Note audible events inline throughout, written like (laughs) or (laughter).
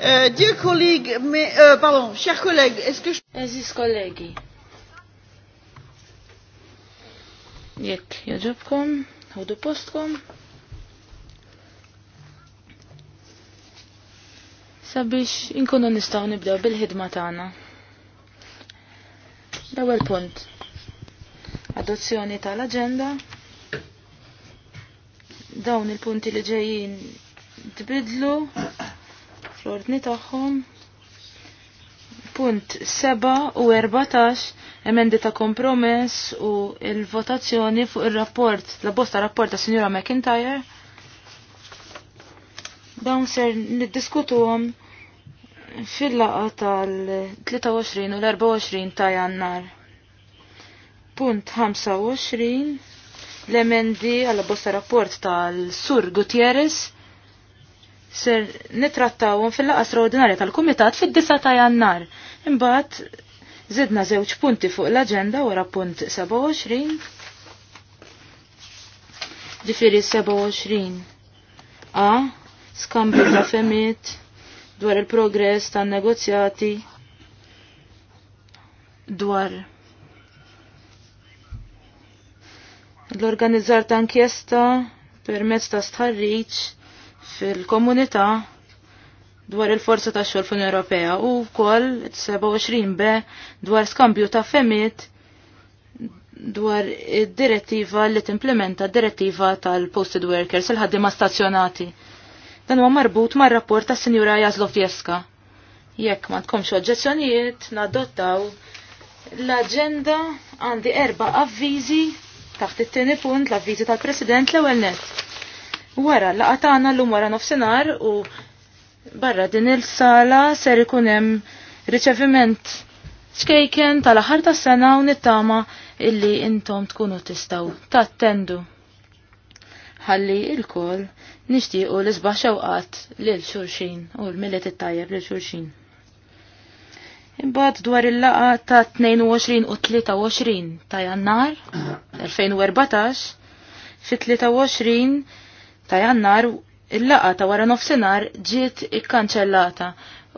Eh, dear colleague, mais, uh, eh, pardon, chers collègues, est-ce que je... Aziz kollegi. Jekk, jaġobkom, għodu postkom. Sabiex inkunu nistaw nibdew bil-ħidma tagħna. L-ewwel punt. Adozzjoni tal-aġenda. Dawn il-punti li ġejjin tbidlu fl-ordni tagħhom. Punt 7 u 14 emendi ta' kompromess u il-votazzjoni fuq il-rapport, la bosta rapport ta' Signora McIntyre. Dawn ser niddiskutu għom fil-laqa tal-23 u l-24 ta' jannar. Punt 25 l-emendi għalla bosta rapport tal-Sur Gutierrez ser nitrattawhom fil-laqa straordinarja tal-Kumitat fid-9 ta' Jannar. Imbagħad Zidna żewġ punti fuq l-agenda wara punt 27. Ġifiri 27. A. Skambju ta' femiet dwar il-progress tan negozjati dwar l-organizzar ta' inkjesta permezz ta' stħarriċ fil-komunità dwar il-forza ta' xogħol unjoni Ewropea u wkoll 27 be dwar skambju ta' femiet dwar id-direttiva li timplementa d-direttiva tal-posted workers il-ħaddiema stazzjonati. Dan huwa marbut mar-rapport ta' Sinjura Jazlovjeska. Jekk ma tkomx oġġezzjonijiet, nadottaw l-aġenda għandi erba' avviżi taħt it-tieni punt l-avviżi tal-President l-ewwel nett Wara, laqatana l-lum wara nofsenar u barra din il-sala ser ikun hemm riċeviment ċkejken tal-aħħar tas-sena u nittama illi intom tkunu tistaw tendu. Ħalli il-kol nixtiequ l isbaħ għat lil xulxin u l-millet it tajab lil xulxin. Imbagħad dwar il-laqa ta' 22 u 23 ta' Jannar 2014 (coughs) fit 23 ta' jannar il-laqa ta' wara nofsinar ġiet ikkanċellata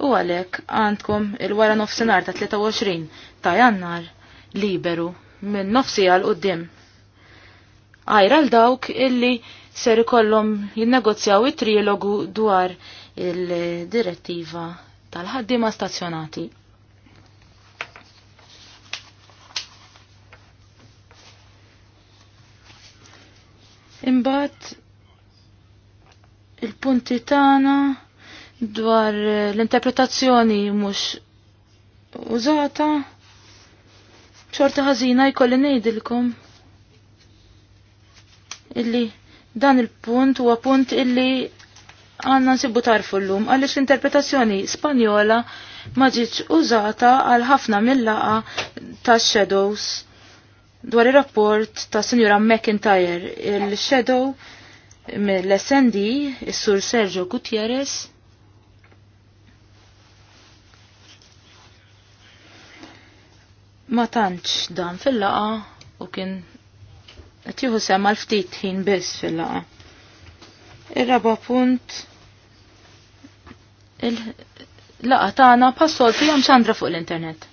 u għalek għandkom il-wara nofsinar ta' 23 ta' jannar liberu minn nofsi għal qoddim. Għajra l-dawk illi ser ikollhom jinnegozjaw it-trilogu dwar il-direttiva tal-ħaddiema stazzjonati. Imbagħad il-punti tagħna dwar l-interpretazzjoni mhux użata xorta ħażina jkolli ngħidilkom illi dan il-punt huwa punt illi għanna nsibu tarfu l-lum għalix l-interpretazzjoni spanjola ma ġietx użata għal ħafna mill-laqa ta' Shadows dwar ir rapport ta' Sinjura McIntyre. Il-Shadow mill-SND, s sur Sergio Gutierrez. Ma tantx dan fil-laqa u kien qed sem għal ftit ħin biss fil-laqa. Ir-raba punt il-laqa tagħna passoltu fi xandra fuq l-internet.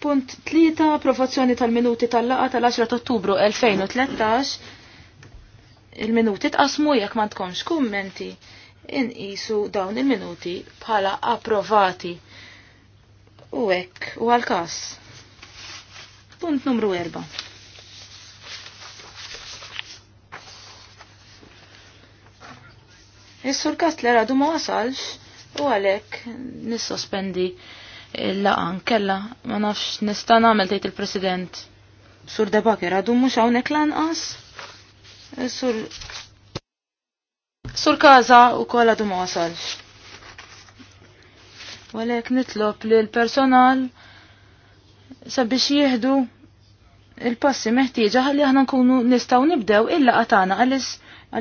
Punt 3, approvazzjoni tal-minuti tal-laqa tal-10 ta' ottubru 2013. Il-minuti tqasmu jekk ma tkunx kummenti inqisu dawn il-minuti bħala approvati. U hekk u għal-każ. Punt numru 4. Is-sur Kastler għadu ma wasalx u għalhekk nissospendi il-laqan kella ma nafx nista' nagħmel tgħid il-President. Sur Debaker għadu mhux hawnhekk lanqas. Eh, sur Sur Kaza u kol għadu ma wasalx. Walek nitlob li l-personal sabiex jieħdu il-passi meħtieġa għalli aħna nkunu nistgħu nibdew il-laqa tagħna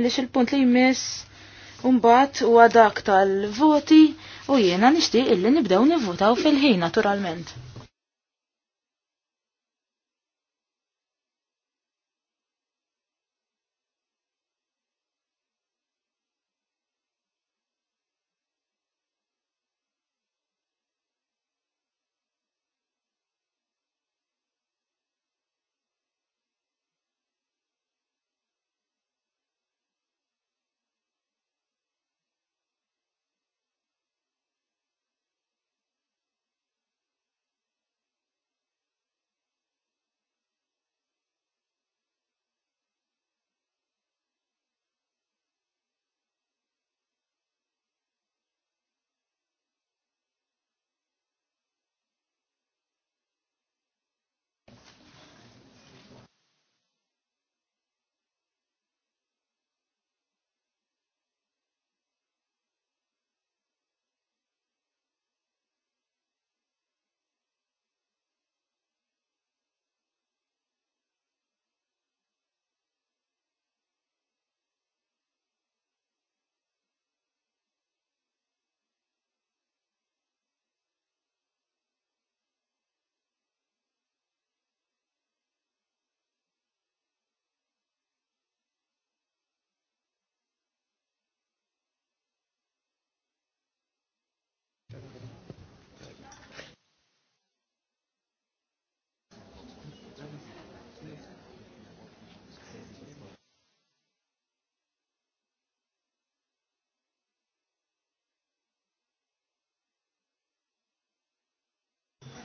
il-punt li jmiss un-bat u għadak tal-voti u jiena nixtieq illi nibdew nivvutaw fil-ħin naturalment.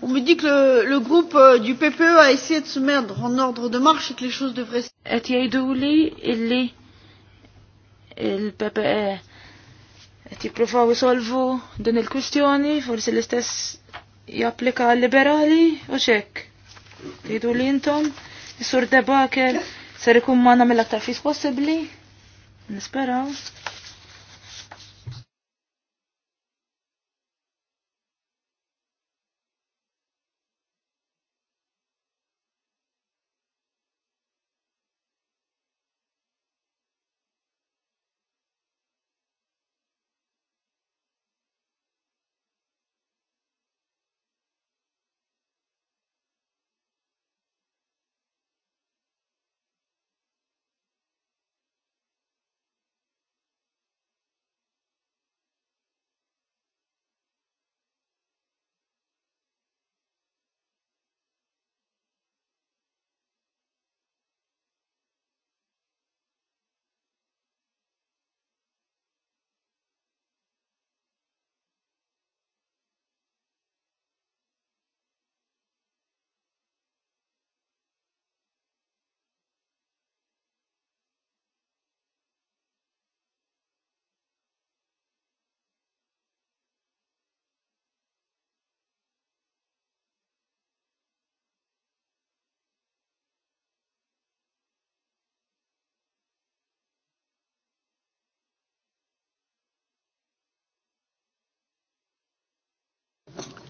On me dit que le, le groupe euh, du PPE a essayé de se mettre en ordre de marche et que les choses devraient... Et jgħidu li illi il-PPE qed jippruvaw isolvu din il-kwistjoni, forsi l-istess japplika liberali u xek. Jgħidu li intom, is-sur debakel ser ikun magħna mill-aktar possible. possibbli. Nisperaw.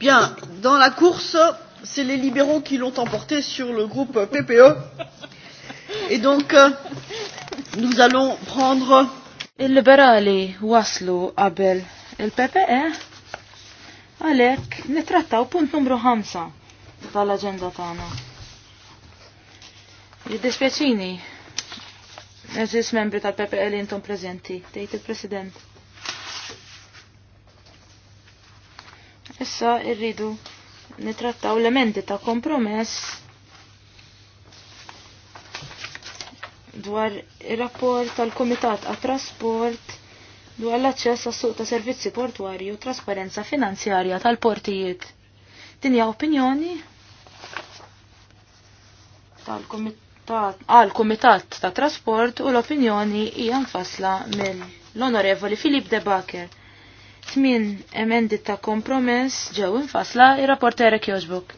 Bien, dans la course, c'est les libéraux qui l'ont emporté sur le groupe PPE. Et donc, euh, nous allons prendre. Il-liberali waslu qabel il-PPE għalek nitrattaw punt numru 5 l'agenda agenda tagħna. Jiddispjaċini, eżis membri tal-PPE li intom preżenti, tgħid il-President. Issa irridu nitrattaw elementi ta' kompromess dwar il-rapport tal-Komitat għat trasport dwar l-aċċess għas suq ta' servizzi portwari u trasparenza finanzjarja tal-portijiet. Dinja opinjoni għal-Komitat ta' trasport u l-opinjoni hija nfassla mill onorevoli Filip De Baker. Tmin emendi ta' kompromess ġew infasla ir-rapporterek joġbok.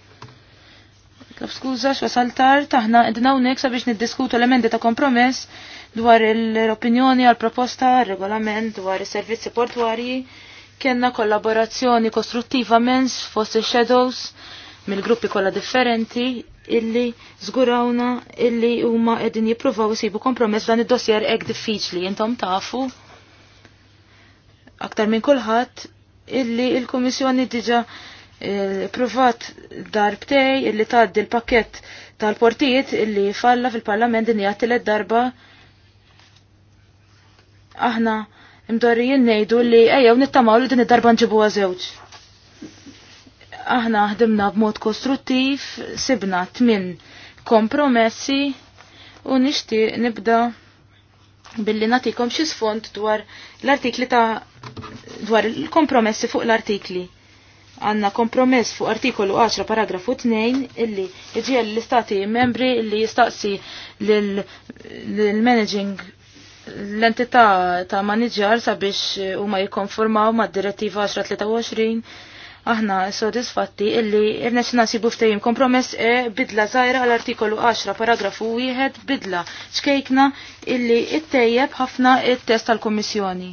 Kif skuża x'wasal tard taħna qegħdin hawnhekk sabiex niddiskutu l-emendi ta' kompromess dwar l-opinjoni għal proposta regolament dwar is-servizzi portwarji kienna kollaborazzjoni kostruttiva mens fost shadows mill-gruppi kollha differenti illi żgurawna illi huma qegħdin jippruvaw isibu kompromess dan id-dossier hekk diffiċli intom tafu aktar minn kulħadd illi il-Kummissjoni diġa eh, provat darbtej illi tgħaddi l-pakkett tal-portijiet illi falla fil-Parlament din hija tielet darba aħna imdorrijin ngħidu li ejjew nittamaw li din id-darba nġibuha żewġ. Aħna ħdimna b'mod kostruttiv, sibna tmin kompromessi u nixtieq nibda billi natikom xi sfond dwar l-artikli ta' dwar il-kompromessi fuq l-artikli. Għanna kompromess fuq artikolu 10 paragrafu 2 illi iġiel l-istati membri illi jistaqsi l-managing l-entità ta' manager sabiex huma jikkonformaw mad direttiva 1023 aħna sodisfatti illi irnexna nasibu ftejim kompromess e bidla zaħira għal-artikolu 10 paragrafu 1 bidla ċkejkna illi it-tejjeb ħafna it-test tal-Komissjoni.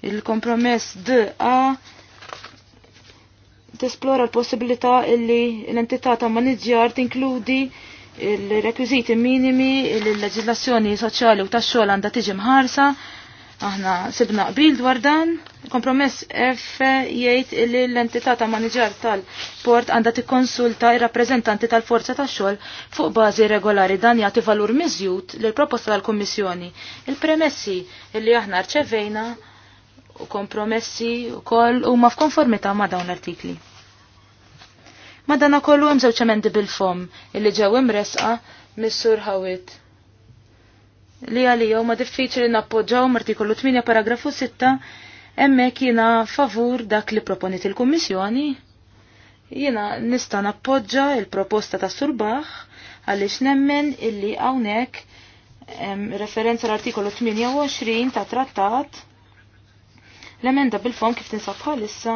Il-kompromess DA tesplora l-possibilità illi l-entità ta' maniġjar tinkludi il-rekwiziti minimi il-leġislazzjoni soċjali u tax-xogħol għandha tiġi mħarsa. Aħna sibna qbil dwar dan, kompromess F jgħid illi l-entità ta' maniġjar tal-port għandha tikkonsulta ir-rappreżentanti tal-forza tax-xogħol fuq bażi regolari dan jagħti valur miżjud lill proposta tal-Kummissjoni. Il-premessi illi aħna rċevejna u kompromessi u koll u ma f'konformita ma dawn l-artikli. Madana kollu hemm żewġ emendi bil-fom illi ġew imresqa mis-sur Hawit. Li għalija huma diffiċli nappoġġaw artikolu 8 paragrafu 6 hemmhekk jiena favur dak li proponit il-Kummissjoni. Jiena nista' nappoġġa il-proposta ta' Surbaħ għaliex nemmen illi hawnhekk referenza l-artikolu 28 ta' trattat L-emenda bil-fom kif tinsab bħalissa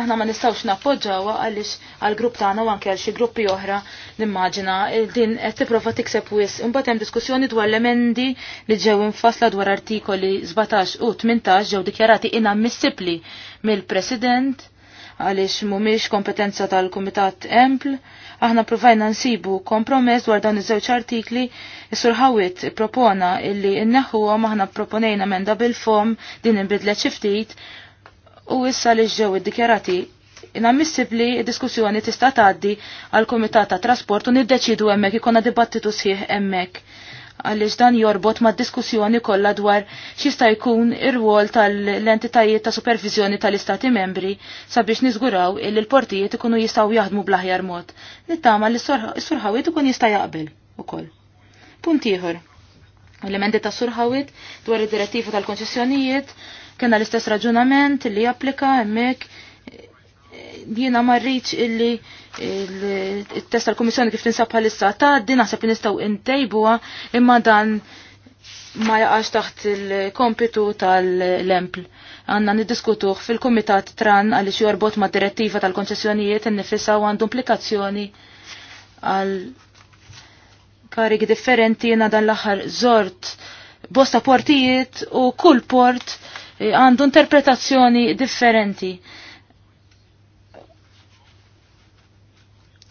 aħna ma nistawx nappoġġawha għaliex għal grupp tagħna u anke għal xi gruppi oħra nimmaġina din qed tipprova tikseb wis. Imbagħad hemm diskussjoni dwar l-emendi li ġew infasla dwar artikoli 17 u 18 ġew dikjarati inammissibbli mill-President għaliex mhumiex kompetenza tal-Kumitat Empl Aħna provajna nsibu kompromess dwar dawn iż-żewġ artikli, is-sur Hawit propona illi inneħħuhom aħna proponejna menda bil-fom din inbidlet xi ftit u issa li ġew iddikjarati inammissibli diskussjoni tista' tgħaddi għal Kumitat ta' Trasport u niddeċidu hemmhekk ikonna dibattitu sħiħ hemmhekk għaliex dan jorbot ma' diskussjoni kollha dwar xista jkun ir-rwol tal-entitajiet ta' supervizjoni tal-istati membri sabiex niżguraw il l-portijiet ikunu jistaw jaħdmu blaħjar mod. Nittama li s-surħawit ikun jista' jaqbel ukoll. Punt ieħor. Elementi ta' surħawit dwar id-direttiva tal-konċessjonijiet kena l-istess raġunament li japplika hemmhekk jiena marriċ illi il-test tal-Komissjoni kif tinsab bħalissa ta' din naħseb li nistgħu intejbuha imma dan ma jaqax taħt il-kompitu tal-lempl. Għanna niddiskutuh fil-Komitat Tran għaliex jorbot ma' direttiva tal-konċessjonijiet innifisa u għandu implikazzjoni għal karigi differenti jena dan l-aħħar zort bosta portijiet u kull port għandu interpretazzjoni differenti.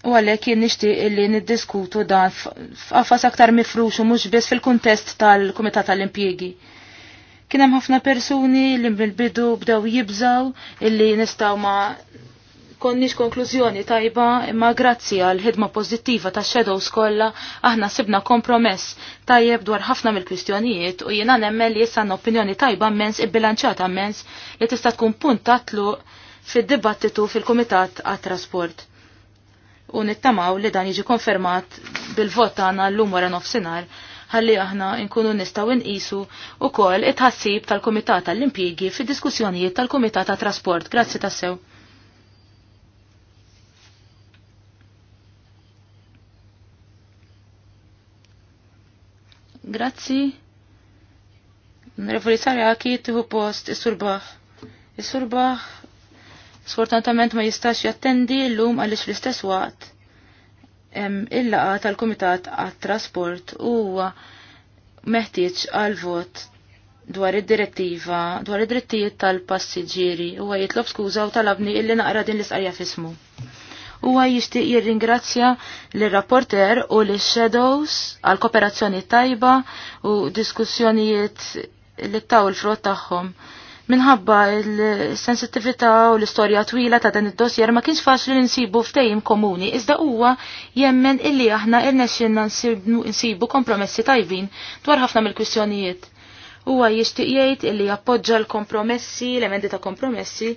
U għalek jien nixtieq illi niddiskutu dan f'qafas aktar mifrux u mhux biss fil-kuntest tal-Kumitat tal-Impjiegi. Kien hemm ħafna persuni li mill-bidu bdew jibżaw illi nistgħu ma konniex konklużjoni tajba imma grazzi għal ħidma pożittiva ta' Shadows kollha aħna sibna kompromess tajjeb dwar ħafna mill-kwistjonijiet u jiena nemmel li issa opinjoni tajba mens ibbilanċata mens li tista' tkun punt tatlu fid-dibattitu fil-Kumitat għat-Trasport u nittamaw li dan jiġi konfermat bil-vot tagħna lum wara nofsinhar ħalli aħna nkunu nistgħu nqisu wkoll it-ħassib tal-Kumitat tal-Impjigi fid-diskussjonijiet tal-Kumitat ta' trasport Grazzi tassew. Grazzi. Revoli sarja kiet post is-surbaħ. Is-surbaħ sfortunatament ma jistax jattendi l-lum għalix fl-istess waqt il-laqa tal-Komitat għat-Trasport huwa meħtieġ għal-vot dwar id-direttiva dwar id-drittijiet tal-passiġġieri u jitlob skuża u talabni illi naqra din l-isqajja fismu. Huwa jixtieq jirringrazzja lir rapporter u l shadows għal kooperazzjoni tajba u diskussjonijiet li taw il-frott tagħhom minħabba l-sensitivita u l-istorja twila ta' dan id-dossier ma kienx faċli ninsibu nsibu ftejim komuni, iżda huwa jemmen illi aħna irnexxinna nsibu kompromessi tajbin dwar ħafna mill-kwistjonijiet. Huwa jixtieq jgħid illi jappoġġa l-kompromessi, l-emendi ta' kompromessi,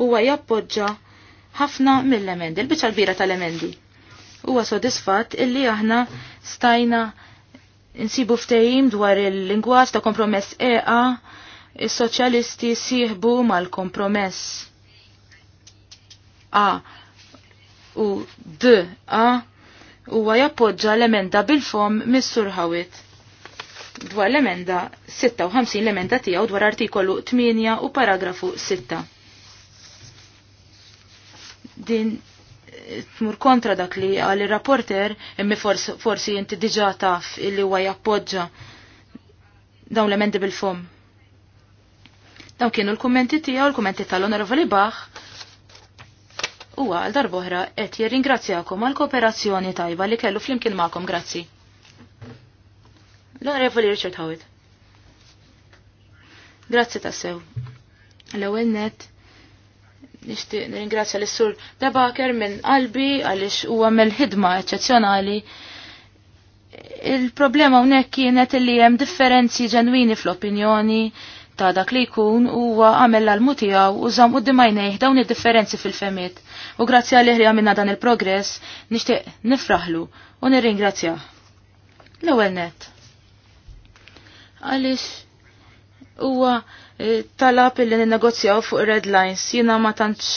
huwa jappoġġa ħafna mill-emendi, l-biċċa għall-bira tal-emendi. Huwa sodisfatt illi aħna stajna insibu ftehim dwar il-lingwaġġ ta' kompromess EA Is-soċjalisti siħbu mal-kompromess A u D A huwa jappoġġa l-emenda bil-fom mis-Sur Ħawit. dwar l-emenda 56 l-emenda tiegħu dwar artikolu 8 u paragrafu 6. Din eh, tmur kontra dak li għal rapporter imma forsi forsi inti diġa taf illi huwa jappoġġa dawn l-emendi bil-fom. Dawn kienu l-kummenti tiegħu, l-kummenti tal-Onorevoli Bach. U għal darbohra qed jirringrazzjakom għal kooperazzjoni tajba li kellu flimkien magħkom, grazzi. L-Onorevoli Richard Howitt. Grazzi tassew. L-ewwel net nixtieq nirringrazzja lis sur Debaker minn qalbi għaliex huwa mill-ħidma eċċezzjonali il-problema hawnhekk kienet li hemm differenzi ġenwini fl-opinjoni ta' dak li jkun huwa għamel l tiegħu u żamm u għajnejh dawn id-differenzi fil-femiet. U grazzi għalli ħri għamilna dan il-progress nixtieq nifraħlu u nirringrazzjah. L-ewwel net. Għaliex huwa e, talab illi ninnegozjaw fuq red lines, jiena ma tantx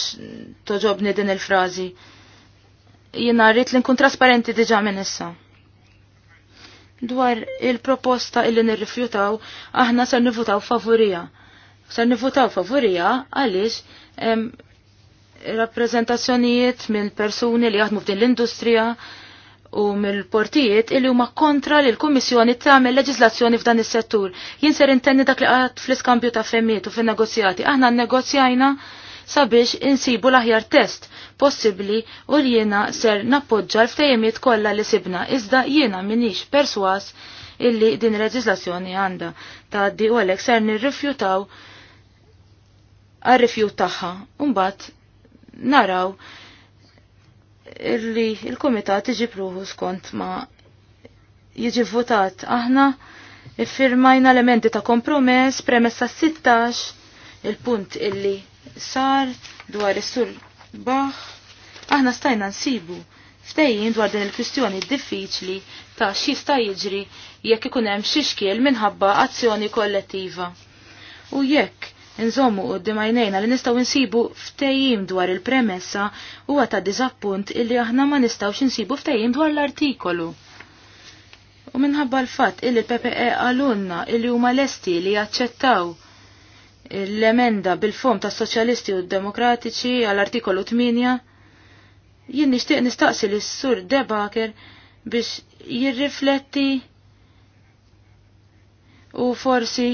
toġobni din il-frażi. Jiena rrit li nkun trasparenti diġà minn issa dwar il-proposta illi nirrifjutaw, aħna ser nivutaw favorija. Ser nivutaw favorija għaliex rappresentazzjonijiet minn persuni li jaħdmu f'din l-industrija u mill-portijiet illi huma kontra li l-Kummissjoni tagħmel leġislazzjoni f'dan is-settur. Jien ser intenni dak li qatt fl-iskambju ta' femmiet u fin-negozjati. Aħna nnegozjajna sabiex insibu l-aħjar test possibbli u li jiena ser nappoġġa l-ftejjemiet kollha li sibna iżda jiena minix perswas illi din leġislazzjoni għandha di u għalhekk ser nirrifjutaw għar-rifjut tagħha. Mbagħad naraw illi il-kumitat iġib pruħu skont ma jiġi votat aħna iffirmajna elementi ta' kompromess premessa 16 il-punt illi sar dwar is sul baħ, aħna stajna nsibu ftejjin dwar din il-kwistjoni diffiċli ta' x'jista' jiġri jekk ikun hemm xi xkiel minħabba azzjoni kollettiva. U jekk Nżommu quddiem għajnejna li nistgħu nsibu ftejjim dwar il-premessa huwa ta' diżappunt illi aħna ma nistgħux insibu ftejjim dwar l-artikolu. U minħabba l fatt illi l-PPE għalunna illi huma lesti li jaċċettaw l-emenda bil-fom ta' soċjalisti u demokratiċi għall-artikolu 8 jien nixtieq nistaqsi l sur Debaker biex jirrifletti u forsi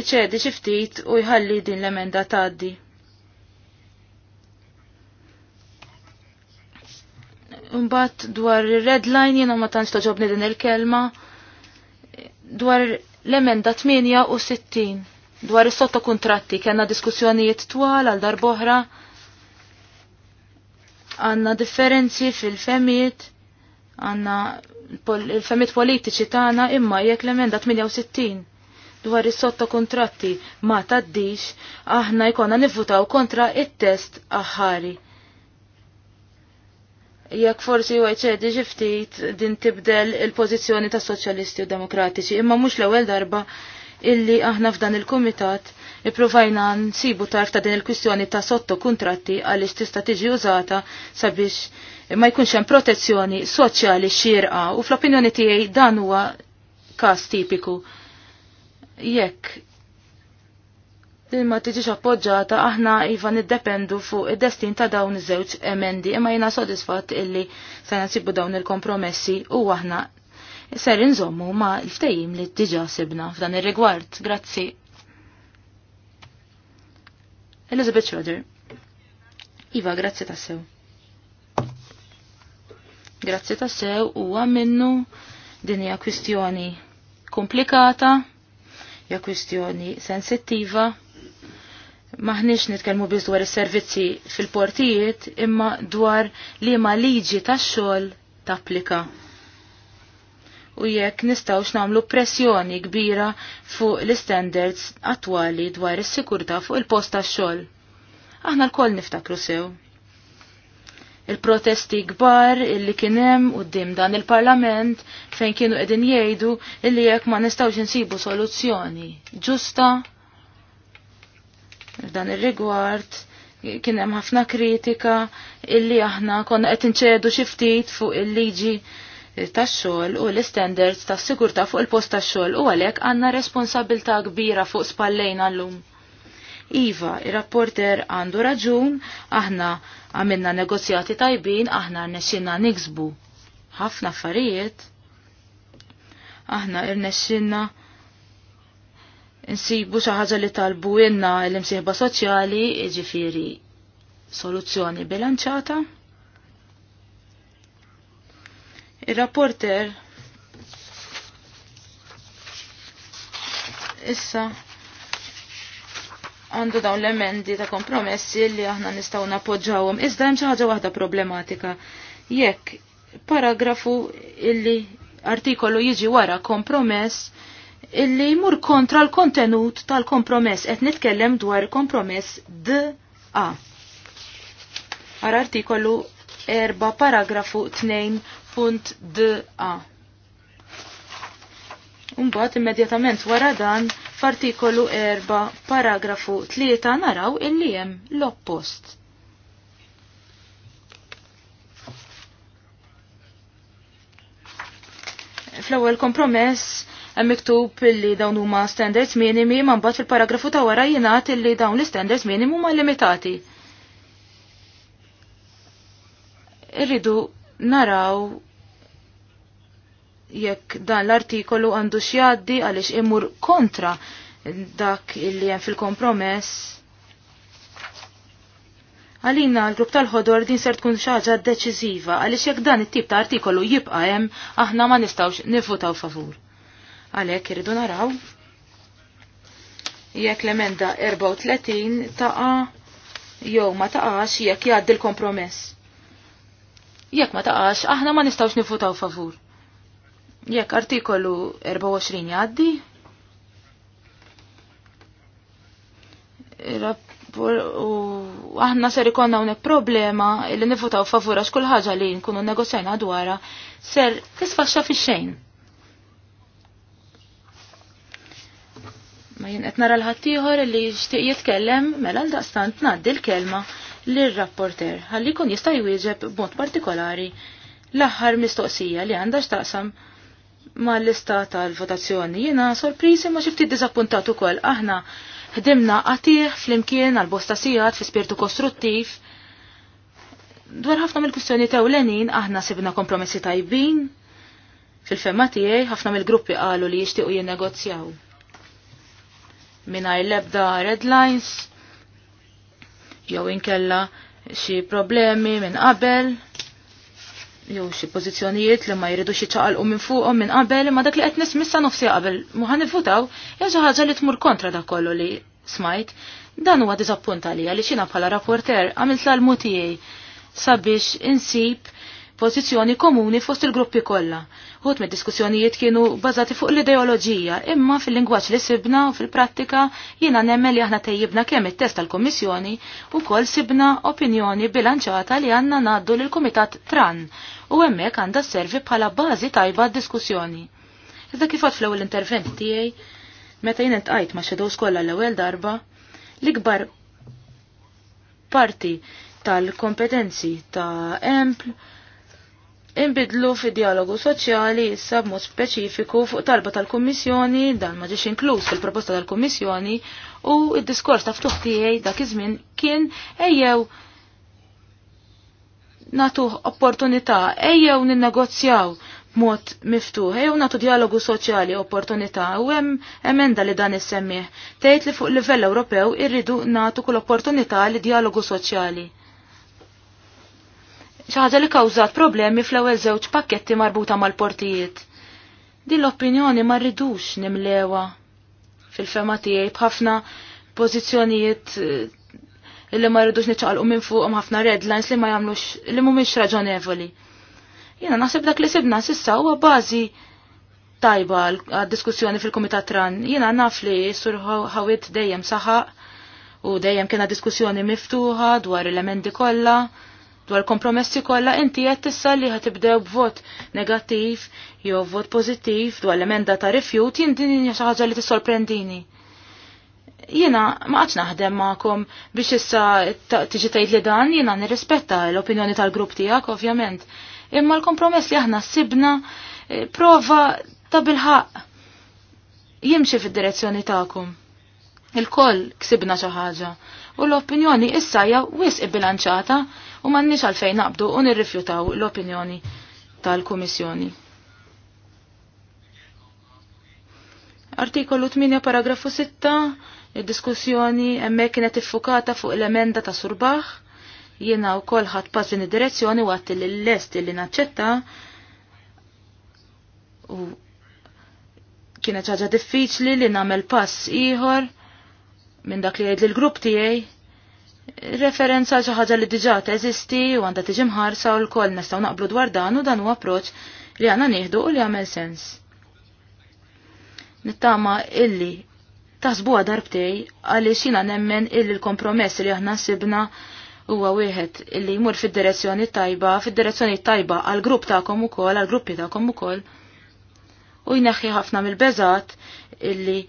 iċedi xi ftit u jħalli din l-emenda tgħaddi. Mbagħad dwar ir-red line jiena ma tantx toġobni din il-kelma dwar l-emenda 68. Dwar is-sottokuntratti kellna diskussjonijiet twal għal darboħra għanna differenzi fil-femijiet għanna il-femijiet politiċi tagħna imma jekk l-emenda 68 dwar is sotto kontratti ma taddix, aħna jkollna nivvutaw kontra it-test aħħari. Jekk forsi ċedi ġiftit din tibdel il-pożizzjoni ta' soċjalisti u demokratiċi, imma mhux l-ewwel darba illi aħna f'dan il-kumitat ipprovajna nsibu tarf ta' din il-kwistjoni ta' sotto kontratti għaliex tista' tiġi użata sabiex ma jkunx hemm protezzjoni soċjali xierqa u fl-opinjoni tiegħi dan huwa każ tipiku. Jekk ma tiġix appoġġata aħna iva niddependu fuq id-destin ta' dawn iż-żewġ emendi imma jiena sodisfatt illi se nsibu dawn il-kompromessi u aħna ser inżommu ma l-ftejim li diġa sibna f'dan ir-rigward. Grazzi. Elizabeth Schroeder. Iva, grazzi tassew. Grazzi tassew u għamennu din hija kwistjoni komplikata, ja kwistjoni sensittiva maħniex nitkellmu biss dwar is-servizzi fil-portijiet imma dwar li ma liġi tax-xogħol tapplika u jekk nistawx namlu pressjoni kbira fuq l-standards attwali dwar is sikurta fuq il-post tax-xogħol. Aħna lkoll niftakru sew. Il-protesti kbar illi kien hemm quddiem dan il-Parlament fejn kienu qegħdin jgħidu illi jekk ma nistgħux insibu soluzzjoni ġusta f'dan ir-rigward kien hemm ħafna kritika illi aħna konna qed inċedu xi ftit fuq il-liġi tax-xogħol u l-standards tas-sigurtà fuq il-post tax-xogħol u għalhekk għandna responsabilità kbira fuq spallejna llum. Iva, ir-rapporter għandu raġun, aħna għamilna negozjati tajbin, aħna rnexxinna niksbu ħafna affarijiet. Aħna rnexxinna insibu xi ħaġa li talbu inna l-imsieħba soċjali, jiġifieri soluzzjoni bilanċata. Il-rapporter issa għandu dawn l-emendi ta' kompromessi li aħna nistaw napoġġawhom. Iżda hemm xi ħaġa waħda problematika. Jekk paragrafu illi artikolu jiġi wara kompromess illi jmur kontra l-kontenut tal-kompromess qed nitkellem dwar kompromess D.A. Ar artikolu erba' paragrafu tnejn punt d-a. immedjatament wara dan f'artikolu 4 paragrafu 3 naraw illi hemm l-oppost. Fl-ewwel kompromess hemm miktub illi dawn huma standards minimi ma mbagħad fil-paragrafu ta' wara jingħad illi dawn l-standards minimi huma limitati. Irridu naraw jekk dan l-artikolu għandu xjaddi għaliex imur kontra dak illi hemm fil-kompromess. Għalina l-grupp tal-ħodor din ser tkun xaġa deċiziva għaliex jekk dan it-tip ta' artikolu jibqa' hemm aħna ma nistgħux nivvutaw favur. Għalhekk irridu naraw jekk l-emenda 34 taqa' jew ma taqax jekk jgħaddi l-kompromess. Jekk ma taqax aħna ma nistgħux nivvutaw favur. Jekk artikolu 24 jgħaddi, u aħna ser ikonna unek problema li nifutaw favura xkull ħaġa li nkunu negozjajna dwarha ser tisfaxxa fi xejn. Ma jien qed nara l-ħaddieħor li jixtieq jitkellem mela l daqstant ngħaddi l-kelma lir-rapporter ħalli jkun jista' jwieġeb b'mod partikolari l-aħħar mistoqsija li għandha x'taqsam ma l-lista tal-votazzjoni. Jena sorpriżi ma xifti dizappuntatu ukoll. Aħna ħdimna qatih fl-imkien għal-bosta sijat fi spirtu kostruttiv. Dwar ħafna mill-kwistjoni tew lenin aħna sibna kompromessi tajbin. Fil-femma tiegħi ħafna mill-gruppi qalu li jixtiequ jinnegozjaw. Mingħajr l-ebda red lines jew inkella xi problemi minn qabel jew xi pożizzjonijiet li ma jridu xi ċaqalqu minn fuqhom minn qabel imma dak li qed nismissa nofsi qabel mu ħan nivvutaw hija xi ħaġa li tmur kontra dak kollu li smajt. Dan huwa diżappunta għalija li xina bħala rapporter għamilt l-almu tiegħi sabiex insib pożizzjoni komuni fost il-gruppi kollha. Ħut me diskussjonijiet kienu bażati fuq l-ideoloġija, imma fil-lingwaġġ li sibna u fil-prattika jiena nemmel li aħna tejjibna kemm it-test tal-Kommissjoni ukoll sibna opinjoni bilanċata li għandna ngħaddu lill-Kumitat Tran u hemmhekk għandha sservi bħala bażi tajba d-diskussjoni. Iżda kif fl-ewwel intervent tiegħi, meta jien intqajt ma' xedows kollha l-ewwel darba, l-ikbar parti tal-kompetenzi ta' EMPL Inbidlu fi dialogu soċjali issa b'mod speċifiku fuq talba tal-Kummissjoni dan ma ġiex inkluż fil-proposta tal-Kummissjoni u id-diskors ta' ftuħ tiegħi dak iż-żmien kien ejjew natu opportunità, ejjew ninnegozjaw mod miftuħ, jew natu dialogu soċjali opportunità u hemm emenda li dan issemmih. Tgħid li fuq livell Ewropew irridu natu kull opportunità li dialogu soċjali xi li kawżat problemi fl-ewwel żewġ pakketti marbuta mal-portijiet. Din l-opinjoni ma rridux nimlewa fil-fema tiegħi b'ħafna pożizzjonijiet eh, li ma rridux niċċaqalqu minn fuqhom ħafna red lines li ma jagħmlux li mhumiex raġonevoli. Jiena naħseb dak li sibna s'issa huwa bażi tajba għad-diskussjoni fil-Komitat Tran. Jiena naf li sur ħawit dejjem saħaq u dejjem kena diskussjoni miftuħa dwar l emendi kollha dwar kompromessi kollha inti qed tissa li ħatibdew b'vot negattiv jew vot pożittiv dwar l-emenda ta' rifjut jien din xi ħaġa li tissorprendini. Jiena ma qatx naħdem magħkom biex issa tiġi tgħid li dan jiena nirrispetta l-opinjoni tal-grupp tiegħek ovvjament. Imma l-kompromess li aħna sibna eh, prova ta' bilħaq jimxi fid-direzzjoni tagħkom. Il-koll ksibna xi ħaġa u l-opinjoni issa hija wisq bilanċata u m'għandniex għalfejn naqbdu u nirrifjutaw l-opinjoni tal-Kummissjoni. Artikolu 8 paragrafu 6 il diskussjoni hemmhekk kienet iffukata fuq l-emenda ta' surbaħ jiena wkoll ħadd pass din id-direzzjoni u li l-lest li naċċetta u kienet ħaġa diffiċli li nagħmel pass ieħor minn dak li għed l-grupp tiegħi referenza xi ħaġa li diġà teżisti u għandha tiġi mħarsa u l-koll nistgħu naqblu dwar dan u dan huwa approċċ li għandna nieħdu u li għamel sens. Nittama illi taħsbuha darbtej għaliex jiena nemmen illi l-kompromess li aħna sibna huwa wieħed illi jmur fid-direzzjoni tajba, fid-direzzjoni tajba għal grupp tagħkom ukoll, għall gruppi tagħkom ukoll. U jneħħi ħafna mill-beżat illi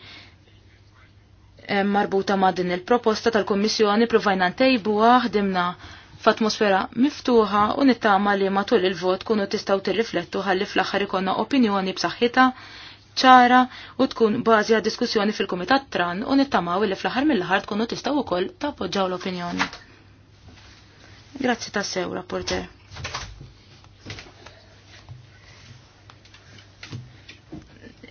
marbuta ma' din il-proposta tal-Kommissjoni provajna ntejbuha ħdimna f'atmosfera miftuħa u nittama li matul il-vot kunu tistaw tirriflettu ħalli fl-aħħar ikonna opinjoni b'saħħitha ċara u tkun bażi għad diskussjoni fil-Kumitat Tran u nittamaw li fl-aħħar mill-aħħar tkunu tistaw ukoll tappoġġaw l-opinjoni. Grazzi tassew, rapporter.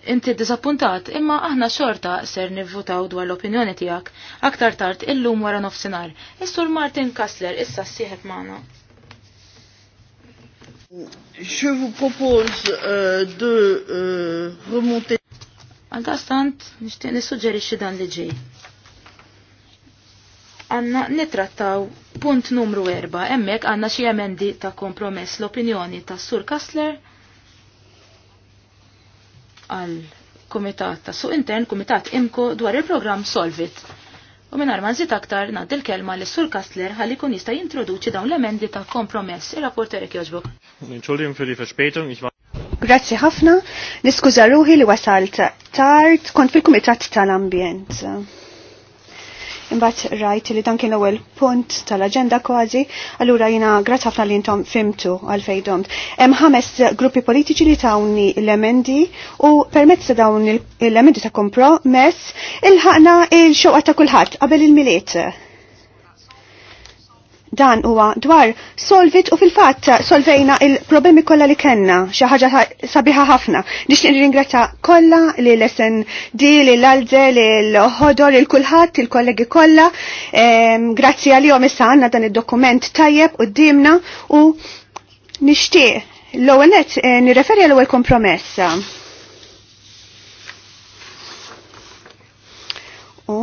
Inti disappuntat, imma aħna xorta ser nivvutaw dwar l-opinjoni tijak, aktar tard illum wara nofsinar. Is-sur Martin Kassler issa s sieħet maħna. Je vous propose euh, de euh, remonter. Għaldastant, nishtiq nissuġġerixxi dan li ġej. Għanna nitrattaw punt numru erba' hemmhekk għandna xi emendi ta' kompromess l-opinjoni tas Sur Kassler għal Kumitat ta' Suq Intern, Kumitat Imko dwar il-programm Solvit. U minn arman nżid aktar ngħaddi l-kelma l sur Kastler għalli kun jista' jintroduċi dawn l-emendi ta' kompromess. il rapport Erik Joġbuk. für Grazzi ħafna, niskuża ruħi li wasalt tard kont fil-Kumitat tal-Ambjent. Imbagħad rajt li dan kien l-ewwel punt tal-aġenda kważi, allura jiena grazz ħafna li intom fimtu għal domt. Hemm ħames gruppi politiċi li tawni l-emendi u permezz ta' dawn l-emendi ta' kompromess ilħaqna il-xewqa ta' kulħadd qabel il-miliet Dan huwa dwar solvit u fil-fatt solvejna il-problemi kollha li kellna xi ħaġa sabiħa ħafna. Nixtieq ringrazzja kollha li lesen di li l-alde li l-ħodor il kulħadd il-kollegi kollha. Grazzi għalihom issa għandna dan id-dokument tajjeb dimna u nixtieq l-ewwel nireferi eh, nirreferi għal ewwel kompromessa. U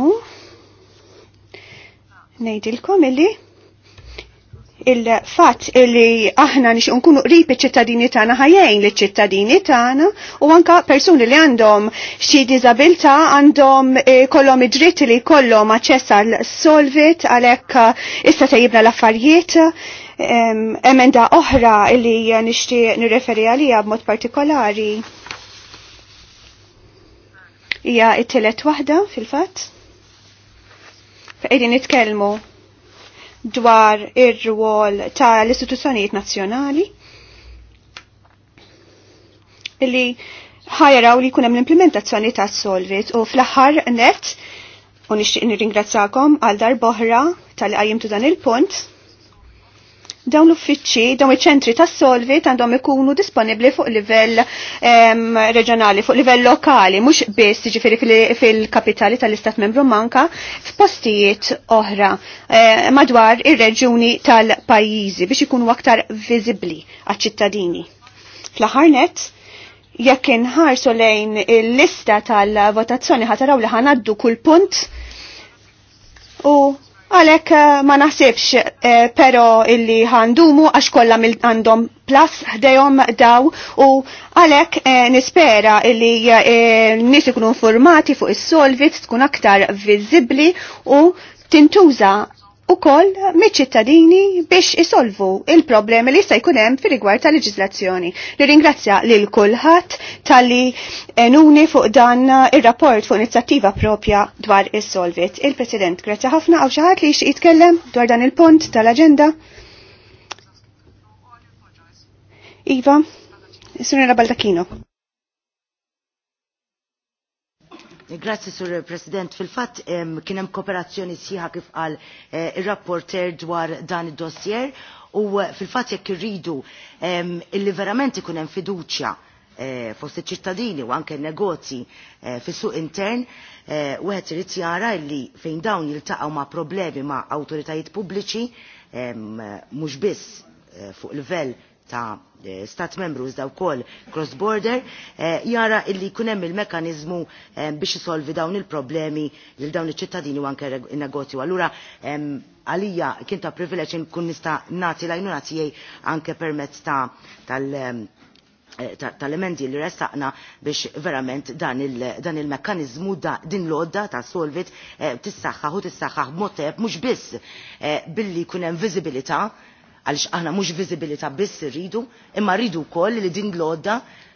ngħidilkom illi il-fatt li aħna nix unkunu qrib iċ-ċittadini tagħna ħajjejn li ċittadini tagħna u anka persuni li għandhom xi diżabilità għandhom eh, kollhom id-dritt li kollom aċessa l solvit għalhekk eh, issa tejjibna l-affarijiet emenda oħra li nixtieq nirreferi għalija b'mod partikolari hija t-tielet waħda fil-fatt. F'qegħdin nitkellmu dwar ir-rwol tal-istituzzjonijiet nazzjonali li ħajraw li kunem l-implementazzjoni ta' Solvit u fl-aħħar net u nixtieq nirringrazzakom għal dar darboħra tal-qajjimtu dan il-punt dawn l-uffiċċji, dawn iċ-ċentri tas solvit għandhom ikunu disponibbli fuq livell reġjonali, fuq livell lokali, mhux biss jiġifieri fil-kapitali tal-Istat Membru manka f'postijiet oħra eh, madwar ir-reġjuni tal-pajjiżi biex ikunu aktar viżibbli għaċ-ċittadini. Fl-aħħar nett, jekk inħarsu lejn il-lista tal-votazzjoni ħataraw li ħanaddu kull punt u Għalek eh, ma naħsibx eh, pero illi għandumu għax kollha għandhom plas ħdejhom daw u għalek eh, nispera illi nis ikunu formati fuq is-solvit tkun aktar viżibbli u tintuża u koll ċittadini biex isolvu il-problemi li jista' jkun hemm rigward ta' li Nirringrazzja lil kulħadd talli enuni fuq dan ir-rapport fuq inizjattiva propja dwar is-solvit. Il president grazzi ħafna għaw xi ħadd li jitkellem dwar dan il-punt tal-aġenda. Iva, Sunira Baldakino. Grazzi, Sur President. Fil-fat, kien hemm kooperazzjoni sieħa kif qal eh, ir-rapporter dwar dan id-dossier u eh, fil-fat jekk irridu illi verament ikun hemm fiduċja E, fost iċ-ċittadini u anke negozji e, fis suq intern, wieħed u għet jara li fejn dawn jiltaqgħu ma' problemi ma' awtoritajiet pubbliċi, mhux biss fuq livell ta' eh, stat membru iżda wkoll cross border eh, jara illi jkun hemm il-mekkaniżmu eh, biex isolvi dawn il-problemi lil dawn iċ-ċittadini u anke negozju. Allura għalija kien ta' privileġġ nkun nista' nagħti l-għajnuna tiegħi anke permezz ta' tal tal emendi li restaqna biex verament dan il-mekkanizmu din l-odda ta' solvit tissaxħaħ u tissaxħaħ moteb mux biss billi kunem vizibilita għaliex aħna mhux vizibilita biss irridu, imma rridu wkoll li din l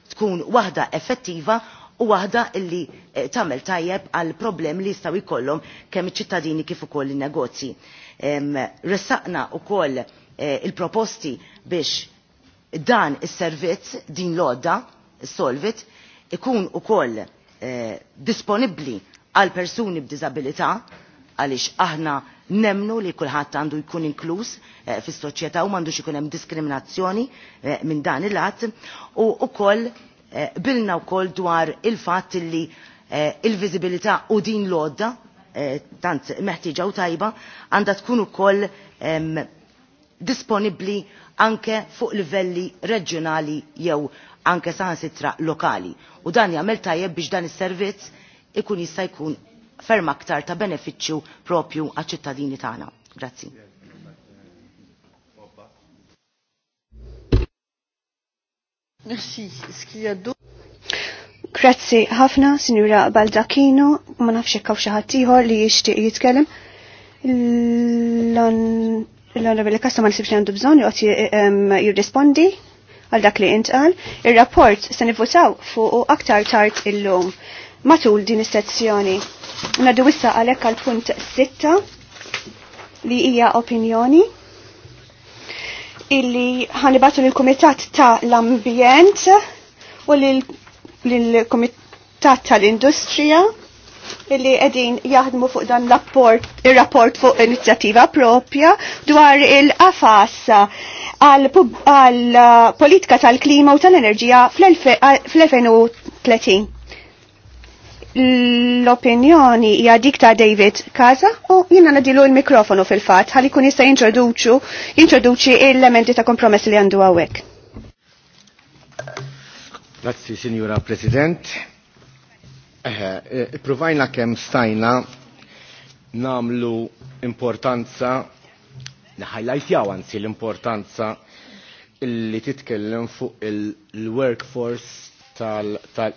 tkun waħda effettiva u waħda illi eh, tagħmel tajjeb għal problem li jistgħu jkollhom kemm iċ-ċittadini kif ukoll in-negozji. Ressaqna wkoll eh, il-proposti biex dan is-servizz din l-għodda, solvit, ikun ukoll eh, disponibbli għal persuni b'diżabilità għaliex aħna nemnu li kulħadd għandu jkun inkluż eh, fis-soċjetà u m'għandux ikun hemm diskriminazzjoni eh, minn dan il-att u wkoll eh, bilna wkoll dwar il-fatt li eh, il-viżibilità u din l-għodda eh, tant meħtieġa u tajba għandha tkun ukoll disponibbli anke fuq livelli reġjonali jew anke saħansitra lokali. U dan jagħmel tajjeb biex dan is-servizz ikun jista' jkun ferm aktar ta' beneficju propju għal ċittadini tagħna. Grazzi. Merci. Grazzi ħafna, Sinjura Baldacchino, ma nafx hekk hawn xi ħadd ieħor li jixtieq jitkellem. L-Onorevole kasta ma nisibx li għandu bżonn joqgħod jirrispondi għal dak li intqal. Ir-rapport se nivvotaw fuq aktar tard illum matul din is-sezzjoni. Nadu wissa għalek għal punt 6 li hija opinjoni illi ħanibatu lill-Kumitat ta' l-Ambjent u lill-Kumitat tal-Industrija illi edin jaħdmu fuq dan il-rapport fuq inizjattiva propja dwar il-qafas għal-politika uh, tal-klima u tal-enerġija fl-2030 l-opinjoni hija dik ta' David Kaza u jiena nadilu l-mikrofonu fil-fatt għal ikun jista' jintroduċu jintroduċi l-elementi ta' kompromess li għandu hawnhekk. Grazzi, Signora President. Eh, eh, provajna kemm stajna namlu importanza ħajlajtjaw anzi l-importanza li titkellem fuq il-workforce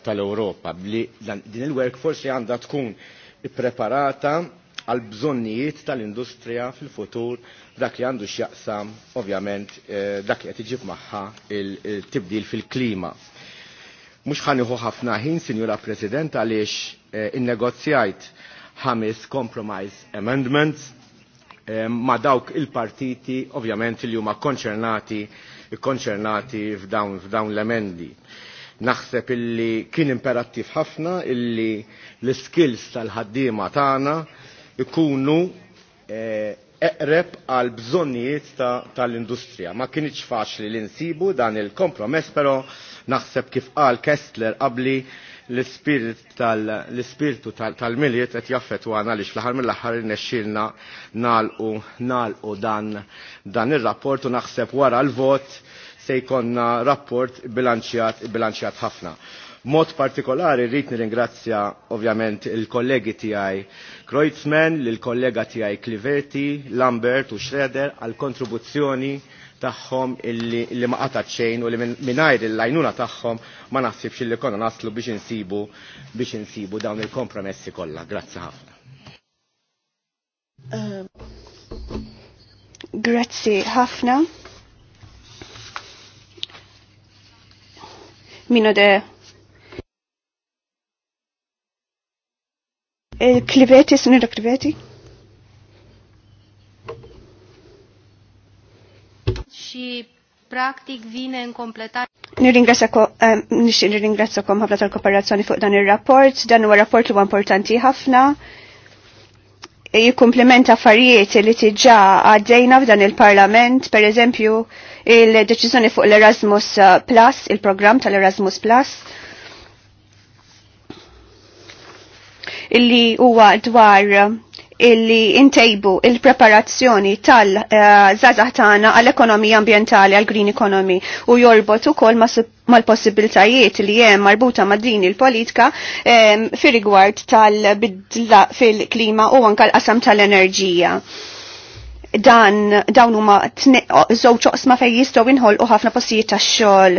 tal-Europa. Li din il-workforce li għandha tkun preparata għal bżonnijiet tal-industrija fil-futur dak li għandu x'jaqsam ovvjament eh, dak li qed iġib magħha il-tibdil fil-klima. Mhux ħaniħu ħafna ħin, Sinjura President, għaliex eh, innegozjajt ħames compromise amendments eh, ma dawk il-partiti ovvjament li huma konċernati konċernati f'dawn l-emendi naħseb illi kien imperattiv ħafna illi l-skills tal-ħaddiema tagħna ikunu eh, eqreb għal bżonnijiet tal-industrija. Ma kienx faċli li nsibu dan il-kompromess, però naħseb kif qal Kessler qabli l ispirtu tal-miliet qed jaffetu għana li fl-aħħar mill-aħħar nexxilna nalqu nalqu dan dan ir-rapport u naħseb wara l-vot se jkonna rapport bilanċjat, bilanċjat ħafna. Mod partikolari rrit nirringrazzja ovvjament il-kollegi tiegħi Kreutzmann, lill-kollega tiegħi Clivetti, Lambert u Schroeder għal kontribuzzjoni tagħhom illi, illi ma qata' xejn u li mingħajr il-lajnuna tagħhom ma naħsibx li konna naslu biex insibu biex insibu dawn il-kompromessi kollha. Grazzi ħafna. Um, grazzi ħafna. minu de il-kliveti, da kliveti. Si praktik vine în completare. kom eh, ħafna tal-kooperazzjoni fuq dan ir-rapport, dan huwa rapport li huwa importanti ħafna. Jikkumplementa affarijiet li tiġà għaddejna f'dan il-Parlament, per eżempju, il-deċiżjoni fuq l-Erasmus uh, Plus, il-programm tal-Erasmus Plus, illi huwa dwar uh, illi intejbu il-preparazzjoni tal-żazax uh, tagħna għall-ekonomija ambjentali għall-green economy u jorbot ukoll mal possibiltajiet li hemm marbuta ma' din il-politika um, fir rigward tal-bidla fil-klima u anke l-qasam tal-enerġija dan dawn huma żewġ oqsma fejn jistgħu inħolqu ħafna postijiet tax-xogħol.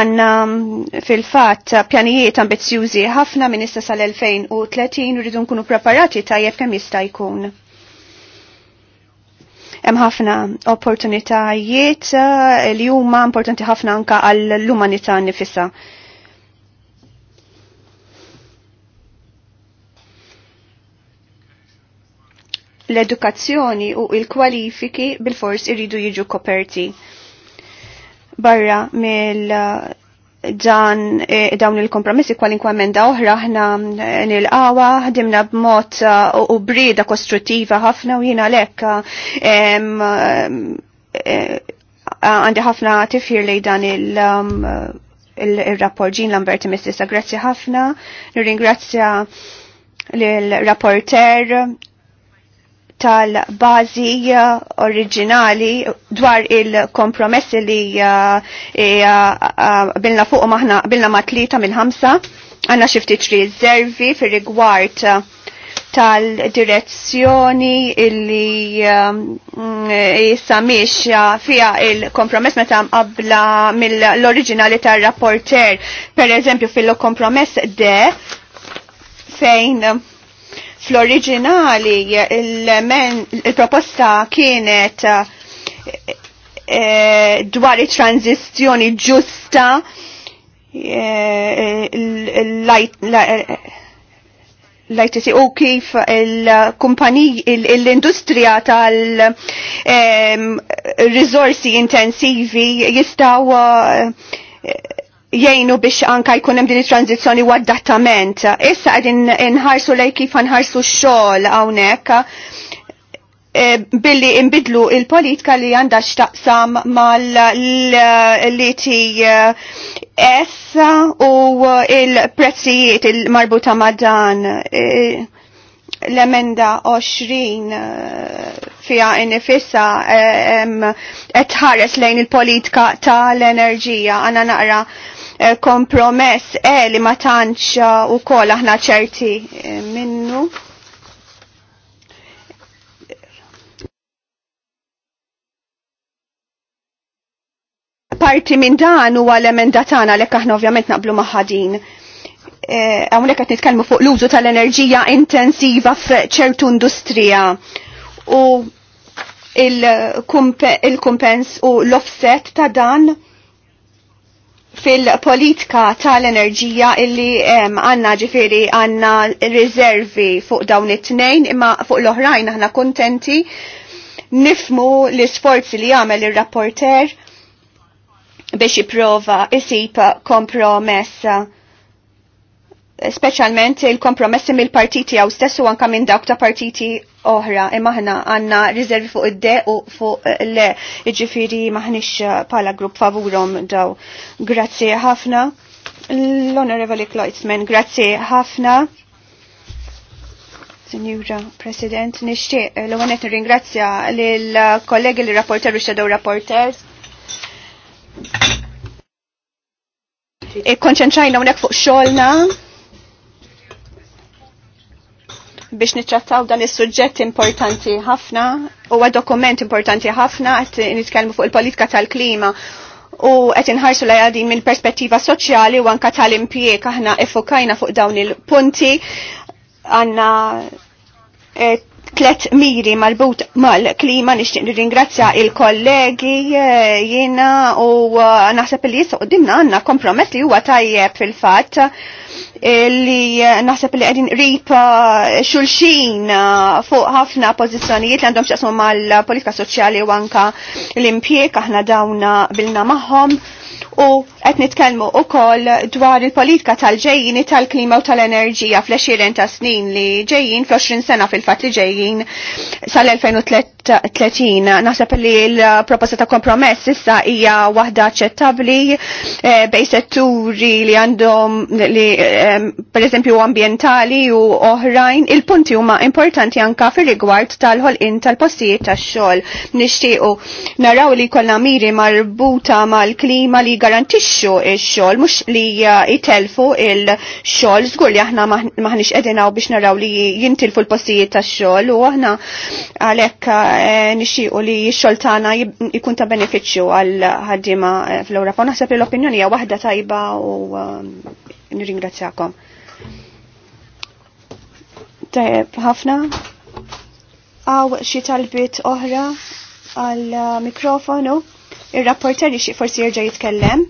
Għandna mm, fil-fatt pjanijiet ambizzjużi ħafna minn issa sal-2030 rridu nkunu preparati tajjeb kemm jista' jkun. Hemm ħafna opportunitajiet eh, li huma importanti ħafna anke għall-umanità nifisha. l-edukazzjoni u il-kwalifiki bil-fors irridu jiġu koperti. Barra mill eh, dan eh, dawn il-kompromessi kwalinkwa emenda oħra ħna eh, nil-qawa ħdimna b'mod u brida kostruttiva ħafna u jina lekk għandi ħafna tifjir li dan il- um, il-rapport ġin Lamberti Mistisa, grazzi ħafna, nirringrazzja l-rapporter tal-bazi eh, oriġinali dwar il-kompromessi li eh, eh, bilna fuq maħna bilna ma' tlieta minn ħamsa għanna xifti riservi fir rigward tal-direzzjoni illi jisamiex fija il-kompromess meta qabla mill-oriġinali tal-rapporter. Per eżempju, fil-kompromess de fejn Fl-oriġinali il-proposta kienet eh, eh, dwar it transizjoni ġusta eh, l-ITC u kif l-industrija tal-rizorsi intensivi jistaw jgħinu biex anka jkun hemm din it-tranzizzjoni u adattament. Issa qegħdin inħarsu lej kif nħarsu x-xogħol hawnhekk e, billi imbidlu il-politika li għandha x'taqsam mal ti S u il-prezzijiet il-marbuta ma' dan e, l-emenda 20 e, fija nifissa etħares lejn il-politika tal-enerġija. Għana naqra Eh, kompromess e li ma tantx u eh, ukoll aħna ċerti minnu. Parti minn dan u għal emenda tagħna lek aħna ovvjament naqblu ma' din għamlek għat nitkalmu fuq l-użu tal-enerġija intensiva f'ċertu industrija u il-kumpens u l-offset ta' dan fil-politika tal-enerġija illi għanna ġifiri għanna riservi fuq dawn it-tnejn imma fuq l-oħrajn aħna kontenti nifmu l-sforzi li għamel il-rapporter biex iprova isib kompromessa specialment il-kompromessi mill-partiti għaw stessu anka minn dawk ta' partiti oħra. Imma ħna għanna rizervi fuq id-de u fuq eh, le iġifiri maħnix eh, pala grupp favurom daw. Grazzi ħafna. L-Honorevoli Kloitzman, grazzi ħafna. Signora President, nishtiq eh, l-għonet ringrazzja l-kollegi l-rapporter u shadow rapporters ikkonċentrajna e unek fuq xolna biex nitrattaw dan is-suġġett importanti ħafna, huwa dokument importanti ħafna qed nitkellmu fuq il-politika tal-klima u qed inħarsu la jadin minn perspettiva soċjali u anka tal-impjieg aħna effokajna fuq dawn il-punti għandna eh, tlet miri marbut mal-klima nixtieq nirringrazzja il-kollegi eh, jiena u eh, naħseb li jista' għoddimna għandna kompromess li huwa tajjeb fil-fatt eh, li naħseb li qegħdin rip xulxin fuq ħafna pożizzjonijiet li għandhom xaqsmu mal-politika soċjali u anka l-impjeg aħna dawna bilna magħhom u qed nitkellmu wkoll dwar il-politika tal-ġejjini tal-klima u tal-enerġija fl-20 ta' snin li ġejjin fl-20 sena fil-fatt li ġejjin sal-2030. Naħseb li l-proposta ta' kompromess issa hija waħda aċċettabbli eh, bej setturi li għandhom li eh, pereżempju ambjentali u oħrajn. Il-punti huma importanti anka fir-rigward tal-ħolqien tal-postijiet tax-xogħol. Nixtiequ naraw li kollha miri marbuta mal-klima li li garantixxu x-xogħol mhux li uh, jitelfu il-xogħol. Żgur li aħna maħniex qegħdin biex naraw li jintilfu l-postijiet tax-xogħol u aħna għalhekk uh, nixtiequ li x-xogħol tagħna jkun ta' benefiċċju għal ħaddiema uh, fl-Ewropa. Naħseb li l-opinjoni hija waħda tajba u um, nirringrazzjakom. Tajb ħafna. Għaw xi talbiet oħra għal mikrofonu. Il-rapporter ixi forsi jirġa jitkellem.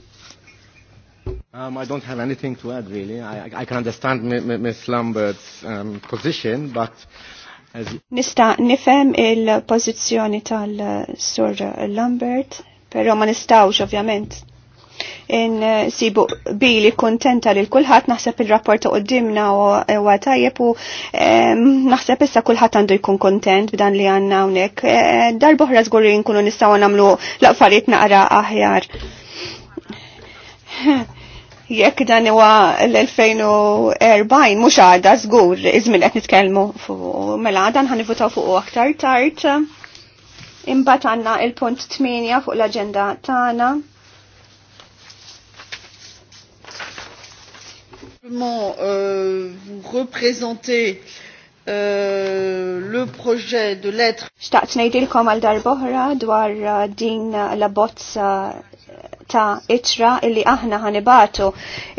Um, I don't have anything to add really. I, I can understand Ms. Lambert's um, position, but as... Nista nifem il-pozizjoni tal-Sur Lambert, pero ma nistawx ovvjament insibu eh, bili kontenta li l-kulħat naħseb il-rapport qoddimna u għatajjeb eh, u naħseb issa kulħat għandu jkun kontent b'dan li għanna unek. Eh, Darboħra zgurri nkunu nistaw namlu laqfariet naqra aħjar. (laughs) Jekk dan huwa l-2040 mhux għada żgur iż-żmien qed nitkellmu fuq mela dan ħanivutaw fuq aktar tard. Imbagħad għandna il-punt 8 fuq l-aġenda tagħna simplement euh, vous représenter euh, le projet de lettre. Xtaqt ngħidilkom għal darboħra dwar uh, din uh, la bozza uh, ta' itra illi aħna ħanibatu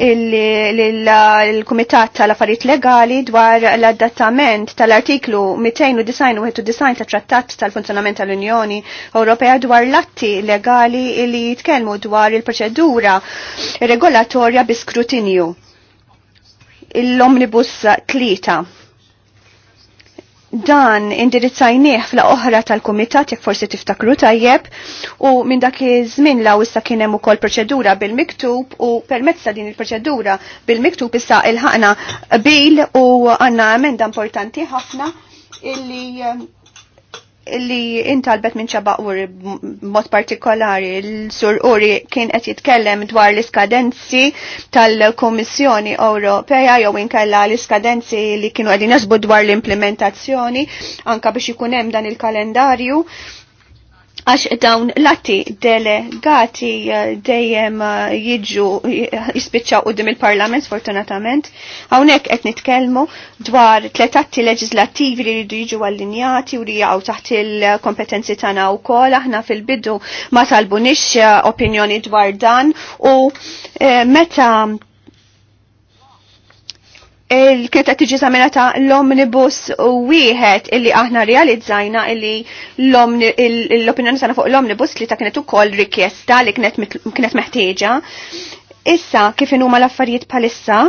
il-Kumitat tal-Affarijiet Legali dwar l-adattament tal-artiklu 291 ta' Trattat tal-Funzjonament tal-Unjoni Ewropea dwar l-atti legali illi jitkellmu dwar il-proċedura regolatorja bi skrutinju l-omnibus tlita. Dan indirizzajnieh fl oħra tal-Kumitat jekk forsi tiftakru tajjeb u minn dak iż-żmien law issa kien hemm ukoll proċedura bil-miktub u permezz ta' din il-proċedura bil-miktub issa ilħaqna bil u għandna emenda importanti ħafna illi eh, li intalbet minn ċabaq uri mod partikolari l-sur uri kien qed jitkellem dwar l-iskadenzi tal-Komissjoni Ewropea jew inkella l-iskadenzi li kienu qegħdin jasbu dwar l-implementazzjoni anka biex ikun hemm dan il-kalendarju għax dawn lati delegati eh, dejjem eh, jiġu eh, jispiċċaw qudiem il-Parlament fortunatament. Hawnhekk qed nitkellmu dwar tletatti leġislattivi li jridu jiġu allinjati u li jaqgħu taħt il-kompetenzi tagħna wkoll aħna fil-bidu ma nix opinjoni dwar dan u meta il ta' tiġi ta' l-omnibus wieħed illi aħna realizzajna illi l-opinjoni sana fuq l-omnibus li ta' kienet ukoll rikjesta li kienet meħtieġa. Issa kif huma l-affarijiet palissa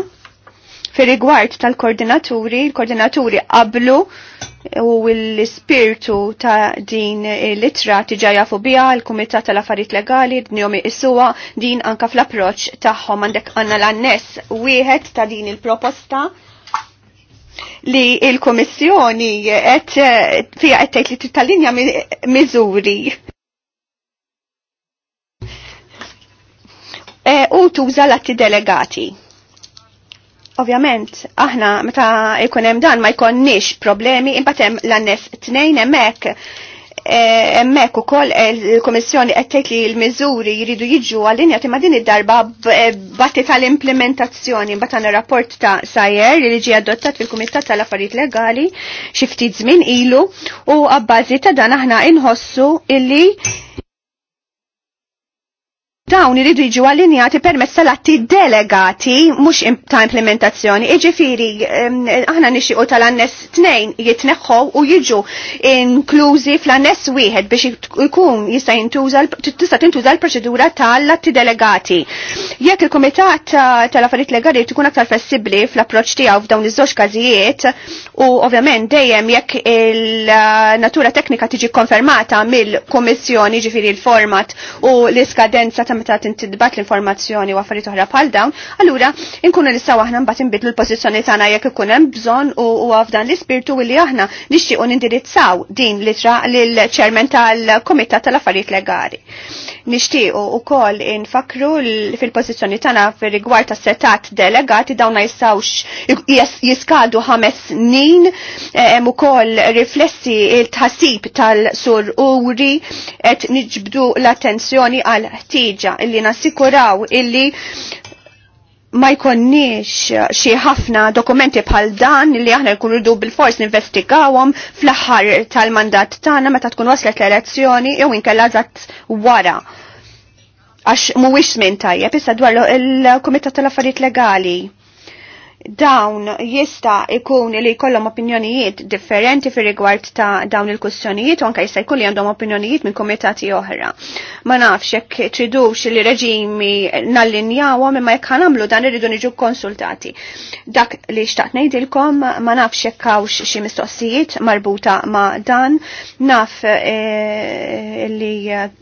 fir rigward tal-koordinaturi, l koordinaturi qablu u l-spirtu ta' din l-itra tiġa jafu biha l-Kumitat tal-Affarijiet Legali d-njomi issuwa din anka fl-approċ tagħhom għandek għandna l-annes wieħed ta' din il-proposta li il-Komissjoni qed eh, fija qed tgħid li titallinja miżuri. Eh, u tuża l-atti delegati. Ovvjament, aħna meta jkun hemm dan ma jkonniex problemi, imbagħad hemm l-annes tnejn hemmhekk e, hemmhekk ukoll il-Kummissjoni qed tgħid li l-miżuri jridu jiġu għallinja imma din id-darba e, batti tal-implementazzjoni mbagħad għandna rapport ta' Sajer li ġie adottat fil-Kumitat tal-Affarijiet Legali xi ftit żmien ilu u abbażi ta' dan aħna inħossu illi dawn iridu jiġu allinjati permezz tal-atti delegati mhux ta' implementazzjoni. Iġifieri aħna nixtiequ tal-annes tnejn jitneħħu u jiġu inklużi fl-annes wieħed biex ikun jista' jintuża tista' tintuża l-proċedura tal-atti delegati. Jekk il-Kumitat tal-Affarijiet Legali tkun aktar flessibbli fl-approċċ tiegħu f'dawn iż-żewġ każijiet u ovvjament dejjem jekk il-natura teknika tiġi konfermata mill-Kummissjoni ġifieri l-format u l-iskadenza ta' meta tintidbat l-informazzjoni u affarijiet oħra bħal dawn, allura inkunu nistgħu aħna mbagħad inbidlu l-pożizzjoni tagħna jekk ikun hemm bżonn u f'dan l-ispirtu li aħna nixtiequ nindirizzaw din litra lill-ċermen tal-Kumitat tal-Affarijiet Legali. Nixtiequ ukoll infakru fil-pożizzjoni tagħna fir-rigward tas-setat delegati dawn ma jistgħux jiskadu ħames snin eh, hemm ukoll riflessi il-tħassib tal-sur uri qed niġbdu l-attenzjoni għal ħtieġa tagħna illi nassikuraw illi ma jkonniex xi ħafna dokumenti bħal dan li aħna nkunu rridu bil-fors ninvestigawhom fl-aħħar tal-mandat tagħna meta tkun waslet l-elezzjoni jew inkella żatt wara. Għax mhuwiex żmien tajjeb issa dwar il-Kumitat tal-Affarijiet Legali dawn jista' ikun li jkollhom opinjonijiet differenti fir rigward ta' dawn il-kussjonijiet u anke jista' jkun li għandhom opinjonijiet minn kumitati oħra. Ma nafx jekk tridux li reġimi nallinjawhom imma jekk ħanamlu dan irridu niġu konsultati. Dak li xtaqt ngħidilkom ma nafx jekk hawnx xi mistoqsijiet marbuta ma' dan, naf e, li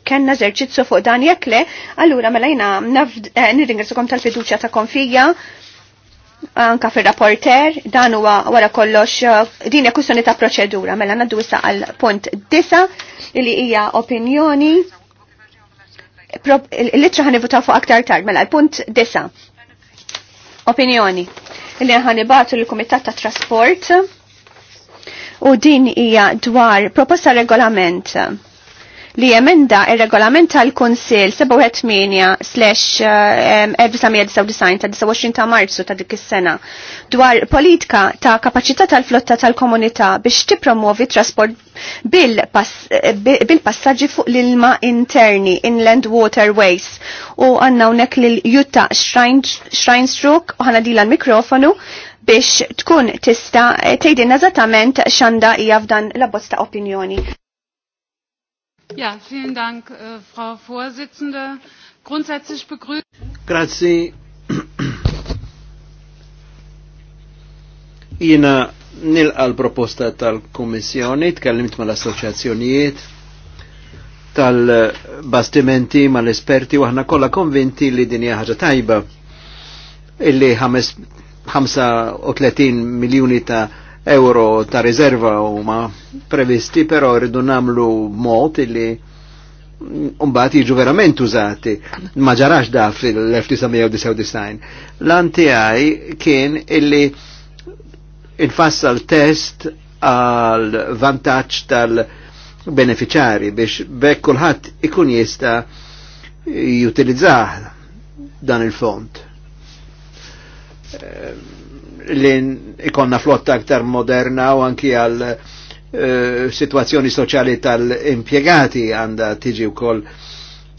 kellna eżerċizzu fuq dan jekk le, allura mela jina eh, nirringrazzukom tal-fiduċja ta' konfija anka fil-rapporter, dan huwa wara kollox uh, din hija kwistjoni ta' proċedura, mela naddu issa għal punt disa li hija opinjoni l littra ħani votaw fuq aktar tard, mela l-punt disa. Opinjoni li ħani batu l-Kumitat ta' Trasport u din hija dwar proposta regolament li jemenda il-regolament tal-Konsil 78 1999 ta' 29 ta' Marzu ta' dik is-sena dwar politika ta' kapacità tal-flotta tal-komunità biex tippromuovi trasport eh, bil-passaġġi fuq l-ilma interni, inland waterways. U għanna unek l-Jutta Shreinstruck, u għanna dila l-mikrofonu, biex tkun tista eh, tgħidilna eżattament x'għandha hija f'dan la abbozz ta' opinjoni. Ja, vielen Dank, äh, Frau Vorsitzende. Grundsätzlich begrüße Grazie. Jina nil l-proposta tal-Kommissjoni, tkellimt mal-assoċjazzjonijiet, tal-bastimenti mal-esperti u aħna kolla konvinti li din hija ħaġa tajba illi 35 miljoni ta' euro ta' u huma previsti, però rridu namlu mot li Umbat jiġu verament użati. Ma ġarax da fil-1999. L-antijaj kien illi infassal test għal vantaċ tal beneficiari biex bekk kulħadd ikun jista jutilizzah dan il-fond li ikonna flotta aktar moderna u anki għal eh, situazzjoni soċjali tal-impiegati għanda tiġi u koll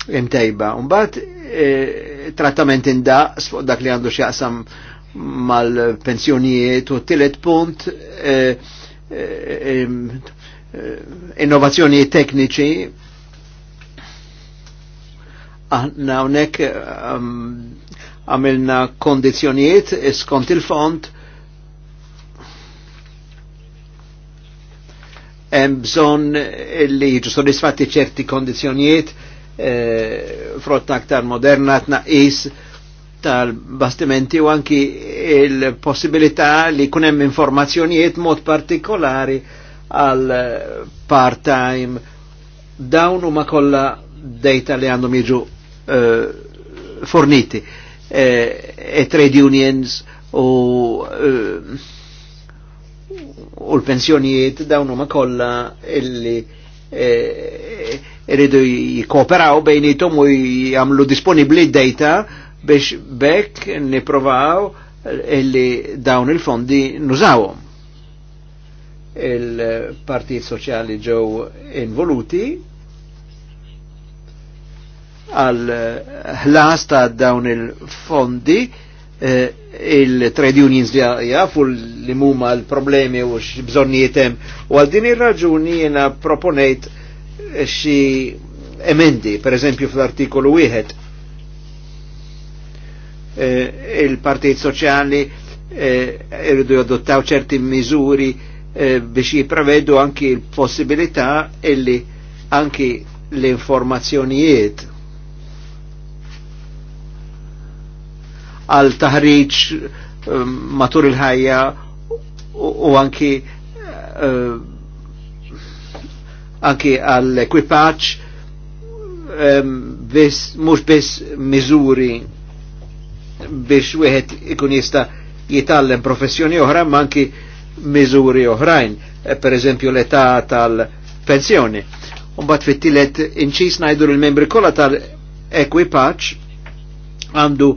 imtejba. Umbat, eh, trattament indaqs fuq dak li għandu xjaqsam mal-pensjonijiet u t-tillet punt eh, innovazzjoni tekniċi aħna hawnhekk um, għamilna kondizjoniet skont il-fond hemm bżonn li jiġu soddisfatti ċerti kondizjonijiet eh, frotta aktar moderna tnaqis tal-bastimenti u anki il-possibilità li kun hemm informazzjonijiet mod partikolari għal part-time dawn huma kollha data li għandhom jiġu eh, forniti. Eh, eh, trade unions u eh, u l-pensjonijiet dawn huma kollha illi irridu jikoperaw bejnietom u jagħmlu disponibbli data biex bekk niprovaw illi dawn il-fondi nużawhom. Il-partijiet soċjali ġew involuti għal ħlas ta' dawn il-fondi eh, il-trade unions li jafu li mumma l-problemi u x-bżonniet u għal din il raġuni jena proponejt eh, xi emendi, per eżempju fl-artikolu 1 eh, il-partijiet soċjali irridu eh, jadottaw ċerti miżuri biex jiprevedu anki il possibilità illi anki l-informazzjonijiet għal taħriġ um, matur il-ħajja u anki uh, anki għal ekwipaċ mux um, bis mizuri biex wieħed ikun jista' jitallem professjoni oħra ma anki mizuri oħrajn, eh, per eżempju l-età tal-pensjoni. un bat fit-tielet inċis najdur il membri kolla tal-ekwipaċ għandu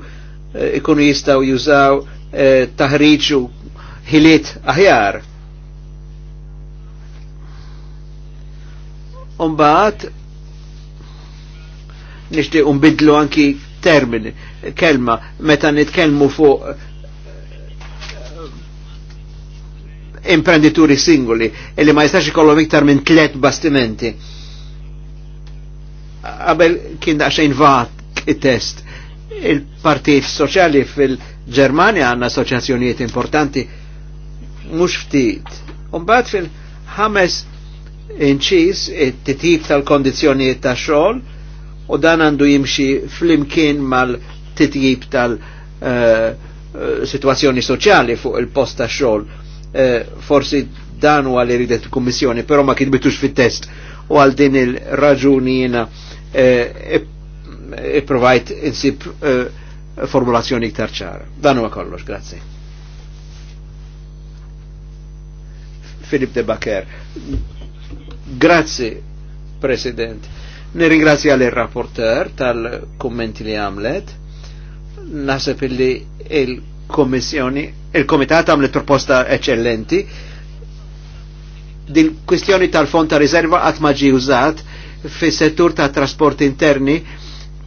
Eh, ikunu jistaw jużaw eh, taħriġu hiliet aħjar. Umbaħt, nishti unbidlu anki termini, kelma, meta nitkelmu fuq eh, imprenditori singoli, illi ma jistax ikollhom iktar minn tlet bastimenti. Għabel kien daqsxejn vat it-test. Il-Partit Soċjali fil-Ġermanja għandna assoċjazzjonijiet importanti mhux ftit. Umbagħad fil-ħames inċis it-titjib tal-kondizzjonijiet ta' xogħol u dan għandu jimxi fl-imkien mal-titjib tal-situazzjoni eh, eh, uh, soċjali fuq il-post ta' xogħol. Uh, forsi dan huwa li ridet il-Kummissjoni, però ma kitbitux fit-test u għal din il-raġuni jiena Eh, provajt insib eh, formulazzjoni iktar ċara. Dan huwa kollox, grazzi. Filip de Baker. Grazzi, President. Nirringrazzja il rapporter tal-kommenti li għamlet. Naseb illi il-Komissjoni, il-Komitat għamlet proposta eccellenti. Din kwistjoni tal-fond ta' riserva għatmaġi użat fi settur ta' trasport interni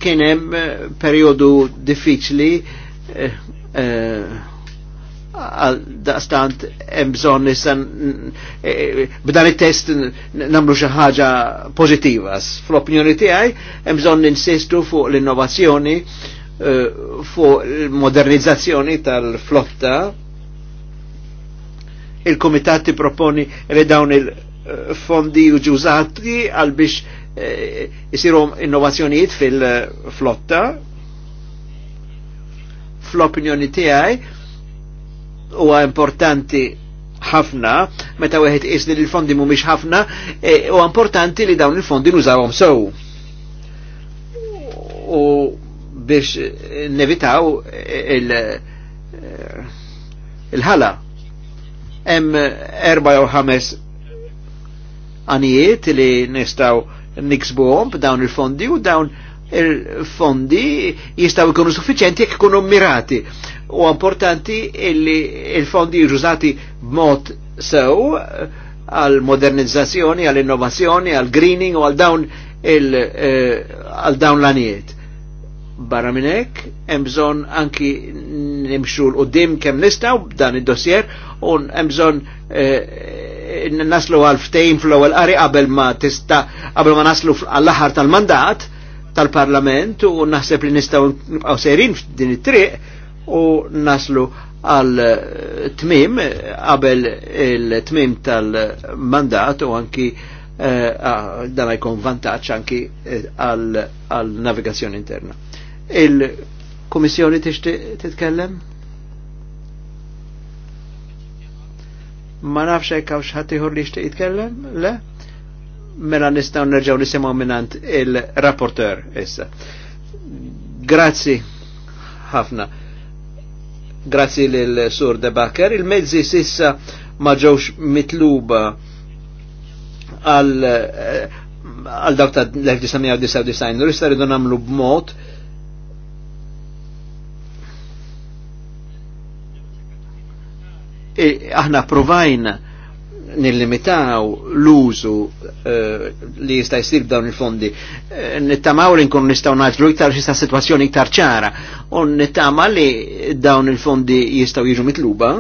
kienem eh, periodu diffiċli eh, eh, għal daqstant hemm bżonn b'dan il test namlu xaħġa pozitiva Fl-opinjoni tijaj hemm ninsistu fuq l-innovazzjoni fuq l modernizzazzjoni tal-flotta. il komitati proponi li dawn il-fondi uġużati għal biex jisiru eh, innovazzjonijiet fil-flotta fl-opinjoni tijaj u importanti ħafna meta wieħed qis li l-fondi mu mhumiex ħafna e, u importanti li dawn il-fondi nużawhom sew. U biex nevitaw eh, il-ħala. Il Hemm erba' jew ħames għanijiet li nistgħu niksbuħom b'dawn il-fondi u dawn il-fondi jistaw ikonu suffiċenti jekk ikunu mirati. U importanti illi il-fondi jużati b'mod sew għal modernizzazzjoni, għal innovazzjoni, għal greening u għal dawn eh, għal dawn l-anijiet. Barra minnek, hemm bżonn anki nimxu l-qudiem kemm nistaw b'dan id-dossier un emżon eh, naslu għal ftejn fl-ewwel qari qabel ma tista qabel ma naslu għall-aħar tal-mandat tal-parlament u naħseb li nistgħu nibqgħu sejrin f'din it-triq u naslu għal eh, tmim eh, qabel il-tmim tal-mandat u anki dan jkun vantaġġ anki għal navigazzjoni interna. il kummissjoni tixtieq titkellem? Ma nafx hekk hawn x'ħadd li jixtieq jitkellem? Le? Mela nistgħu nerġgħu nisimgħu minant il-rapporteur issa. Grazzi ħafna. Grazzi lil Sur De Baker. Il-mezzi sissa ma ġewx mitluba għal eh, għal dawk ta' 1999, nurista rridu namlu b'mod aħna provajna nillimitaw l-użu eh, li jista' jsir b'dawn il-fondi. Eh, nittamaw li nkun nistgħu ngħidlu iktar xista situazzjoni iktar ċara u nittama li dawn il-fondi jistgħu jiġu mitluba.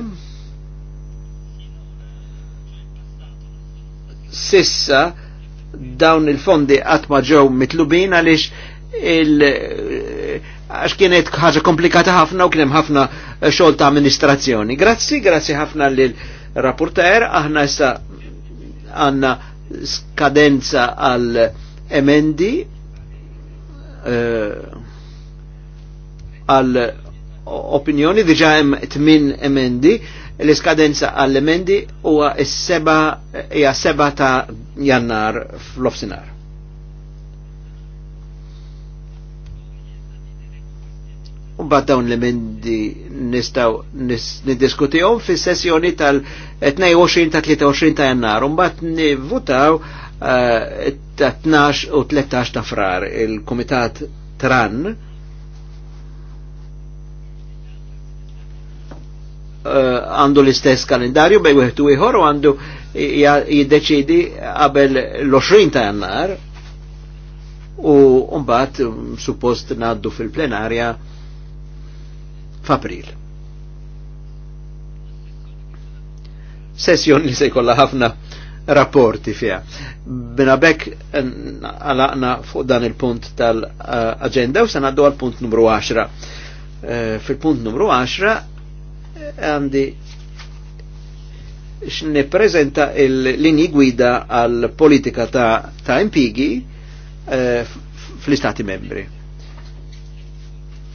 Sissa dawn il-fondi għatma ma ġew mitlubin għaliex il eh, għax kienet ħaġa komplikata ħafna u kienem ħafna Eh, xogħol ta' amministrazzjoni. Grazzi, grazzi ħafna lil rapporter, aħna issa għanna skadenza għal emendi eh, għal uh, opinjoni diġa jem tmin emendi l-iskadenza għall emendi huwa s-seba hija seba ta' jannar fl-ofsinar. U bat dawn l-emendi nistaw niddiskutijom fi sessjoni tal-22 ta' 23 ta' jannar, mbagħad nivutaw eh, ta' 12 u 13 ta' frar il komitat Tran eh, għandu l-istess kalendarju bej wieħed iħor u għandu jiddeċidi qabel l-20 ta' jannar u mbagħad mm, suppost ngħaddu fil-plenarja f'April. Sessjon li se jkollha ħafna rapporti fija. Bina bekk għalaqna fuq dan il-punt tal-agenda u sanaddu għal-punt numru 10. Eh, fil-punt numru 10 eh, għandi xne prezenta l-linji gwida għal-politika ta', ta impigi eh, fl-istati membri.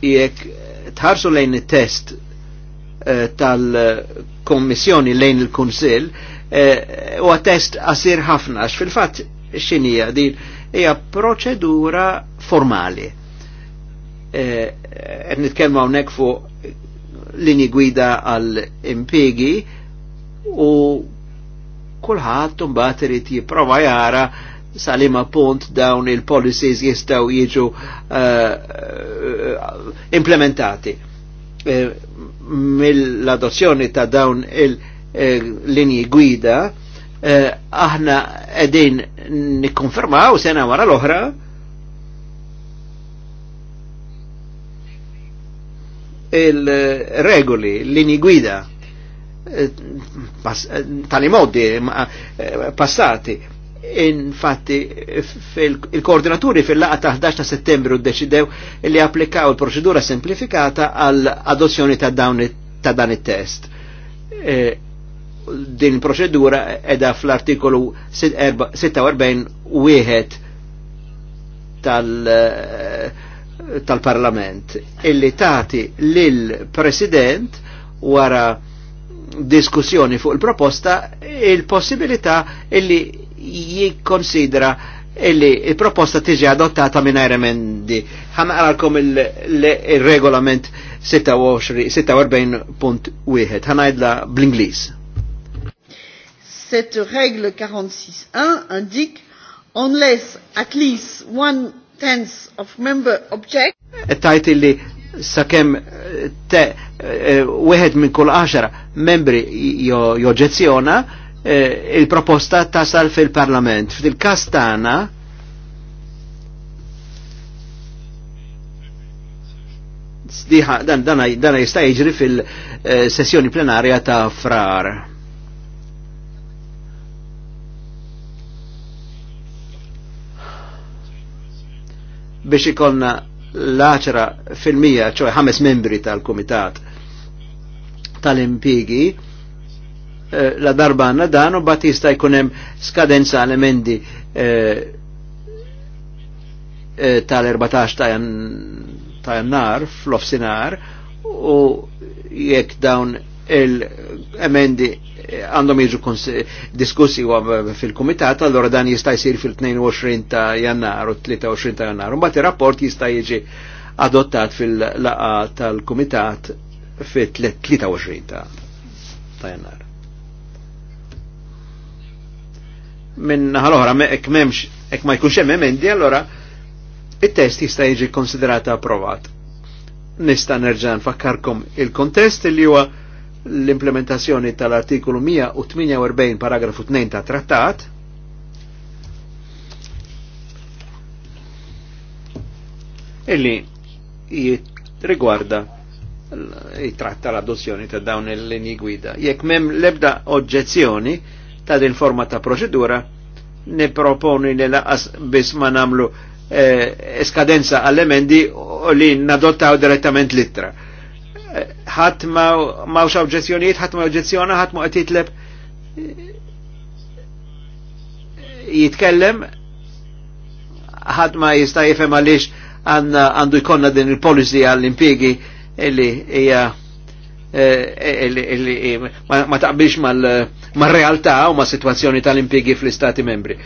Jekk tħarsu lejn il-test eh, tal-Kommissjoni lejn il-Kunsil eh, u test għasir ħafna x fil-fat xinija din hija proċedura formali. Għed eh, nitkellmu hawnhekk fuq linji gwida għal impigi u kulħadd mbagħad irid jipprova jara salima punt dawn il-policies jistaw jiġu uh, uh, implementati. E, mill-adozzjoni ta' dawn il-linji e, gwida, e, aħna edin nikkonfermaw sena wara l-oħra il-regoli, l linji gwida tali imoddi passati infatti il-koordinaturi fil-laqa ta' 11 ta' settembru deċidew li applikaw il-proċedura semplifikata għall-adozzjoni ta' dawn ta' dan it-test. E, din il-proċedura edha fl-artikolu 46 wieħed e, tal-Parlament illi tati l president wara diskussjoni fuq il-proposta il-possibilità illi jikonsidra illi il-proposta tiġi adottata minn emendi. Ħanaqralkom il-regolament 46.1. Għanajdla bl-Inglis. Cette règle 46.1 indique unless at least one tenth of member object. Tajt illi sakem eh, te eh, eh, wieħed minn kull 10 membri joġezzjona jo eh, il-proposta tasal fil-Parlament. fil kastana tagħna diħa, dan, dan, dan jista' jiġri fil-sessjoni plenarja ta' frar. Biex ikonna l-10 fil-mija, ċoj ħames membri tal-Kumitat tal-Impigi, Eh, la darba għanna dan u batista jista jkunem skadenza għal-emendi eh, eh, tal-14 ta' jannar fl-ofsinar u jekk dawn il-emendi għandhom jiġu diskussi fil-komitat, allora dan jista' jsir fil-22 ta' jannar u 23 ta' jannar. Mbagħad ir-rapport jista' jiġi adottat fil-laqa tal-komitat fit-23 ta' jannar. minn naħal oħra ek memx, ek ma jkunx hemm emendi, allora it-test jista' jiġi konsiderata approvat. Nista' nerġa' nfakkarkom il-kontest li huwa l-implementazzjoni tal-artikolu 148 paragrafu 2 ta' trattat illi rigwarda jitratta l-adozzjoni ta' dawn il-linji gwida. Jekk mem lebda oġġezzjoni, ta' din forma ta' proċedura niproponi li laqas biss ma namlu eh, skadenza għall-emendi u li nadottaw direttament l-ittra. Eh, ħadd ma oġġezzjonijiet, ħadd ma oġġezzjona, ħadd ma qed jitleb jitkellem ħadd ma jista' jifhem għaliex għandu jkollna din il-policy għall-impjegi illi hija Eh, eh, eh, ma taqbilx mal-realtà u ma' situazzjoni tal impiegi fl-Istati membri.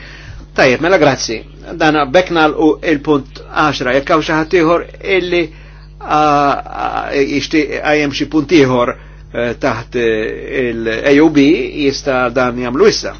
Tajjeb, mela grazzi. Dana beknal u il-punt 10, jekk hawn xi ħadd ieħor illi għajem xi punt ieħor taħt il-AOB jista' dan jagħmlu issa.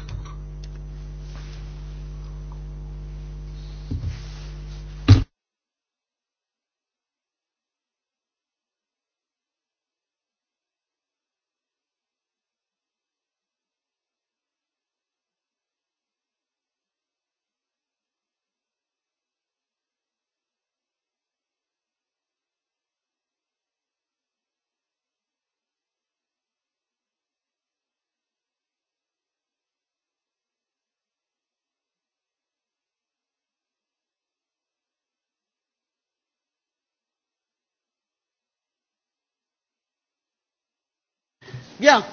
Bien.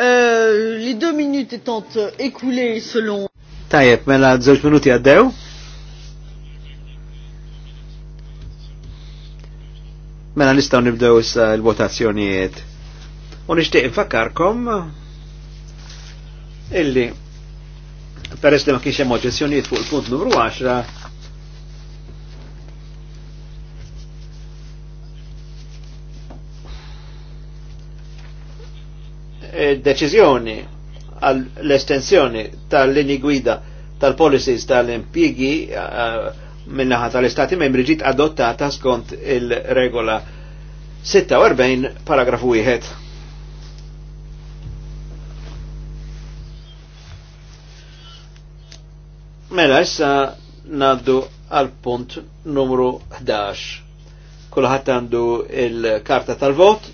Euh, les deux minutes étant écoulées selon... Tajjeb, mela żewġ minuti għaddew. Mela nistgħu nibdew issa l-votazzjonijiet. U nixtieq infakkarkom illi peress li ma kienx hemm oġġezzjonijiet fuq il-punt numru 10 E, deċiżjoni għall-estensjoni tal-linji gwida tal-policies tal impigi minnaħa tal-Istati membri ġiet adottata skont il-regola 46 paragrafu 1. Mela issa naddu għal punt numru 11. Kulħadd għandu il-karta tal-vot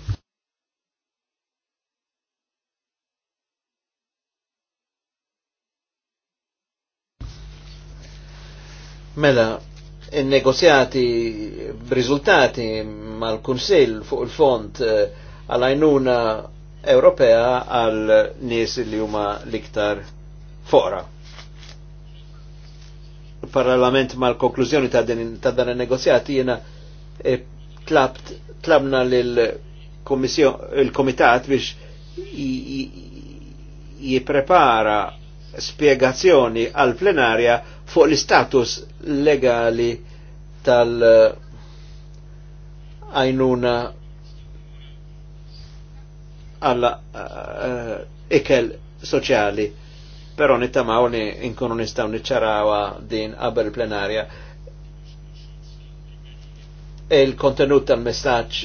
Mela, il-negozjati b'riżultati mal kunsil fuq il-font eh, għal-għajnuna Ewropea għal nies li huma liktar fora. Parlament mal-konklużjoni ta' dan il-negozjati jena eh, tlabt, tlabna l-komitat biex jiprepara spiegazzjoni għal plenarja fuq l-istatus legali tal eh, għajnuna għalla eh, ikel soċjali. Pero nittamawni li inkunu nistaw niċċarawa din qabel plenarja. E Il-kontenut tal-messaċ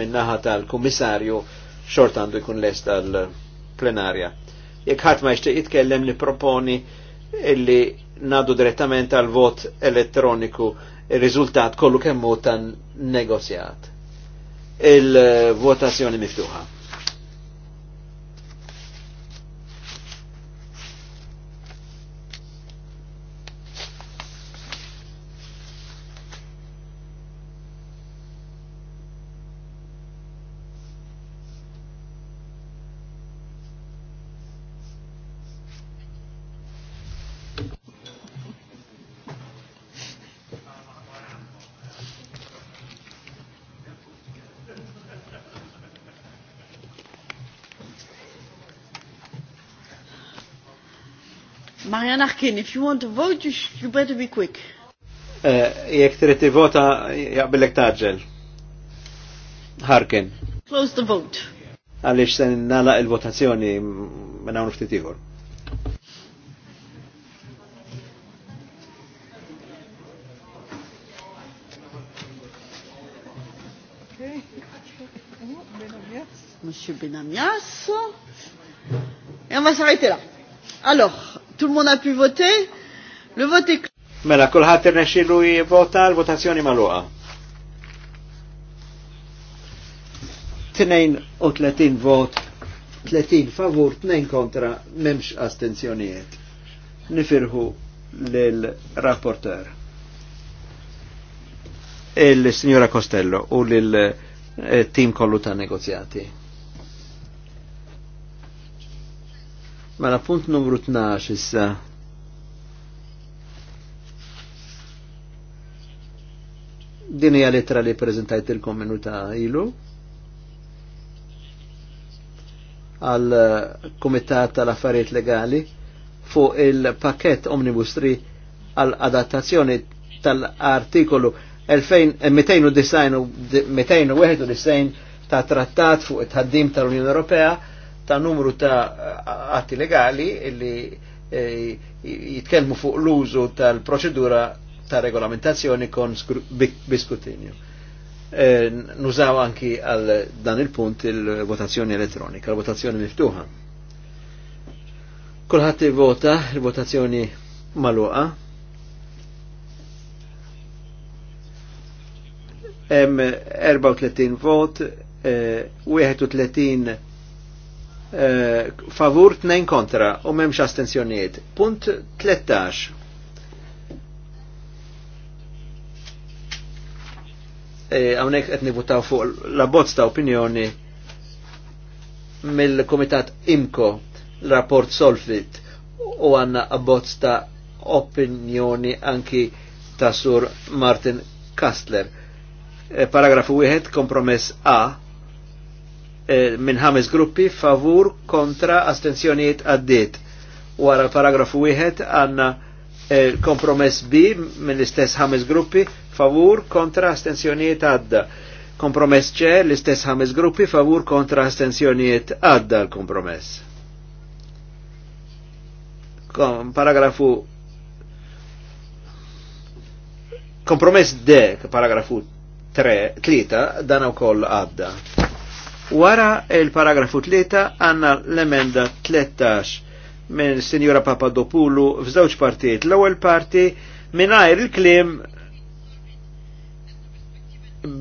minnaħa tal-kummissarju xort għandu jkun les tal-plenarja jekk ħadd ma jixtieq jitkellem li illi nadu direttament għal vot elettroniku ir-riżultat kollu kemm tan negozjat. Il-votazzjoni miftuħa. Harkin, if you want to vote, you, better be quick. Eh, jek trid jaqbilek taġġel. Harkin. Close the vote. Għaliex se nagħlaq il-votazzjoni minn hawn ftit ieħor. Monsieur Benamias. Et on va s'arrêter là. Alors. Tout le monde a pu voter? Le vote est Mela, kullħat irnexxilu jivota l-votazzjoni magħluqa. tletin vot, tletin favur, tnejn kontra, memx astenzjonijiet. Nifirħu l-rapporter. Il-Signora Costello u l-team eh, kollu ta' negozjati. Mela punt numru 12 issa. Din hija lettra li preżentajt ilkom ta' ilu għal eh, Kumitat tal-Affarijiet Legali fuq il-pakett Omnibus 3 għal adattazzjoni tal-artikolu 2291 eh, ta' trattat fuq it-ħaddim tal-Unjoni Ewropea ta' numru ta' atti legali li eh, jitkellmu fuq l-użu tal-proċedura ta' regolamentazzjoni kon biskutinju. Eh, nużaw anki għal dan il-punt il-votazzjoni elettronika, l votazzjoni miftuħa. Kulħadd vota il-votazzjoni maluqa. Hemm 34 vot, 31 eh, Eh, favur tnejn kontra u memx astensjoniet. Punt 13. Għawnek e, qed nivutaw fuq la bozz ta' opinjoni mill-Komitat IMCO rapport Solfit u għanna abbozz ta' opinjoni anki ta' sur Martin Kastler. E, paragrafu 1, kompromess A, Eh, minn ħames gruppi favur kontra astenzjonijiet għaddit. Wara paragrafu wieħed għanna eh, kompromess B minn l-istess ħames gruppi favur kontra astenzjonijiet għadda. Kompromess C l-istess ħames gruppi favur kontra astenzjonijiet għadda l-kompromess. paragrafu kompromess D, paragrafu 3, dan u koll għadda. Wara il-paragrafu 3 għanna l-emenda 13 minn Sinjora Papadopoulou f'żewġ partijiet. L-ewwel parti mingħajr il-kliem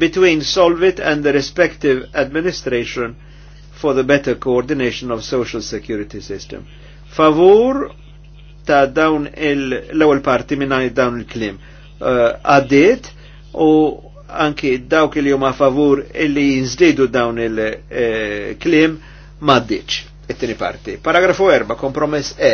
between Solvit and the respective administration for the better coordination of social security system. Favur ta' dawn l-ewwel parti mingħajr dawn il-kliem. Uh, għaddiet uh, u anki dawk li huma favur illi jinżdidu dawn il-klim eh, maddiċ it tini parti. Paragrafu 4, kompromess E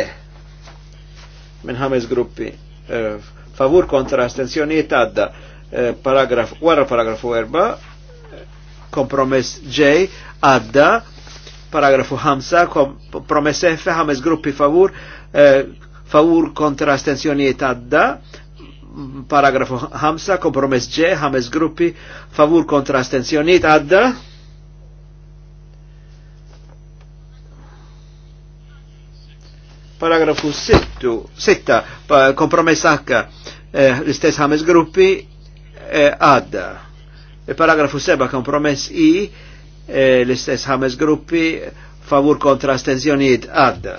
minn ħames gruppi eh, favur kontra astenzjonijiet għadda eh, paragraf wara paragrafu 4 kompromess J għadda paragrafu 5 kompromess F ħames gruppi favur favur kontra astenzjonijiet għadda paragrafu 5, kompromess ġe, 5 gruppi, favur kontra astenzjoniet, għadda. Paragrafu 6, 6 kompromess H, eh, l-istess 5 gruppi, eh, għadda. E paragrafu 7, kompromess I, eh, l-istess 5 gruppi, favur kontra astenzjoniet, għadda.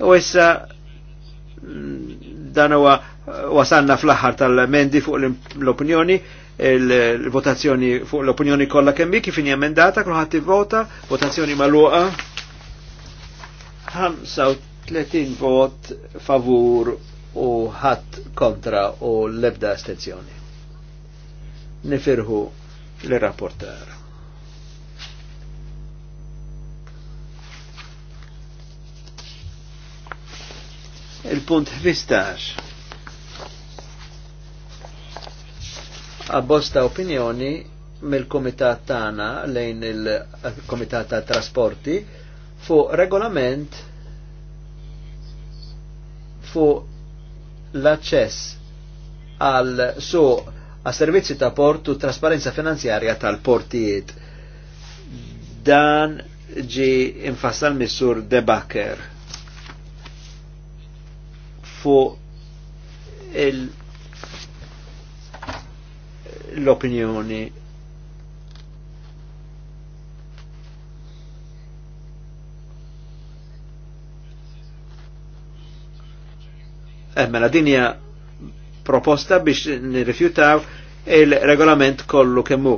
U issa mm, dan huwa wasanna fl-aħħar tal-mendi fuq l-opinjoni, l votazzjoni fuq l-opinjoni kollha kemm kif inhi emendata, kulħadd ivvota, votazzjoni magħluqa. 35 vot favur u ħadd kontra u l-ebda astenzjoni. Nifirħu l-rapportar. Il-punt 15 abbosta opinjoni mill-Komitat tagħna lejn il-Komitat ta' Trasporti fuq regolament fuq l-aċċess għal su a servizzi ta' portu trasparenza finanzjarja tal-portijiet. Dan ġi infassal missur debaker fu il- l-opinjoni eh, Mela dinja proposta biex nirrifjutaw il-regolament kollu kemmu.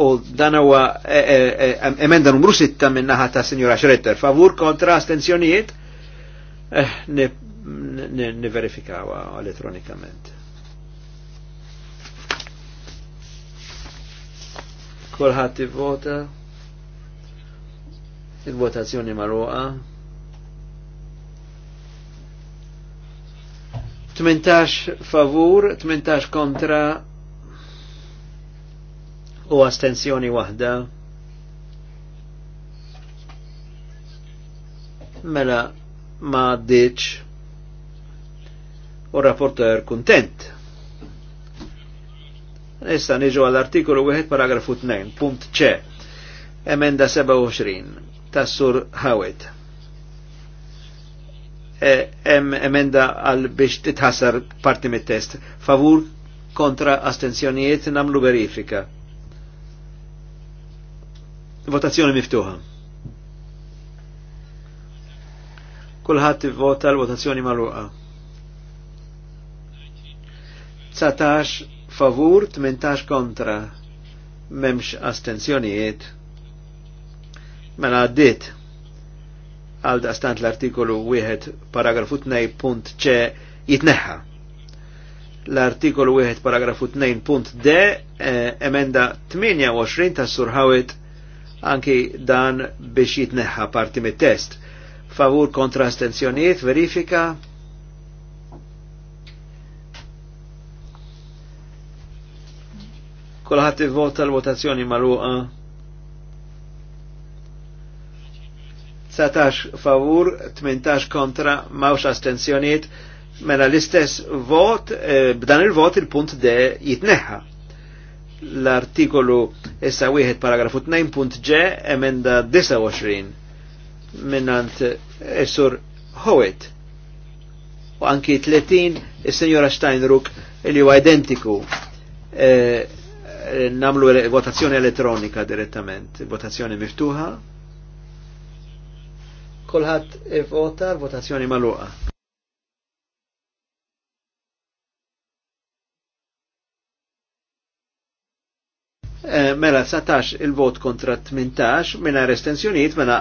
U dan huwa e, e, e, emenda numru 6 minn naħa ta' Sinjora Schroeter. Favur kontra astenzjonijiet? Eh, Niverifikawa elettronikament. Kolħat vota il-votazzjoni marruqa. 18 favur, 18 kontra u astensjoni wahda. Mela ma ditx u rapportu kontent. Nista niġu għall-artikolu 1 paragrafu 2, punt C, emenda 27, tas-sur Hawet. E, em, emenda għal biex titħasar parti mit-test. Favur kontra astenzjonijiet namlu verifika. Votazzjoni miftuħa. Kulħadd vota l-votazzjoni magħluqa. 19 favur 18 kontra memx astenzjonijiet mela għaddit għal stant l-artikolu 1 paragrafu 2 punt c jitneħħa l-artikolu 1 paragrafu 2 punt D eh, emenda 28 ta' surħawit anki dan biex jitneħħa parti mit-test favur kontra astenzjonijiet verifika Kolħat vota l-votazzjoni marruqa. 19 favur, 18 kontra, mawx astenzjoniet, mela l-istess vot, e, b'dan il-vot il-punt de jitneħħa. L-artikolu issa wieħed paragrafu 2.ġ emenda 29 minnant Esur Howitt. U anki 30 e, il-Senjora Steinruk il huwa identiku. E, namlu votazzjoni elettronika direttament, votazzjoni miftuħa. Kolħat e vota votazzjoni maluqa. Eh, mela satax il-vot kontra 18 minna restenzjoniet minna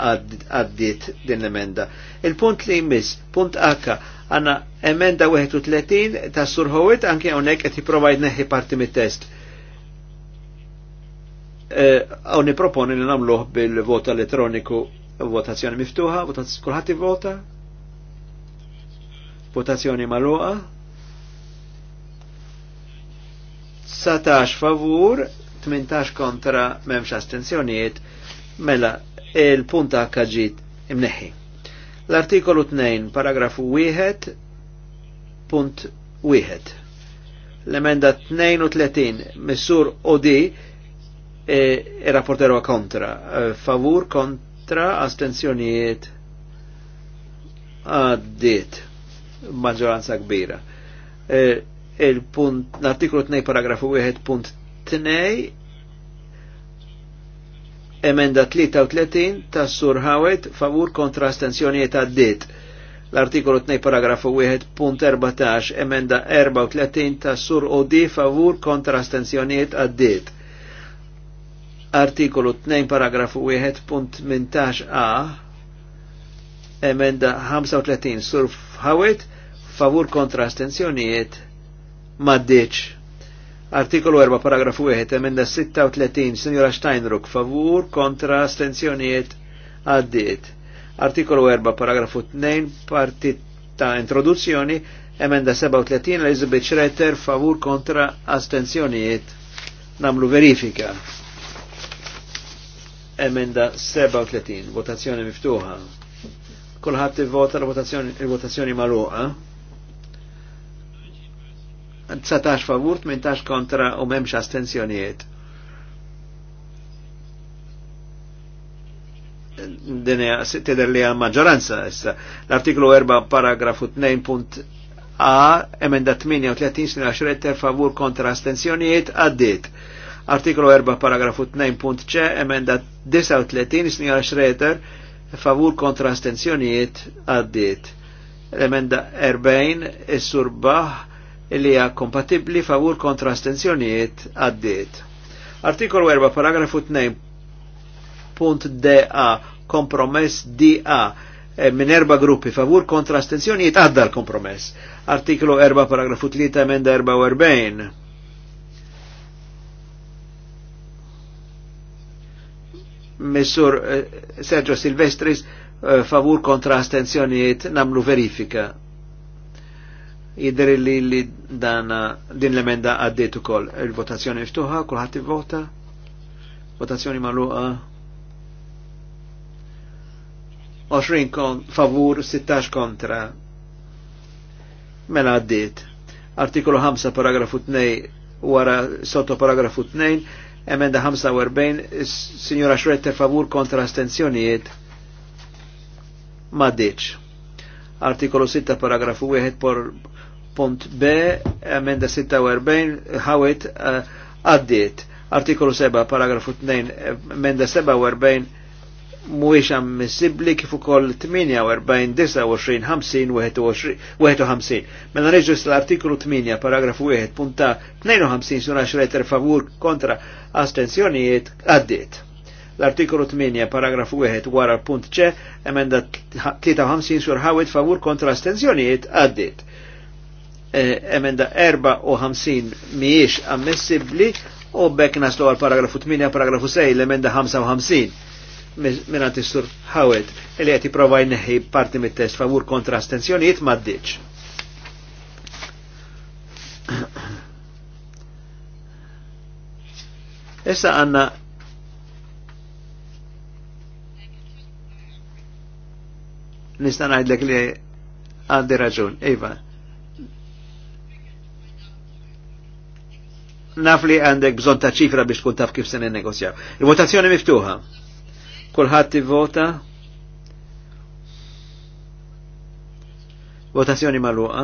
għaddit din l-emenda. Il-punt li jmiss, punt H, għanna emenda 31 ta' surħowit anke għonek għet jiprovajt neħi parti mit-test Eh, għaw niproponi li namluħ bil vota elettroniku votazzjoni miftuħa, votazzjoni kullħat vota, votazzjoni maluqa, 19 favur, 18 kontra memx astenzjoniet, mela il-punta ħġit imneħi. L-artikolu 2, paragrafu 1, punt 1. L-emenda 32, missur Odi, e, e rapportero a contra kontra. E, favur kontra astenzjonijiet għaddit maġġoranza kbira. E, Il-punt, l-artiklu 2 paragrafu 1.2 emenda 33 ta' Sur Hawet favur kontra astenzjonijiet għaddit. L-artikolu 2 paragrafu 14 emenda 34 ta' Sur Odi favur kontra astenzjonijiet għaddit artikolu 2 paragrafu 1.18 a emenda 35 surf ħawet favur kontra astenzjonijiet maddiċ. Artikolu 4 paragrafu 1 emenda 36 signora Steinruck favur kontra astenzjonijiet għaddiet. Artikolu 4 paragrafu 2 partit ta' introduzzjoni emenda 37 Elizabeth Schroeter favur kontra astenzjonijiet namlu verifika emenda 37, votazzjoni miftuħa. Kulħadd ivvota l-votazzjoni magħluqa. 19 favur, 18 kontra u memx astenzjonijiet. Din tidher li maġġoranza issa. L-artiklu 4 paragrafu A, emenda 38 snin 10 favur kontra astenzjonijiet għaddiet. Artiklu 4 paragrafu 2.c emenda 39 Sinjora Schroeder favur kontra astenzjonijiet għaddit. Emenda 40 is-sur li hija kompatibbli favur kontra astenzjonijiet għaddit. Artikolu 4 paragrafu 2.da kompromess DA e, minn erba gruppi favur kontra astenzjonijiet għadda l-kompromess. Artiklu 4 paragrafu 3 emenda 44 Messur eh, Sergio Silvestris eh, favur kontra astenzjonijiet namlu verifika. Jidri li li dana din l-emenda għaddit ukoll. Il-votazzjoni ftuħa, kulħadd vota Votazzjoni magħluqa. 20 kon, favur, 16 kontra. Mela għaddiet? Artikolu 5, paragrafu 2, wara sotto paragrafu 2, Emenda 45, signora Schroeter favur kontra astenzjonijiet maddeċ. Artikolu 6 paragrafu 1 por punt B, emenda 46, ħawet eh, għaddiet. Artikolu 7 paragrafu 2, eh, emenda 47 mhuwiex ammissibli kif ukoll 48, 29, 50, 51. Mela neġġus l-artiklu 8 paragrafu 1 punta 52 sur 10 favur kontra astenzjonijiet għaddit. L-artiklu 8 paragrafu 1 wara punt ċe emenda 53 sur ħawet favur kontra astenzjonijiet għaddit. E, emenda 54 miex ammissibli, u bekk naslu għal paragrafu 8 paragrafu 6 l-emenda 55 minant is-sur Howard li qed jipprova neħi parti mit-test favur kontra astensjonijiet maddiċ. (coughs) Issa għanna nista' ngħidlek li għandi raġun, iva. Naf li għandek bżon ta' ċifra biex tkun taf kif se negozjaw. Il-votazzjoni miftuħa. Kulħadd ivvota. Votazzjoni magħluqa.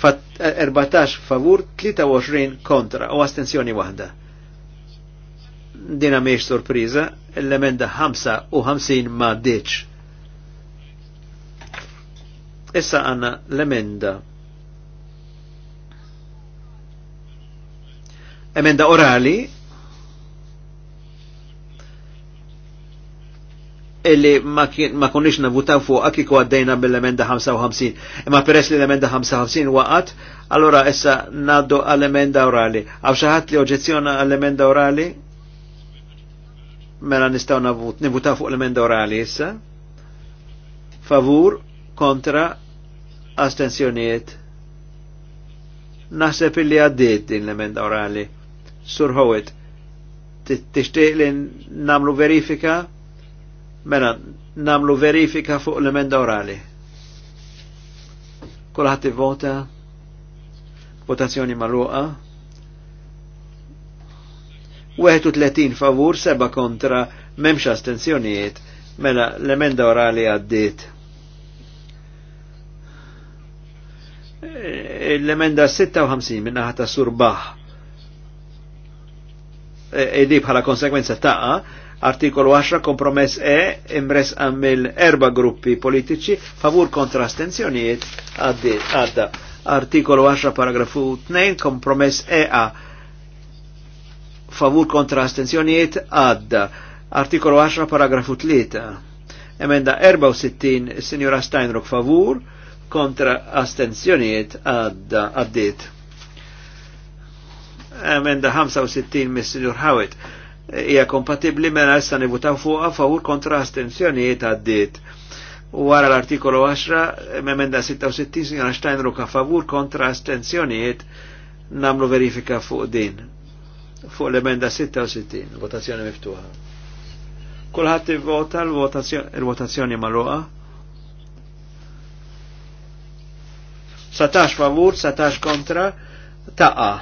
Fat 14 e, favur, 23 kontra u astenzjoni waħda. Dina miex sorpriża, l-emenda u 50 ma deċ. Issa għanna l-emenda emenda orali illi ma, konniex navutaw fuq kiku għaddejna bil emenda 55. Imma peress li l-emenda 55 waqat, allora issa naddu għall-emenda orali. Għaw xaħat li oġezzjona għall-emenda orali? Mela nistaw navut, nivutaw fuq l-emenda orali issa. Favur, kontra, astensjoniet. Naħseb illi għaddit din l-emenda orali. Surħowet, tixtieq li namlu verifika? Mela, namlu verifika fuq l-emenda orali. Kulħat vota votazzjoni maluqa. 31 favur, 7 kontra, memx astenzjonijiet, mela l-emenda orali għaddit. E, l-emenda 56 minna ħata surbaħ. Idi e, e bħala konsekwenza taqa, Artikolu 10 kompromess E imres għamil erba gruppi politiċi favur kontra astenzjonijiet għadda. Artikolu 10 paragrafu 2 kompromess EA favur kontra astenzjonijiet għadda. Artikolu 10 paragrafu 3 emenda 64 signora Steinrock favur kontra astenzjoniet għadda għaddit. Emenda 65 mis signor Howitt hija kompatibbli mela issa nivutaw fuqha favur kontra astenzjonijiet għaddiet. Wara l-artikolu 10, memenda 66, signora Steinruck a favur kontra astenzjonijiet namlu verifika fuq din. Fuq l-emenda 66, votazzjoni miftuħa. Kulħadd vota l-votazzjoni magħluqa. Satax favur, satax kontra, taqa.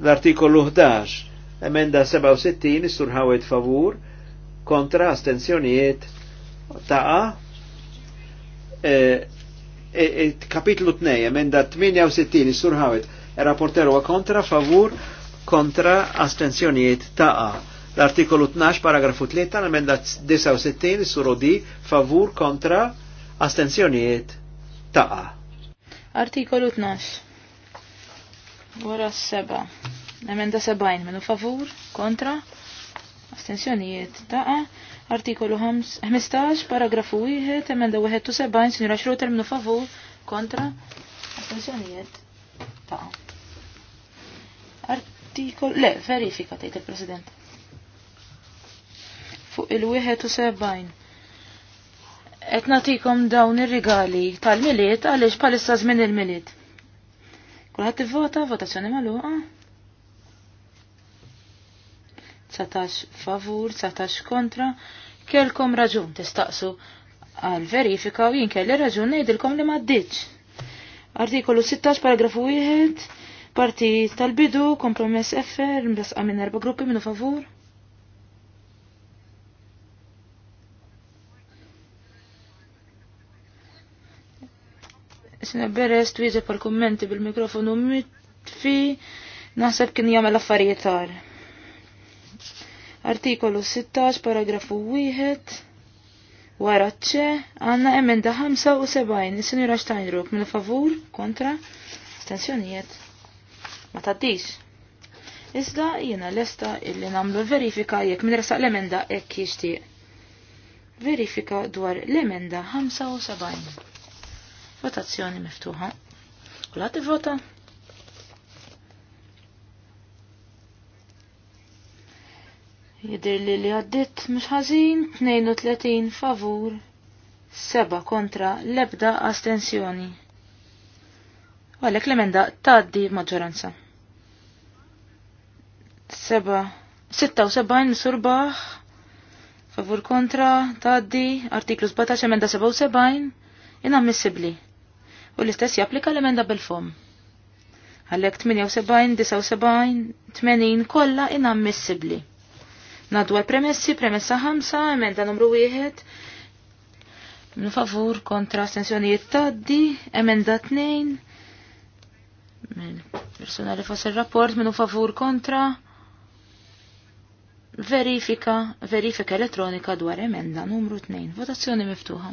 L-artikolu 11, Emenda 67, Sur Hawet favur, kontra astenzjonijiet ta' e, e, e, kapitlu 2, emenda 68, Sur Hawet, rapporteru kontra, favur, kontra astenzjonijiet ta'. L-artikolu 12, paragrafu 3, emenda 69, Sur Odi, favur, kontra, astenzjonijiet taqa. Artikolu 12. Wara s-seba. Emenda 70 minu favur, kontra, astensjonijiet taqa. Artikolu 15, paragrafu 1, emenda 71, sinjura Xruter minu favur, kontra, astensjonijiet taqa. Artikol, le, verifika tejt il-President. Fuq il-71. Et natikom dawn ir-rigali tal-miliet għaliex palissa żmien il-miliet. Kulħadd ivvota, votazzjoni magħluqa. Satax favur, satax kontra, kelkom raġun tistaqsu għal verifika u jien kelli raġun ngħidilkom li maddiċ. Artikolu 16 paragrafu 1, parti tal-bidu, kompromess effer, mblasqa minn erba' gruppi minnu favur. Sina beres wieġeb għal kommenti bil-mikrofonu mitfi, naħseb kien jagħmel affarijiet tar. Artikolu 16, paragrafu 1, wara ċe, għanna emenda 75, il-Sinjura Steinruk, minn mela favur, kontra, stensjonijiet. Ma taddix. Iżda jiena lesta illi namlu verifika jekk minn rasa l-emenda ek jixtieq. Verifika dwar l-emenda 75. Votazzjoni miftuħa. Kulħat vota? Jidir li li għaddit mxħazin 32 favur, 7 kontra lebda astensjoni. Għalek l-emenda taddi maġġoranza. 7, 76 misurbaħ, favur kontra, taddi, artiklu 17, emenda 77, inammissibli. U l-istess japplika l-emenda bil-fom. Għalek 78, 79, 80 kolla inammissibli. Naddu għal-premessi, premessa ħamsa, emenda numru wieħed. Minu favur kontra astensjonijiet taddi, emenda tnejn. Min persona li fos il-rapport, minu favur kontra. Verifika, verifika elettronika dwar emenda numru tnejn. Votazzjoni miftuħa.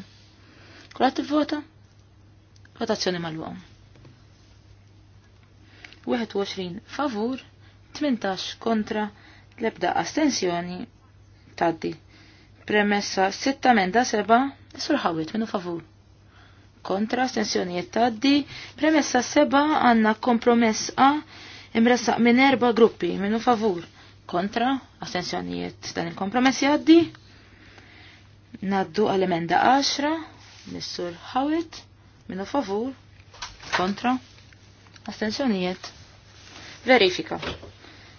Kulat vota Votazzjoni mal-għom. 21 favur, 18 kontra l-ebda astensjoni taddi. Premessa 6 menda 7 surħawit minu favur. Kontra astensjonijiet taddi. Premessa 7 għanna kompromess A imressaq minn erba gruppi minu favur. Kontra astensjonijiet dan il-kompromess jaddi. Naddu għal-emenda 10 missur ħawit minu favur. Kontra astensjonijiet. Verifika.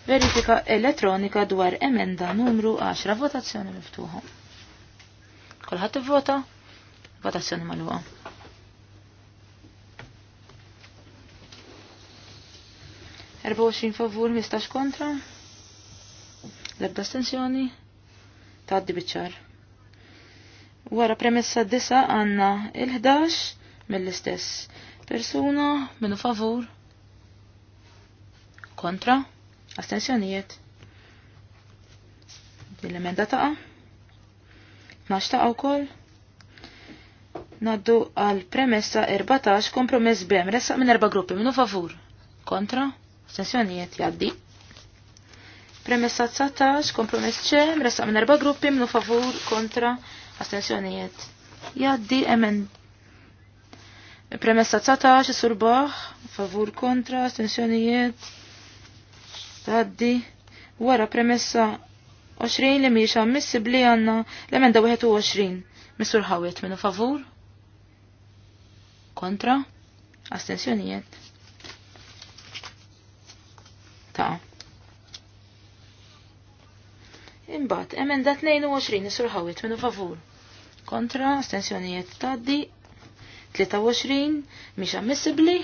Verifika elettronika dwar emenda numru 10. Votazzjoni miftuħa. Kolħat vota Votazzjoni maluqa. Erba favur, mistax kontra. Lebda stensjoni. Taddi biċċar. Wara premessa disa għanna il-11 mill-istess persuna minu favur kontra Astensjonijiet. L-emenda taqa. 12 taqa u koll. Naddu għal premessa 14 kompromess bem. Ressaq minn erba gruppi. Minu favur. Kontra. Astensjonijiet. Jaddi. Premessa 19 kompromess ċe. Ressaq minn erba gruppi. Minu favur. Kontra. Astensjonijiet. Jaddi. Emen. Premessa 19 surbaħ. Favur kontra. Astensjonijiet taddi wara premessa 20 li miex bli għanna l-emenda 21. Missur ħawiet minu favur? Kontra? Astensjonijiet? Ta' Imbat, emenda 22 nisur ħawit minu favur. Kontra, astensjonijiet taddi, 23, miex ammissibli.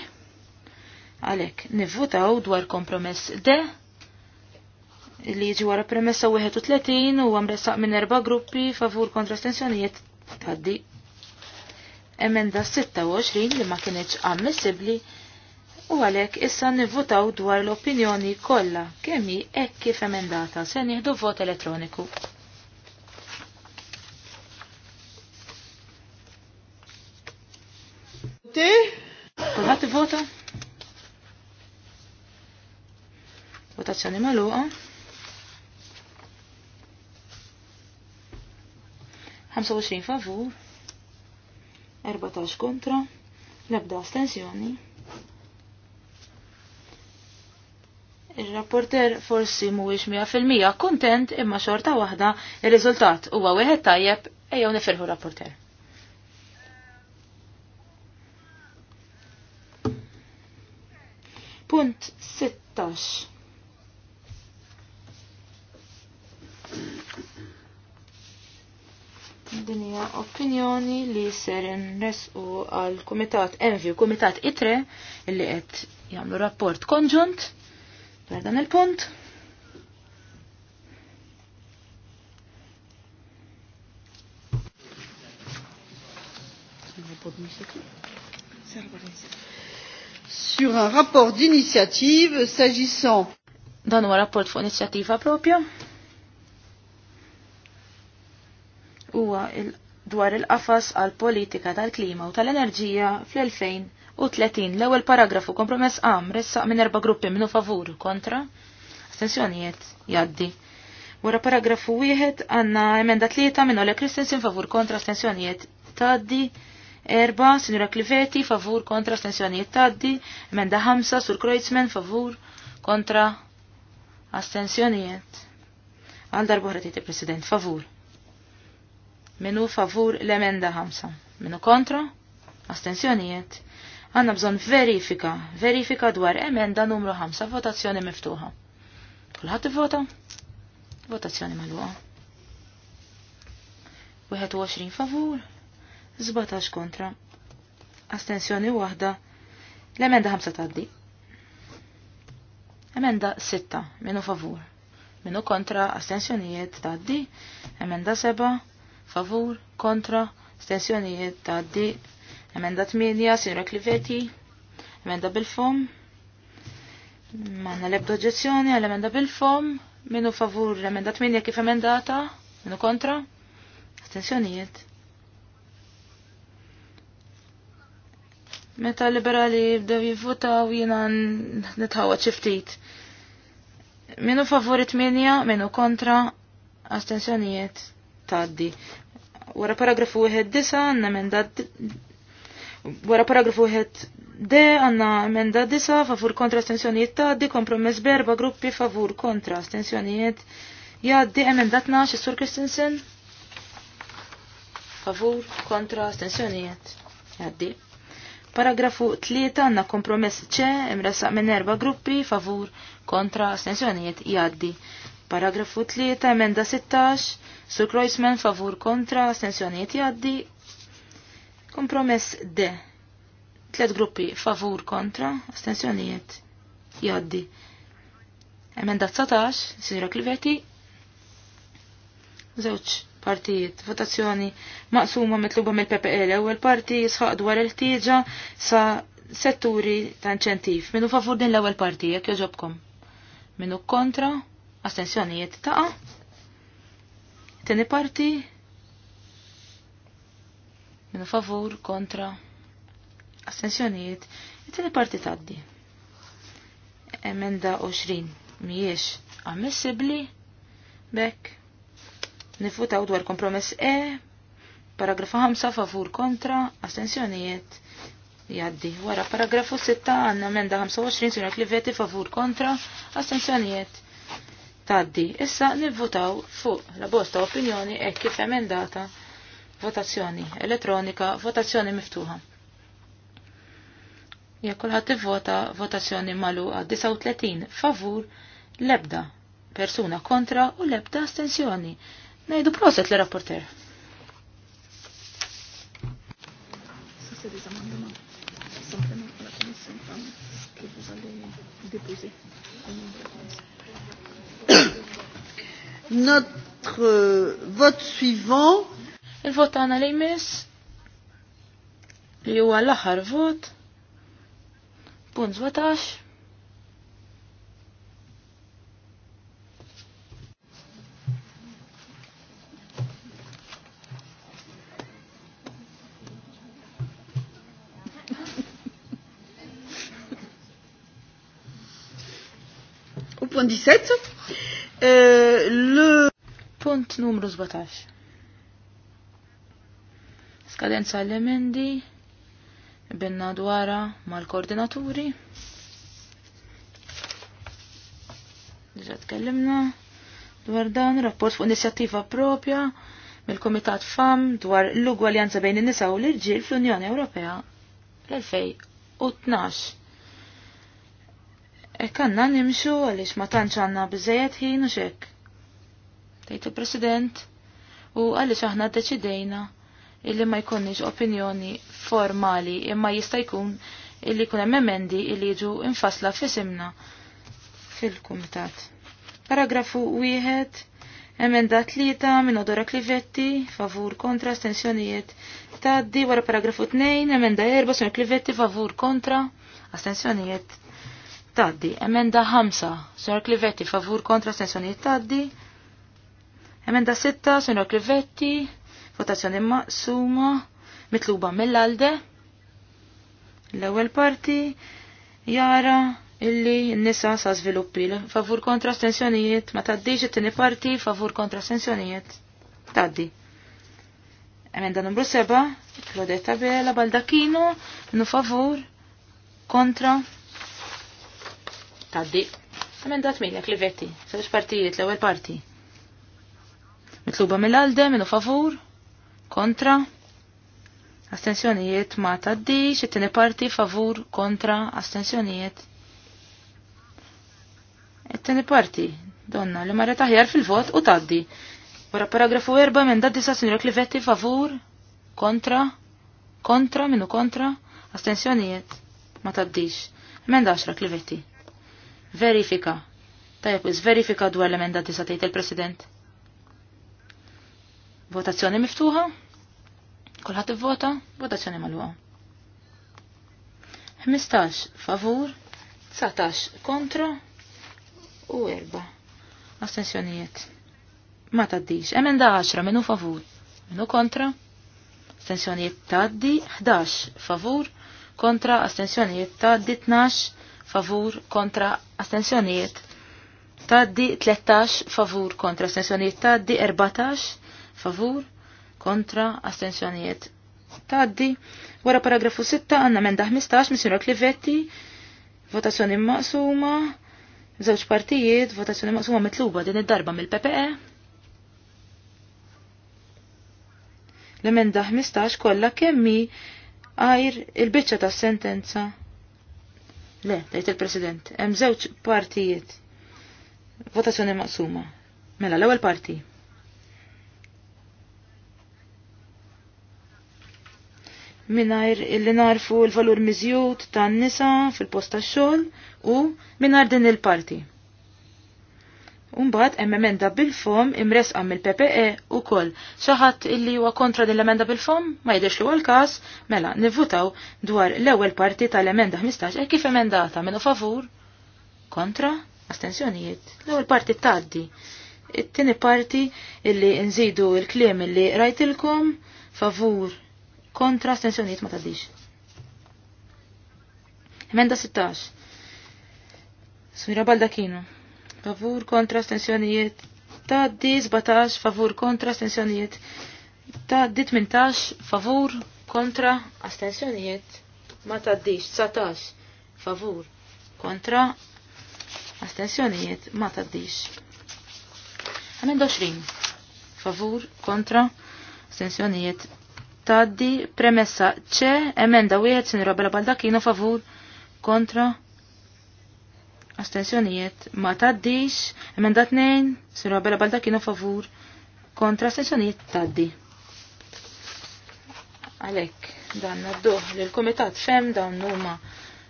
Għalek, nivvutaw dwar kompromess de, li jiġi wara premessa 31 u għamressaq minn erba gruppi favur kontra stensjonijiet taddi. Emenda 26 li ma kienieċ ammissibli u għalek issa nivvotaw dwar l-opinjoni kollha kemm hi hekk kif emendata se nieħdu vot elettroniku. Ti? Kulħadd ivvota? Votazzjoni magħluqa. 25 favur, 14 kontra, l-ebda astensjoni. Il-rapporter forsi mhuwiex 100% kontent imma xorta waħda ir-riżultat huwa wieħed tajjeb ejjew nifirħu rapporter. Punt 16 Din hija opinjoni li ser nresqu għal kumitat Envi u kumitat Itre illi qed jagħmlu rapport konġunt dwar dan il-punt. Sur un rapport d'initiative s'agissant. Dan huwa rapport fuq inizjattiva propja huwa dwar il-qafas għal politika tal-klima u tal-enerġija fl-2030. L-ewwel paragrafu kompromess għam ressaq minn erba' gruppi minnu favur kontra astensjonijiet jaddi. Wara paragrafu wieħed għandna emenda tlieta minn Ole Christensen favur kontra astensjonijiet taddi. Erba, Sinjura Kliveti, favur kontra astensjonijiet taddi. Emenda ħamsa, Sur Kreuzman, favur kontra astensjonijiet. Għal darbohra titi, President, favur. Minu favur l-emenda 5. Minu kontra? Astenzjonijiet. Għanna bżon verifika. Verifika dwar emenda numru 5. Votazzjoni miftuħa. Kulħat vota? Votazzjoni maluqa. 21 favur. 17 kontra. Astenzjoni wahda. L-emenda 5 taddi. Emenda 6. Minu favur. Minu kontra astensjonijiet taddi. Emenda 7 favur, kontra, stensjonijiet taddi, emenda 8, sinra kliveti, emenda bil-fom, manna lebda oġġezzjoni għal emenda bil-fom, minu favur l-emenda 8 kif emendata, minu kontra, stensjonijiet. Meta liberali bdew u jiena nitħawa ċiftit. Minu favori 8, minu kontra, astensjonijiet taddi. Wara paragrafu wieħed disa għandna emenda wara paragrafu wieħed D għandna emenda disa favur kontra astensjonijiet tgħaddi kompromess berba gruppi favur kontra astensjonijiet jgħaddi emenda 12 is-Sur Christensen favur kontra astensjonijiet jgħaddi. Paragrafu 3 għandna kompromess ċe imrasaq minn erba gruppi favur kontra astensjonijiet jgħaddi. Paragrafu 3, emenda 16, Sur Kreuzman favur kontra, astensjoniet jaddi. Kompromess D. Tlet gruppi favur kontra, astensjoniet jaddi. Emenda 19, Sinjora Kliveti. Zewċ partijiet, votazzjoni maqsuma mitluba mill-PPL, e. ewwel parti sħaq dwar il-ħtieġa sa setturi ta' inċentiv. Minu favur din l-ewwel parti, jek joġobkom. Minu kontra, Astensjonijiet taqa. Tieni parti. Minu favur kontra. Astensjonijiet. Tieni parti taddi. Emenda 20 miex ammissibli. Nifuta u dwar kompromess E. Paragrafu 5 favur kontra. Astensjonijiet jaddi. Wara paragrafu 6 għanna menda 25 li kliveti favur kontra. Astensjonijiet taddi. Issa nivvutaw fuq la bosta opinjoni e kif emendata votazzjoni elettronika, votazzjoni miftuħa. Jekk kulħadd ivvota votazzjoni magħluqa 39 favur lebda persuna kontra u lebda astensjoni. Ngħidu proset l rapporter Simplement la Notre euh, vote suivant. Il-vot għana li jmiss li huwa l-aħħar vot. point 17. Eh, Punt numru 17. Skadenza l-emendi binna dwara mal-koordinaturi. Diġa tkellimna dwar dan rapport fuq inizjattiva propja mill-Komitat FAM dwar l-ugwaljanza bejn in-nisa u l-irġiel fl-Unjoni Ewropea l-2012. Ek nimxu għalix ma tantx għanna bizzejet ħin u xek. Tejt il-President u għalix aħna deċidejna illi ma jkunniex opinjoni formali imma jista' jkun illi kun hemm emendi illi jiġu infasla fisimna fil-kumitat. Paragrafu wieħed Emenda tlieta minn Odora Klivetti, favur kontra, astensjonijiet. Taddi wara paragrafu 2, emenda erba' sur Klivetti, favur kontra, astensjonijiet taddi. Emenda 5, Sr. Clivetti, favur kontra sensjoni taddi. Emenda 6, Sr. Clivetti, votazzjoni maqsuma, mitluba mill-alde. L-ewwel parti jara illi n-nisa sa sviluppi favur kontra sensjonijiet, ma taddix it-tieni parti favur kontra sensjonijiet. Taddi. Emenda numru 7, Claudetta Bela Baldacchino, n favur kontra Taddi. Emendat minnek li vetti. Sarġ partijiet l-ewel parti. Mitluba mill-alde, minu favur. Kontra. Astensjonijiet ma taddi. Xittini parti favur. Kontra. Astensjonijiet. It-tini parti. Donna, li marret taħjar fil-vot u taddi. Wara paragrafu 4 minn daddi sa' sinjor Klivetti favur. Kontra. Kontra, minu kontra. Astensjonijiet. Ma taddix. Menda 10 Klivetti. Verifika. Tajab, iż verifika dwar l-emenda tisa tgħid il-President. Votazzjoni miftuħa? Kulħadd ivvota? Votazzjoni maluħa. 15 favur, 19 kontra u 4 astensjonijiet. Ma taddix. Emenda 10 minu favur, minu kontra. Astensjonijiet taddi 11 favur, kontra astensjonijiet taddi 12 favur kontra astensjoniet taddi 13 favur kontra astensjonijiet taddi 14 favur kontra astensjonijiet taddi wara paragrafu 6 għanna menda 15 missjoni Klivetti votazzjoni maqsuma żewġ partijiet votazzjoni maqsuma mitluba din id-darba mill-PPE l-emenda 15 kollha kemmi għajr il-biċċa tas-sentenza Le, tgħid il-President, hemm żewġ partijiet. Votazzjoni maqsuma. Mela, l-ewwel parti. minar illi narfu l-valur miżjud tan nisa fil-posta xogħol u minar din il-parti. Umbat hemm emenda bil-fom imresqa mill-PPE ukoll. Xi ħadd illi huwa kontra din l-emenda bil-fom ma jidex li huwa l-każ, mela nivvutaw dwar l-ewwel parti tal-emenda 15 e kif emendata minnu favur kontra astensjonijiet. L-ewwel parti tgħaddi. It-tieni parti illi nżidu l-kliem illi rajtilkom favur kontra astenzjonijiet ma tgħaddix. Emenda 16. Smira Baldakino favur kontra stensjonijiet ta' di 17 favur kontra stensjonijiet ta' di 18 favur kontra astensjonijiet ma ta' di 19 favur kontra astensjonijiet ma ta' di Għamend 20 favur kontra astensjonijiet taddi premessa ċe emenda wieħed sinra bella baldakino favur kontra astensjonijiet ma taddix, emenda 2, Sir Bella Balda kienu favur, kontra astensjonijiet taddi. Għalek, dan naddu li l-komitat fem dawn huma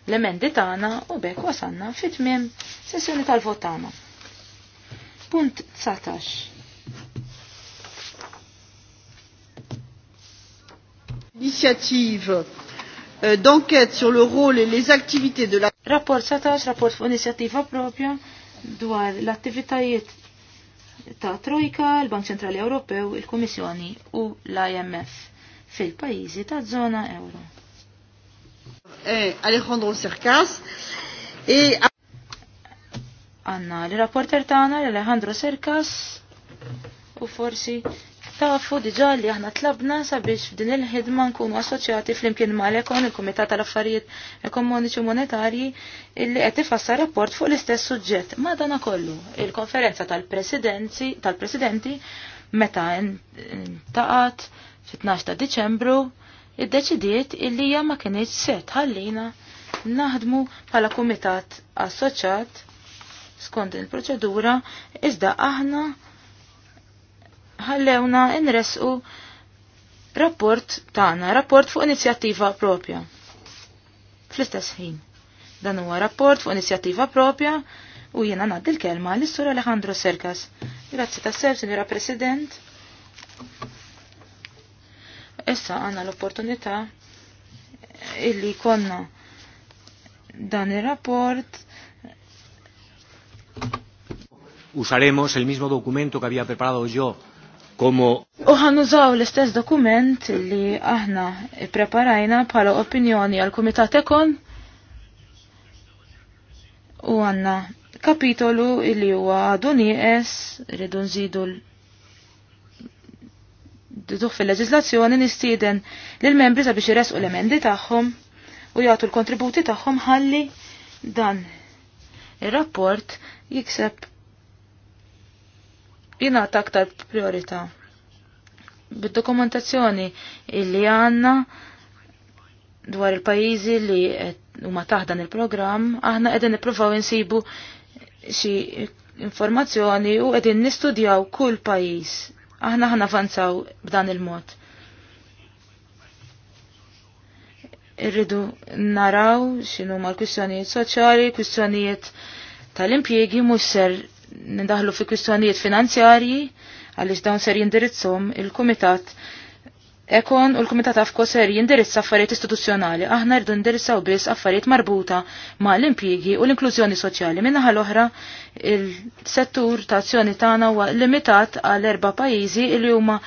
l-emendi tagħna u bekk wasanna fit-tmiem sessjoni tal-vot tagħna. Punt 19. Initiative Euh, d'enquête sur le rôle et les activités de la... Rapport satas rapport fuq inizjattiva propja dwar l ta' Trojka, l-Bank Ċentrali Ewropew, il-Kummissjoni u l-IMF fil-pajjiżi ta' zona euro. Eh, Alejandro Serkas e Anna, l-rapporter tagħna Alejandro Serkas u forsi Tafu diġa li aħna tlabna sabiex f'din il-ħidma nkunu assoċjati fl-imkien mal-ekon il-Komitat tal-Affarijiet Ekonomiċi u Monetarji illi qed ifassar rapport fuq l-istess suġġett. Madana kollu, il-konferenza tal-presidenzi tal-presidenti meta intaqat fit-12 ta' Diċembru iddeċidiet illi hija ma kienx se tħallina naħdmu bħala kumitat assoċjat skont il-proċedura iżda aħna ħallewna inresqu rapport tagħna, rapport fuq inizjattiva propja. Fl-istess ħin. Dan huwa rapport fuq inizjattiva propja u jiena ngħaddi l-kelma l sur Alejandro Serkas. Grazzi tas-sew, Sinjura President. Issa għandna l-opportunità illi konna dan ir-rapport usaremos el mismo documento que había preparado yo Komo. U ħannużaw l-istess dokument li aħna preparajna bħala opinjoni għal komitat Ekon u għanna kapitolu li huwa għadu nieqes rridu nżidu duħ fil-leġislazzjoni nistieden l membri sabiex iresqu l-emendi tagħhom u jagħtu l-kontributi tagħhom ħalli dan ir-rapport jikseb jina taktar priorita. Bid-dokumentazzjoni illi għanna dwar il-pajizi li huma taħdan il-programm, aħna qegħdin nippruvaw insibu xi informazzjoni u qegħdin nistudjaw kull pajjiż. Aħna ħana avanzaw b'dan il-mod. Irridu naraw x'inhuma l-kwistjonijiet soċjali, kwistjonijiet tal-impjiegi mhux ser nindaħlu fi kwistjonijiet finanzjarji għaliex dawn ser jindirizzom il-Kumitat Ekon u l-Kumitat Afko ser jindirizza affarijiet istituzzjonali, aħna rridu indirizzaw biss affarijiet marbuta ma' l-impjigi u l-inklużjoni soċjali. Minnaħa l-oħra, il-settur ta' azzjoni tagħna huwa limitat għal erba' pajjiżi li huma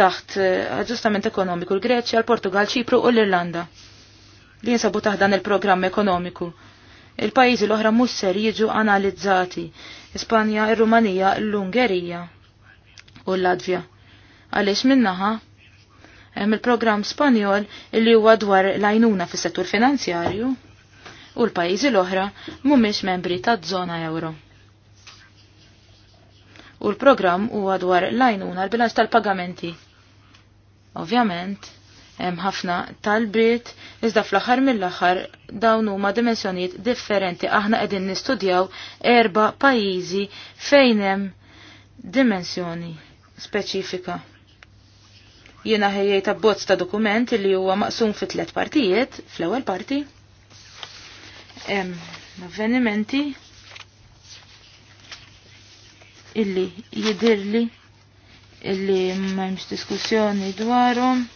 taħt eh, aġġustament ekonomiku l-Greċja, l-Portugal, Ċipru u l-Irlanda li jinsabu taħdan il-programm ekonomiku. Il-pajjiżi l-oħra mhux ser jiġu analizzati. Ispanja, ir-Rumanija, l-Ungerija u l-Latvja. Għaliex minnaħa hemm il-programm Spanjol li huwa dwar l-għajnuna fis-settur finanzjarju u l-pajjiżi l-oħra mhumiex membri taż-żona euro u l-programm huwa dwar l-għajnuna l-bilanċ tal-pagamenti. Ovvjament, hemm ħafna talbiet, iżda fl-aħħar mill-aħħar dawn huma dimensjonijiet differenti. Aħna qegħdin nistudjaw erba' pajjiżi fejn hemm dimensjoni speċifika. Jiena ħejjejt abbozz ta' dokument li huwa maqsum fi tliet partijiet, fl-ewwel parti hemm avvenimenti illi jidirli illi ma' diskussjoni dwarhom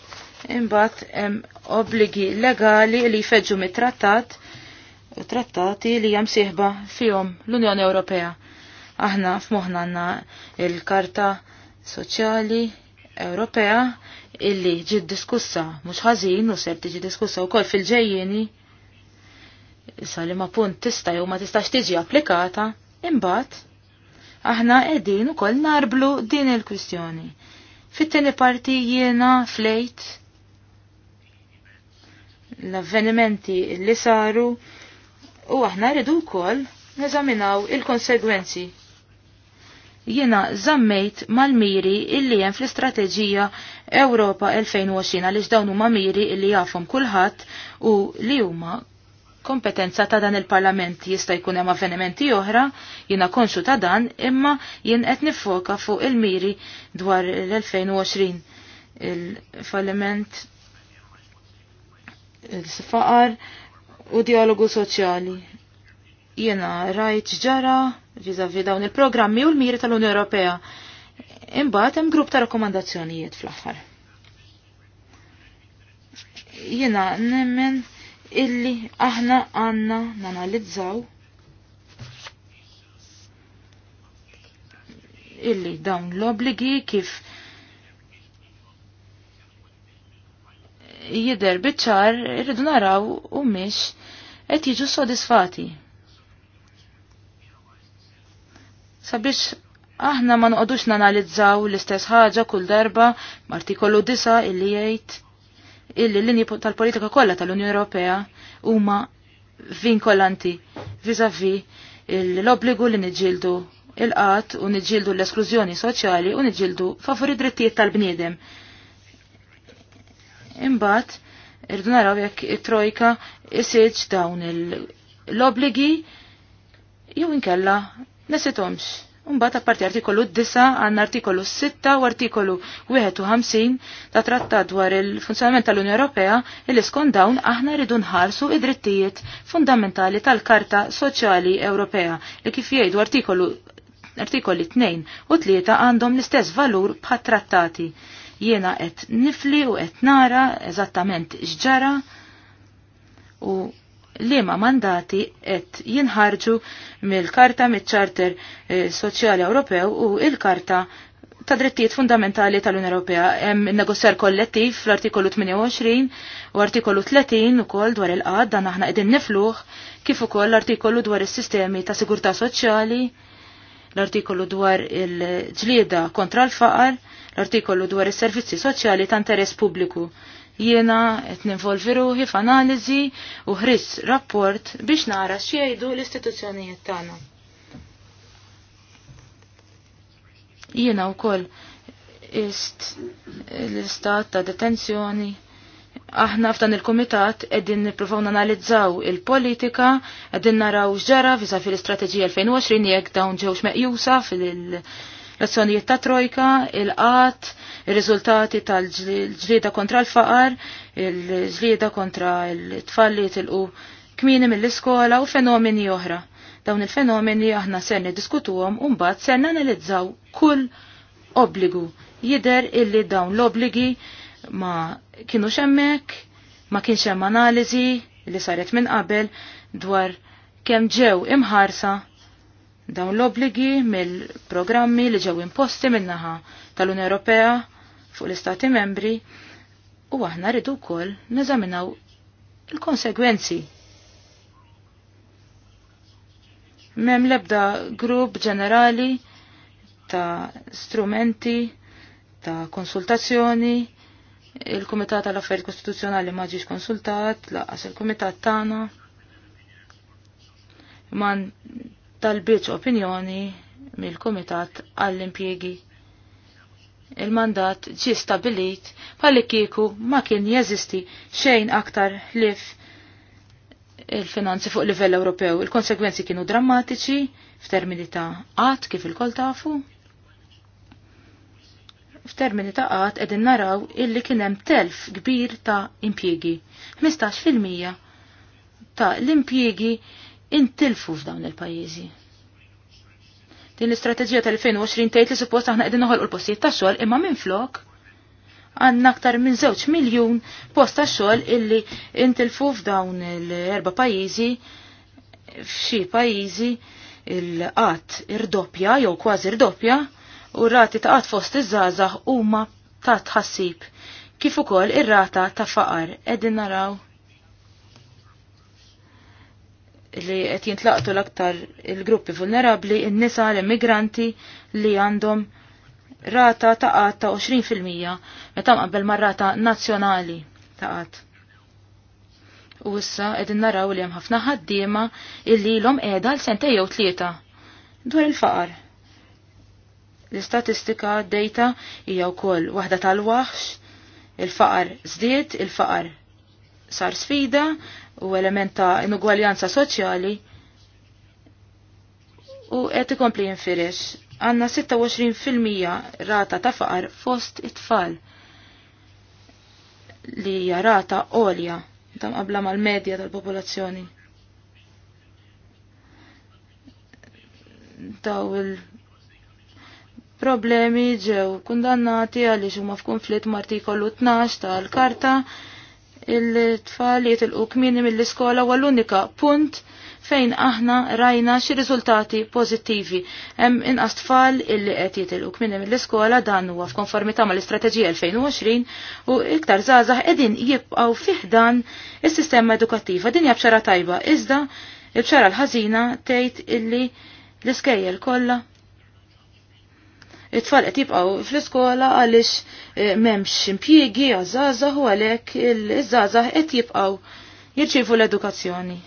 Imbagħad hemm obbligi legali li jfeġġu mit-trattat u trattati li jam sieħba fihom l-Unjoni Ewropea. Aħna f'moħħna għandna il-Karta Soċjali Ewropea illi ġid diskussa mhux ħażin u ser tiġi diskussa wkoll fil-ġejjieni Sa li ma punt tista' jew ma tistax tiġi applikata, imbagħad aħna qegħdin ukoll narblu din il-kwistjoni. Fit-tieni parti jiena flejt l-avvenimenti li saru u aħna rridu wkoll neżaminaw il-konsegwenzi. Jiena żammejt mal-miri illi hemm fl-istrateġija Ewropa 2020 għalix dawn huma miri illi jafhom kulħadd u li huma kompetenza ta' dan il-parlament jista' jkun hemm avvenimenti oħra, jiena konxu ta' dan, imma jien qed nifoka fuq il-miri dwar l-2020. Il-falliment l-sfaqar u dialogu soċjali. Jena rajt ġara vizavi dawn il-programmi u l-miri tal-Unjoni Ewropea. Imbagħad hemm grupp ta' rakkomandazzjonijiet fl-aħħar. Jena nemmen illi aħna għandna nanalizzaw illi dawn l-obligi kif jider bitċar irridu naraw u mhix qed jiġu sodisfati. Sabiex aħna ma noqogħdux nanalizzaw l-istess ħaġa kull darba b'artikolu 9 illi jgħid illi l-linji tal-politika kollha tal-Unjoni Ewropea huma vinkolanti viżavi l-obbligu li niġġieldu il-qat u niġġieldu l-esklużjoni soċjali u niġġieldu favori drittijiet tal-bniedem Imbagħad irdu naraw jekk trojka isieġ dawn l-obligi jew inkella nesitomx. Imbagħad apparti artikolu 9 għandna artikolu 6 u artikolu 51 ta' trattat dwar il-funzjonament tal unjoni Ewropea il skont dawn aħna rridu nħarsu id-drittijiet fundamentali tal-Karta Soċjali Ewropea li kif jgħidu artikolu artikoli 2 u 3 għandhom l-istess valur bħat trattati jiena qed nifli u qed nara eżattament x'ġara u liema mandati qed jinħarġu mill-Karta mit charter eh, Soċjali Ewropew u il-Karta ta' drittijiet fundamentali tal-Unjoni Ewropea hemm negozjar kollettiv fl-artikolu 28 u artikolu 30 ukoll dwar il-qad dan aħna qegħdin nifluh kif ukoll l-artikolu dwar is-sistemi ta' sigurtà soċjali, l-artikolu dwar il-ġlieda kontra l-faqar, l-artikolu dwar is-servizzi soċjali ta' interess pubbliku. Jiena qed ninvolvi ruħi f'analiżi u ħriss rapport biex nara x'jgħidu l-istituzzjonijiet tagħna. Jiena wkoll ist l-istat ta' detenzjoni. Aħna f'dan il kumitat qegħdin nippruvaw nanalizzaw il-politika, qegħdin naraw x'ġara visa fil-istrateġija 2020 jekk dawn ġewx meqjusa fil- L-azzjonijiet ta' trojka, il-qat, il-riżultati tal-ġlieda kontra l-faqar, il-ġlieda kontra l-tfalli tilqu kmini mill-iskola u fenomeni oħra. Dawn il-fenomeni aħna ser niddiskutuhom u mbagħad ser nanalizzaw kull obbligu. Jider illi dawn l-obbligi ma kienu xemmek, ma kienx hemm analiżi li saret minn qabel dwar kemm ġew imħarsa Dawn l-obligi mill-programmi li ġew imposti minnaħa tal-Unja Ewropea fuq l-Istati membri u aħna rridu wkoll neżaminaw il-konsegwenzi. Mem lebda grupp ġenerali ta' strumenti, ta' konsultazzjoni, il-Kumitat tal affarijiet Kostituzzjonali ma ġiex konsultat, laqas il-Kumitat tagħna. Man tal bit opinjoni mill-Kumitat għall-impjegi. Il-mandat ġi stabilit pali kieku ma kien jeżisti xejn aktar lif il-finanzi fuq livell Ewropew. Il-konsekwenzi kienu drammatiċi f'termini ta' għat kif il-kol tafu. F'termini ta' għat edin naraw illi kienem telf kbir ta' impjegi. 15% ta' l-impjegi intilfu f'dawn il-pajjiżi. Din l-istrateġija tal-2020 tgħid li suppost aħna qegħdin noħolqu l-postijiet tax-xogħol imma minn flok għandna aktar minn żewġ miljun post tax-xogħol illi intilfu f'dawn l-erba' pajjiżi f'xi pajjiżi il-qatt irdoppja jew kważi irdoppja u rati ta' qatt fost iż-żgħażagħ huma ta' tħassib kif ukoll ir-rata ta' faqar qegħdin naraw li qed jintlaqtu l-aktar il-gruppi vulnerabli in-nisa l-immigranti li għandhom rata ta' qatt ta' 20% meta qabel mar-rata nazzjonali ta' qatt. U issa qegħdin naraw li hemm ħafna ħaddiema illi ilhom qiegħda l sentej jew tlieta dwar il-faqar. L-istatistika data hija wkoll waħda tal-waħx, il-faqar żdied, il-faqar sar sfida, u element ta' inugwaljanza soċjali u qed ikompli jinfirex. Għandna 26% rata ta' faqar fost it-tfal li hija rata għolja ta' qabla mal-medja tal-popolazzjoni. Daw il-problemi ġew kundannati għaliex huma f'kunflitt ma' artikolu 12 tal-karta ta il-tfal jitilqu kmini mill-iskola huwa l-unika punt fejn aħna rajna xi riżultati pożittivi. Hemm inqas tfal illi qed jitilqu kmini mill-iskola dan huwa f'konformità mal-istrateġija 2020 u iktar żgħażagħ qegħdin jibqgħu fiħdan is-sistema edukattiva. Din hija tajba iżda il l-ħażina tgħid illi l-iskejjel kollha it-tfal qed jibqgħu fl-iskola għaliex eh, m'hemmx impjiegi għażgħażagħ u għalhekk iż-żgħażagħ qed jibqgħu jirċievu l-edukazzjoni.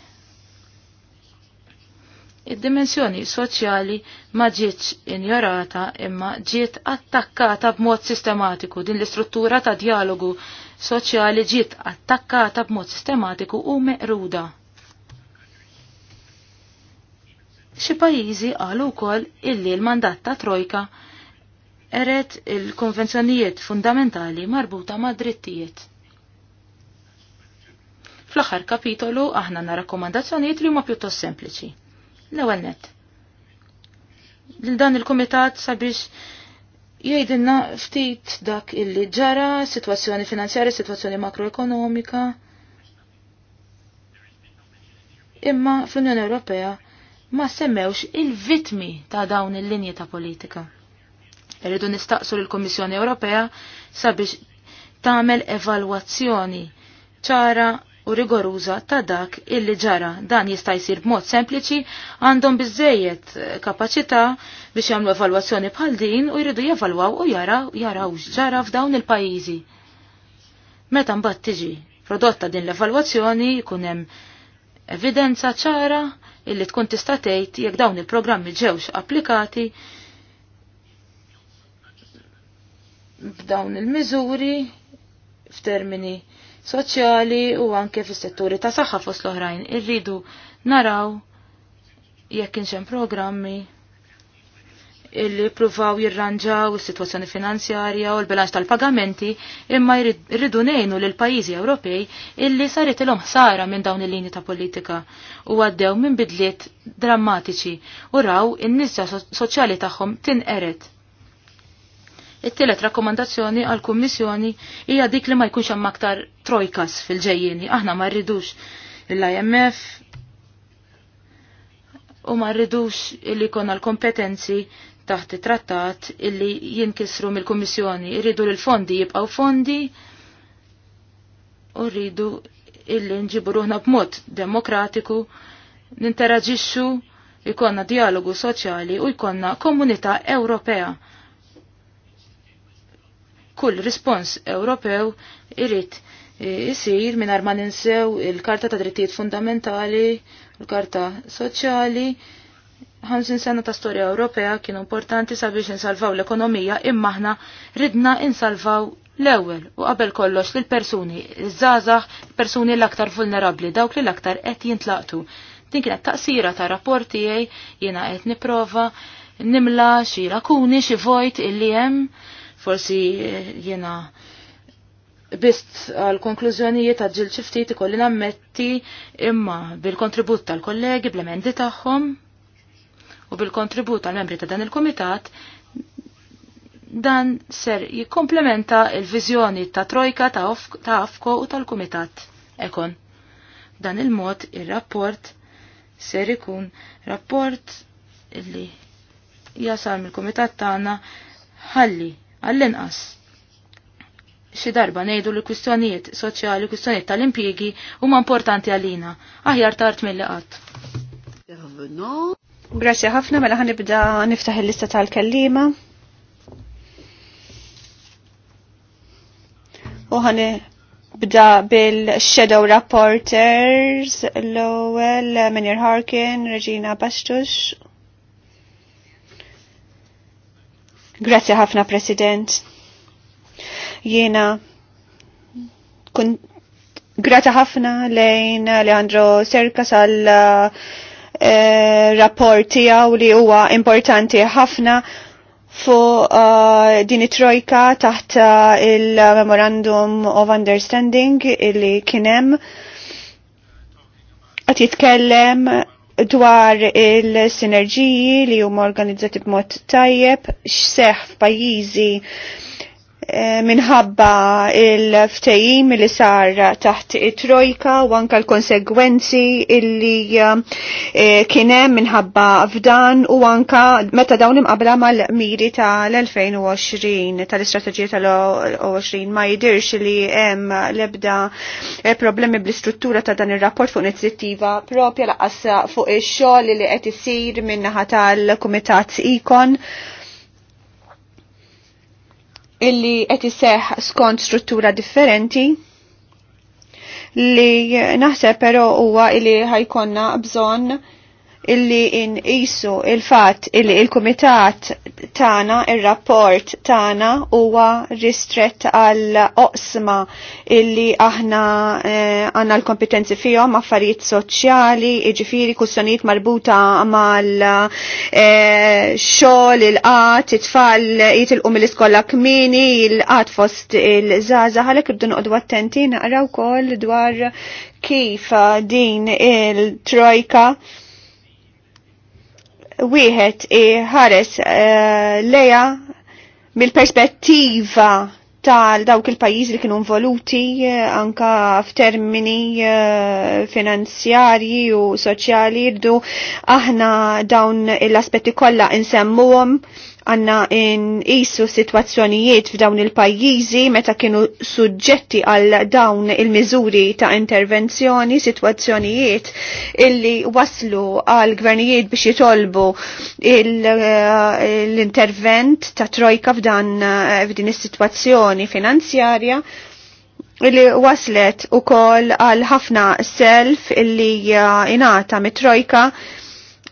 Id-dimensjoni soċjali ma ġietx injorata imma ġiet attakkata b'mod sistematiku din l-istruttura ta' dialogu soċjali ġiet attakkata b'mod sistematiku u meqruda. Xi pajjiżi qalu wkoll illi l-mandat ta' Trojka eret il-konvenzjonijiet fundamentali marbuta ma' drittijiet. Fl-aħħar kapitolu aħna na rakkomandazzjonijiet li huma pjuttost sempliċi. L-ewwel net. dan il-kumitat sabiex jgħidilna ftit dak illi ġara, situazzjoni finanzjarja, situazzjoni makroekonomika. Imma fl-Unjoni Ewropea ma semmewx il-vitmi ta' dawn il-linji ta' politika. Rridu nistaqsu lill-Kummissjoni Ewropea sabiex tagħmel evalwazzjoni ċara u rigoruża ta' dak illi ġara. Dan jista' jsir b'mod sempliċi, għandhom biżejjed eh, kapaċità biex jagħmlu evalwazzjoni bħal din u jridu jevalwaw u jaraw jaraw x'ġara f'dawn il-pajjiżi. Meta mbagħad tiġi prodotta din l-evalwazzjoni jkun hemm evidenza ċara illi tkun tista' tgħid jekk dawn il-programmi ġewx applikati f'dawn il-miżuri f'termini soċjali u anke fis-setturi ta' saħħa fost l-oħrajn. Irridu naraw jekk kienx hemm programmi illi pruvaw jirranġaw is-sitwazzjoni finanzjarja u l-bilanċ tal-pagamenti imma jridu ngħinu lil pajjiżi Ewropej illi saret ilhom ħsara minn dawn il-linji ta' politika u għaddew minn bidliet drammatiċi u raw in-nisja soċjali tagħhom tinqeret. It-tielet rakkomandazzjoni għal kummissjoni hija dik li ma jkunx hemm aktar trojkas fil-ġejjieni. Aħna ma rridux l-IMF u ma rridux illi jkollna l-kompetenzi taħt it-trattat illi jinkisru mill-Kummissjoni. Irridu l fondi jibqgħu fondi u rridu illi nġibu ruħna b'mod demokratiku, ninteraġixxu, jkollna dialogu soċjali u jkollna komunità Ewropea kull respons Ewropew irrit eh, isir mingħajr ma ninsew il-Karta ta' Drittijiet Fundamentali, il-Karta Soċjali. 50 sena ta' storja Ewropea kienu importanti sabiex insalvaw l-ekonomija imma aħna ridna insalvaw l-ewwel u qabel kollox lil persuni iż-żgħażagħ, persuni l-aktar vulnerabbli, dawk li l-aktar qed jintlaqtu. Din kienet taqsira ta' rapport tiegħi jiena qed nipprova nimla xi lakuni xi vojt illi hemm Forsi eh, jena bist għal konklużjonijiet ta' ġil ċiftit ikolli nammetti imma bil-kontribut tal-kollegi, bl-emendi tagħhom u bil-kontribut tal-membri ta' dan il-komitat dan ser jikkomplementa il-vizjoni ta' trojka ta' afko u tal-komitat ekon. Dan il-mod il-rapport ser ikun rapport illi jasal mill-komitat tagħna ħalli Għall-inqas. Xi darba ngħidu li kwistjonijiet soċjali, kwistjonijiet tal-impjiegi huma importanti għalina. Aħjar tard mill qatt. Grazzi ħafna mela ħanibda niftaħ il-lista tal-kellima. U ħani bda bil-Shadow Rapporters, l-ewwel Menir Harkin, Regina Bastus Grazie ħafna, President. Jena kun grazie ħafna lejn Alejandro Serkas għal rapporti eh, rapport tiegħu li huwa importanti ħafna fu uh, din trojka taħt eh, il-Memorandum of Understanding illi kienem għat jitkellem dwar il-sinerġiji li huma organizzati b'mod tajjeb x'seħħ f'pajjiżi Eh, minħabba il-ftejim li sar taħt it-trojka u anka l-konsegwenzi illi eh, kienem minħabba f'dan u anka meta dawn imqabla mal-miri tal-2020 tal-istrateġija tal-20 ma jidirx li hemm lebda eh, problemi bl-istruttura ta' dan ir-rapport fuq inizjattiva propja laqqas fuq ix-xogħol li qed isir minnaħa tal-Kumitat Ikon illi qed iseħħ skont struttura differenti li naħseb però huwa illi ħajkonna bżonn illi inqisu il-fatt illi il-kumitat tana, il-rapport tana huwa ristret għal oqsma illi aħna eh, għanna eh, l-kompetenzi fihom affarijiet soċjali, iġifiri, kussjonijiet marbuta mal-xogħol, eh, il-qat, it-tfal jitilqu mill-iskola kmini, il-qat fost il-żaza, ħalek ibdu noqogħdu attenti naqraw kol dwar kif din il-trojka wieħed ħares eh, leja mill-perspettiva tal dawk il-pajjiż li kienu involuti eh, anka f'termini eh, finanzjarji u soċjali rdu aħna dawn l-aspetti kollha insemmuhom għanna isu situazzjonijiet f'dawn il-pajjiżi meta kienu suġġetti għal dawn il-miżuri ta' intervenzjoni, situazzjonijiet illi waslu għal gvernijiet biex jitolbu eh, l-intervent ta' trojka f'dan eh, f'din is-sitwazzjoni finanzjarja illi waslet u kol għal ħafna self illi eh, inata mit-trojka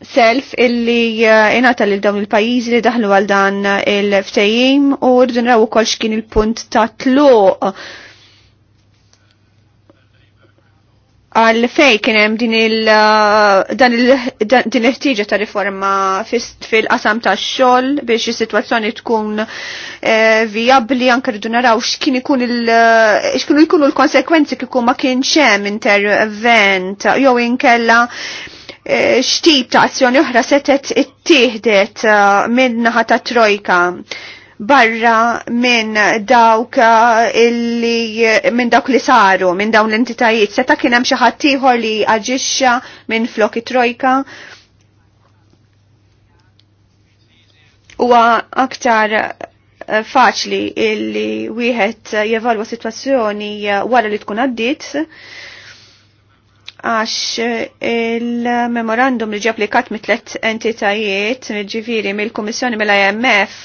self illi eh, inata lil dawn il-pajjiżi li daħlu għal dan eh, il-ftejjim u rridu rawu ukoll x'kien il-punt ta' tluq għal fej kien hemm din il eh, dan il din il ta' riforma fil-qasam tax-xogħol biex is-sitwazzjoni tkun vijabbli anke rridu naraw x'kien ikun il x'kienu jkunu l-konsekwenzi kikun ma kienx hemm intervent jew inkella Eh, xtib ta' azzjoni oħra setet it-tihdet eh, minnaħa ta' trojka barra minn dawk eh, illi minn dawk li saru minn dawn l-entitajiet seta kien hemm xi ħadd ieħor li aġixxa minn floki trojka huwa aktar faċli illi wieħed jevalwa sitwazzjoni wara li tkun għaddiet għax eh, il-memorandum li ġi applikat mit tlet entitajiet, ġiviri mill-Komissjoni mill-IMF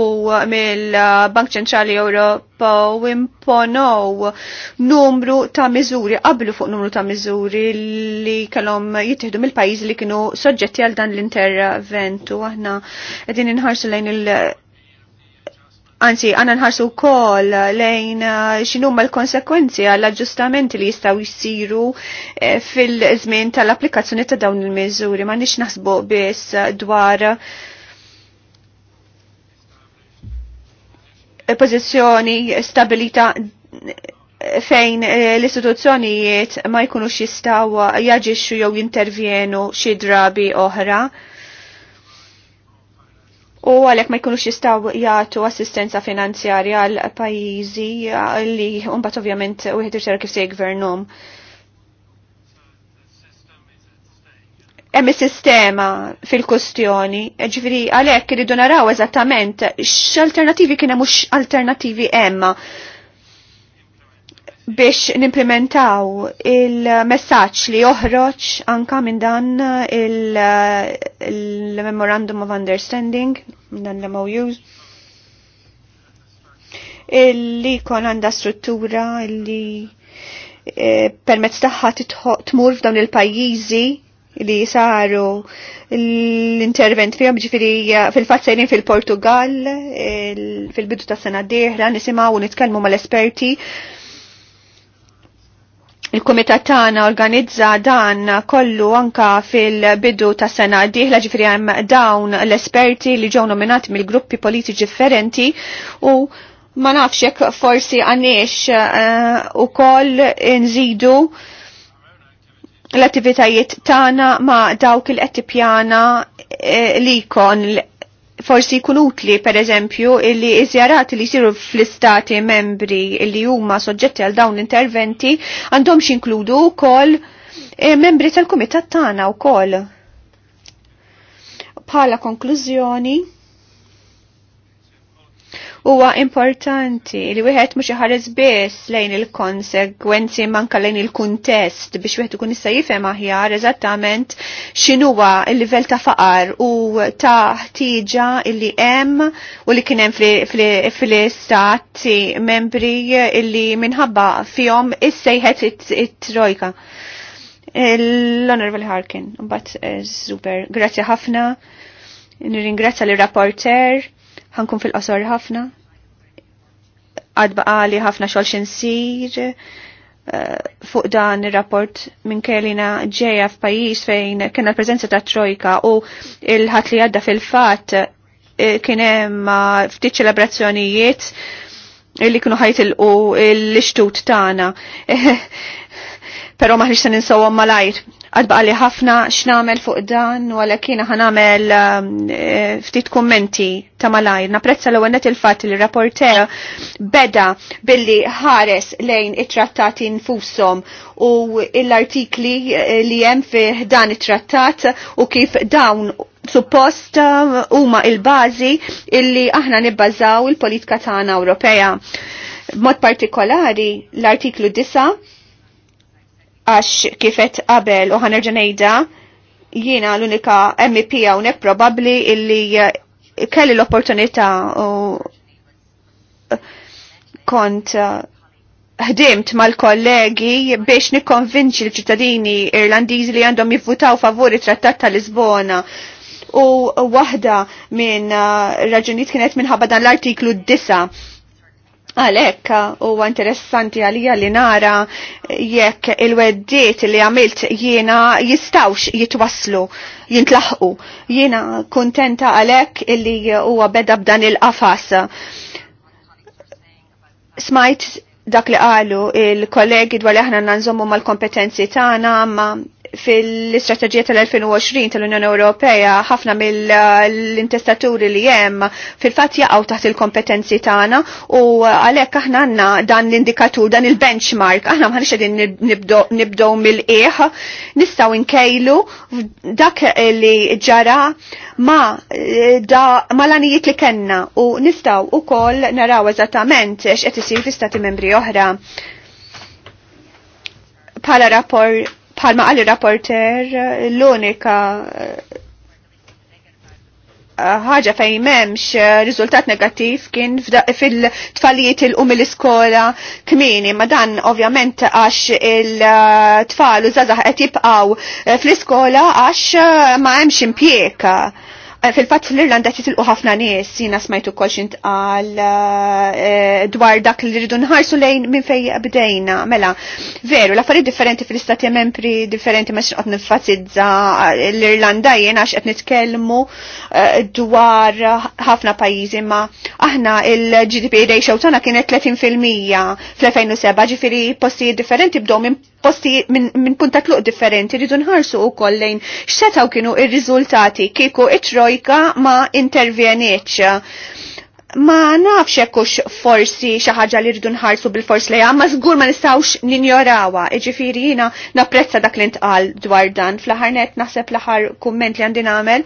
u mill-Bank Ċentrali Ewropa u imponow numru ta' miżuri, qablu fuq numru ta' miżuri li kellhom jittieħdu mill-pajjiżi li kienu soġġetti għal dan l-interventu. Aħna qegħdin inħarsu lejn il- Anzi, għanna nħarsu kol lejn eh, xinumma l-konsekwenzi għall-aġġustamenti li jistaw jissiru eh, fil-żmien tal-applikazzjoni ta' dawn il-miżuri. Ma nix naħsbu biss dwar eh, pozizjoni stabilita fejn l-istituzzjonijiet ma jkunux jistaw jaġixxu jew jintervjenu xi drabi oħra u għalek ma jkunux jistaw jgħatu assistenza finanzjarja għal pajizi li umbat ovvjament u jħed sera kif se jgvernom. Hemm sistema fil-kustjoni, ġifieri għalhekk iridu naraw eżattament x'alternativi kien hemm mhux alternativi hemm biex nimplementaw il-messaċ li joħroġ anka minn dan il-Memorandum il of Understanding, minn dan l mou illi kon għanda struttura illi e, permezz taħħa tmur f'dawn il-pajjiżi li saru l-intervent fihom ġifiri fil fat sejrin fil-Portugal fil-bidu tas sena d nisimaw nisimgħu nitkellmu mal-esperti Il-Kumitat tagħna organizza dan kollu anka fil-bidu ta' sena diħla ġifri hemm dawn l-esperti li ġew nominati mill-gruppi politiċi differenti u ma nafx jekk forsi għanniex eh, u koll nżidu l-attivitajiet tagħna ma dawk il-qed tippjana eh, li kon forsi jkun utli per eżempju illi iżjarat li jsiru fl-istati membri illi huma soġġetti għal dawn l-interventi għandhom xinkludu wkoll eh, membri tal-kumitat tagħna wkoll. Bħala konklużjoni, Huwa importanti li wieħed mhux iħares biss lejn il-konsegwenzi manka lejn il-kuntest biex wieħed ikun issa jifhem aħjar eżattament x'inhuwa l-livell ta' faqar u ta' ħtieġa illi hemm u li kien hemm fl-istati membri illi minħabba fihom issejħet it-trojka. L-Honorable Harkin, mbagħad super, eh, grazzi ħafna nirringrazza l rapporter ħankun fil-qosor ħafna. Għadba għali ħafna xol xinsir eh, fuq dan il-rapport minn kellina ġeja f'pajjiż fejn kena l-preżenza ta' trojka u il-ħat li għadda fil-fatt eh, kien hemm eh, ftit ċelebrazzjonijiet li kienu ħajtilqu l-ixtut tagħna. (laughs) Però maħniex se ninsawhom malajr għadba li ħafna x'namel fuq dan u għalekina ħanamel um, e, ftit kummenti ta' malajr. Naprezza l għennet il-fat li rapporter beda billi ħares lejn it-trattati nfusom u l-artikli e, li jem fi dan it-trattat u kif dawn suppost um, huma il-bażi illi aħna nibbażaw il-politika tagħna Ewropea. Mod partikolari l-artiklu 9 għax kifet qabel u ħanerġanejda jiena l-unika MP hawnhekk probabbli illi eh, kelli l-opportunità u eh, kont eh, ħdimt mal-kollegi biex nikkonvinċi l-ċittadini Irlandiżi li għandhom jivvutaw favori trattat ta' Lisbona. U waħda minn raġunijiet kienet minħabba dan l-artiklu disa'. Għalek u uh, interessanti għalija li nara jekk il-weddiet li għamilt jiena jistawx jitwaslu, jintlaħqu. Jiena kontenta għalek illi huwa beda b'dan il-qafas. Smajt dak li qalu il-kollegi dwar li aħna nanżommu mal-kompetenzi tagħna ma fil istrategija tal-2020 tal-Unjoni Ewropea ħafna mill-intestaturi li hemm fil-fatt jaqgħu taħt il-kompetenzi tagħna u għalhekk aħna għandna dan l-indikatur, dan il-benchmark, aħna ma qegħdin nibdew mill-qiegħ, nistgħu nkejlu dak li ġara ma da ma lanijiet li kenna u nistgħu ukoll naraw eżattament x'qed isir fi stati membri oħra. Pala rapport Bħalma għalli rapporter l-unika eh, ħaġa fejn memx eh, rizultat negattiv kien fil-tfalijiet il-qum l-iskola kmini, ma dan ovvjament għax il-tfal u zazah qed jibqaw eh, fl-iskola għax ma hemmx impieka fil-fatt fl-Irlanda titilqu ħafna nies jina smajtu kol għal eh, dwar dak li rridu nħarsu lejn minn fej bdejna. Mela, veru, l-affarijiet differenti fil-istati membri differenti ma xinqot nifatizza l-Irlanda jena għax qed nitkellmu eh, dwar ħafna pajizi ma aħna il-GDP ratio tagħna kienet 30% fil-2007 ġifieri postijiet differenti bdew minn posti minn min punta tluq differenti rridu nħarsu u kollejn x'setaw kienu il riżultati kieku it-trojka ma intervjenietx. Ma nafx jekkux forsi xi ħaġa li rridu nħarsu bil-fors li ma żgur ma nistgħux ninjorawha. Iġifiri jiena napprezza dak li ntqal dwar dan. Fl-aħħar net naħseb l-aħħar kumment li għandi għamel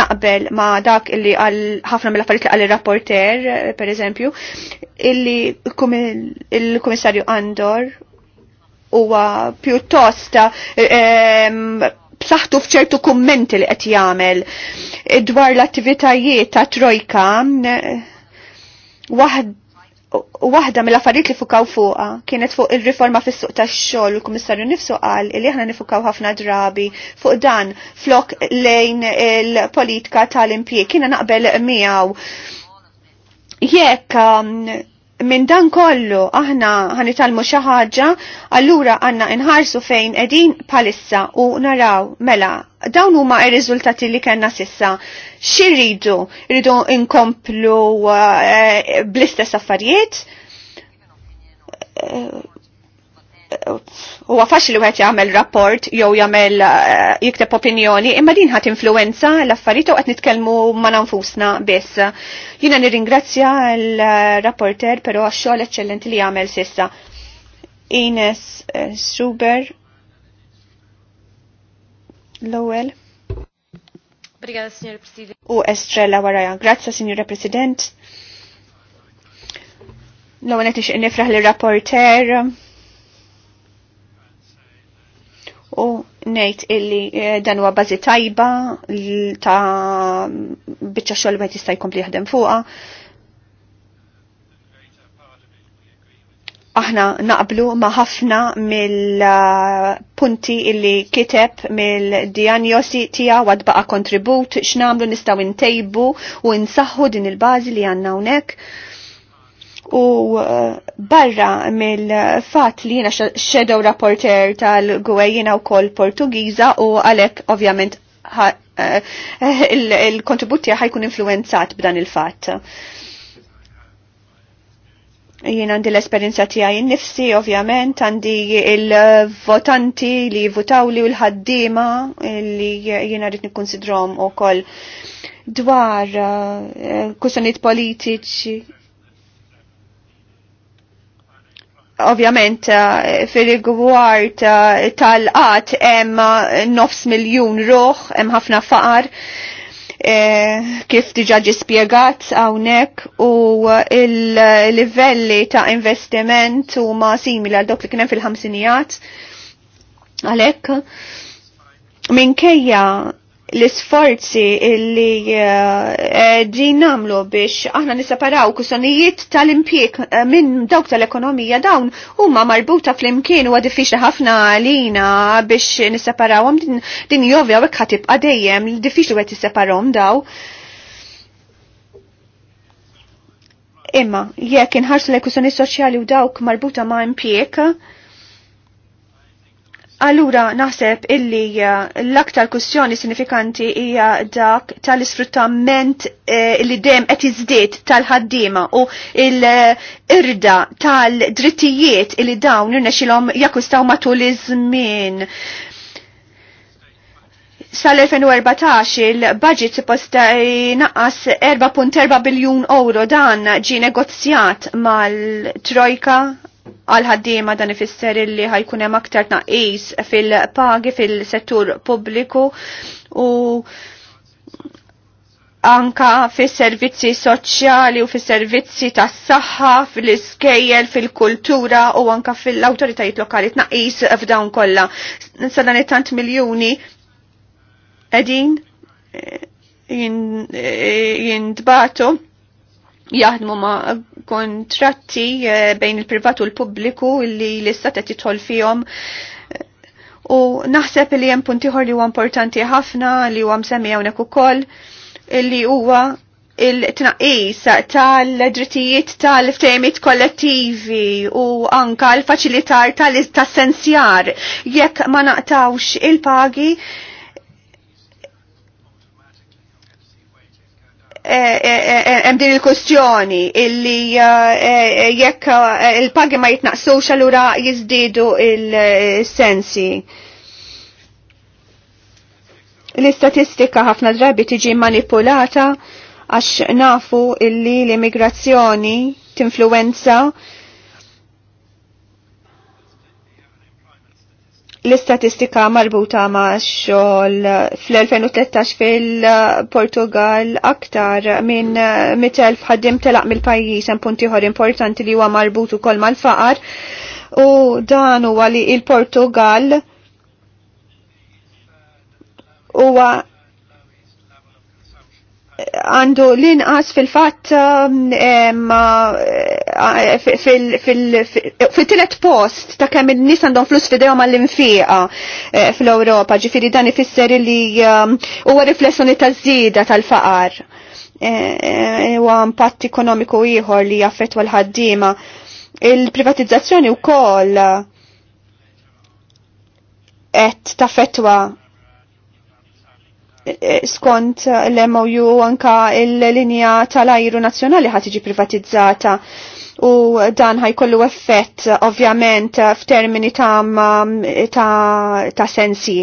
naqbel ma dak illi għal ħafna mill-affarijiet li għal il-rapporter, eh, per eżempju, illi il-komissarju Andor huwa pjuttost b'saħħtu f'ċertu kummenti li qed jagħmel dwar l-attivitajiet ta' trojka waħda mill-affarijiet li fukaw fuqha kienet fuq ir-riforma fis-suq tax-xogħol u l-Kummissarju nifsu qal li aħna nifukaw ħafna drabi fuq dan flok lejn il-politika tal-impjieg. Kiena naqbel miegħu jekk um, minn dan kollu aħna ħanitalmu xi ħaġa, allura għandna inħarsu fejn qegħdin palissa u naraw mela dawn huma r-riżultati li kellna sissa. X'irridu? rridu inkomplu uh, eh, bl-istess affarijiet? Eh, huwa faċli wieħed jagħmel rapport jew jagħmel eh, jikteb opinjoni, imma din ħadd influenza l-affarijiet u qed nitkellmu ma' nfusna biss. Jiena nirringrazzja l-rapporter però għax-xogħol eċċellenti li jagħmel sissa. Ines eh, Schuber l-ewwel. Brigada, Signor President. U Estrella waraja. Grazzi, Signora President. L-ewwel qed nixtieq nifraħ rapporter u ngħid illi eh, dan huwa bażi tajba ta' biċċa xogħol ma jista' jkompli jaħdem fuqha. aħna naqblu ma ħafna mill-punti illi kiteb mill dijanjosi tija għad baqa kontribut x'namlu nistgħu ntejbu u nsaħħu din il-bażi li għandna hawnhekk u eh, barra mill-fat li jina shadow rapporter tal-gwejjina u kol Portugiza u għalek ovvjament eh, il-kontributi ħajkun influenzat b'dan il-fat. Jien għandi l-esperienza tiegħi nnifsi ovvjament għandi il-votanti li votaw li u l-ħaddiema li jien rrid nikkonsidrom ukoll dwar uh, politiċi Ovvjament eh, fir-rigward eh, tal-qat hemm eh, nofs miljun roħ, hemm ħafna faqar. kif diġa ġispiegat għawnek u il-livelli ta' investiment u ma' simili għal dok li kienem fil-ħamsinijat. Għalek, minkejja l-isforzi li eh, din namlu biex aħna nisaparaw kusonijiet tal-impjek eh, minn dawk tal-ekonomija dawn huma marbuta fl-imkien u diffiċli ħafna għalina biex nisaparawhom din jovja hekk ħatibqa' dejjem diffiċli qed tisseparahom daw. Imma jekk inħarsu l-ekwissjoni soċjali u dawk marbuta ma' impjek, Allura naħseb illi eh, l-aktar kussjoni sinifikanti hija dak tal-isfruttament eh, li dem qed iżdied tal-ħaddiema u l-irda tal-drittijiet li dawn irnexilhom jakkustaw matul iż-żmien sal-2014 il-budget posta jnaqqas 4.4 biljun euro dan ġi negozjat mal-Trojka għal ħaddiema dan ifisser illi ħajkun hemm aktar tnaqqis fil-pagi fil-settur pubbliku u anka fis-servizzi soċjali u fis-servizzi tas-saħħa, fil-iskejjel, fil-kultura u anka fil-awtoritajiet lokali tnaqqis f'dawn kollha. Sa dan it-tant miljuni qegħdin jintbatu. Eh, jin eh, jaħdmu ma' kontratti eh, bejn il-privat u l-pubbliku li l-istat qed jidħol fihom u naħseb li hemm puntiħor li huwa importanti ħafna li huwa msemmi hawnhekk ukoll li huwa il-tnaqis tal-drittijiet tal-ftejmit kollettivi u anka l-faċilitar tal-istassenzjar jekk ma naqtawx il-pagi Eh, eh, eh, hemm din il-kustjoni illi jekk il-pagi ma jitnaqsux allura jiżdiedu il-sensi. L-istatistika ħafna drabi tiġi manipulata għax nafu illi l-immigrazzjoni tinfluenza l-istatistika marbuta ma' xogħol fl-2013 fil-Portugal aktar minn 100.000 ħaddim telaq mill-pajjiż hemm punti ieħor importanti li huwa marbut ukoll mal-faqar u dan huwa li il-Portugal huwa għandu l-inqas fil-fatt um, eh, fil tillet post ta' kemm il-nis għandhom flus fidejhom għall-infiqa eh, fl-Ewropa, ġifiri dan ifisser li um, huwa riflessjoni taż-żieda tal-faqar. Eh, huwa impatt ekonomiku ieħor li jaffettwa l-ħaddiema. Il-privatizzazzjoni wkoll qed taffettwa Eh, skont l-MOU anka l-linja tal-ajru nazzjonali ħat privatizzata u dan ħajkollu effett ovvjament f'termini ta, ta, ta sensi.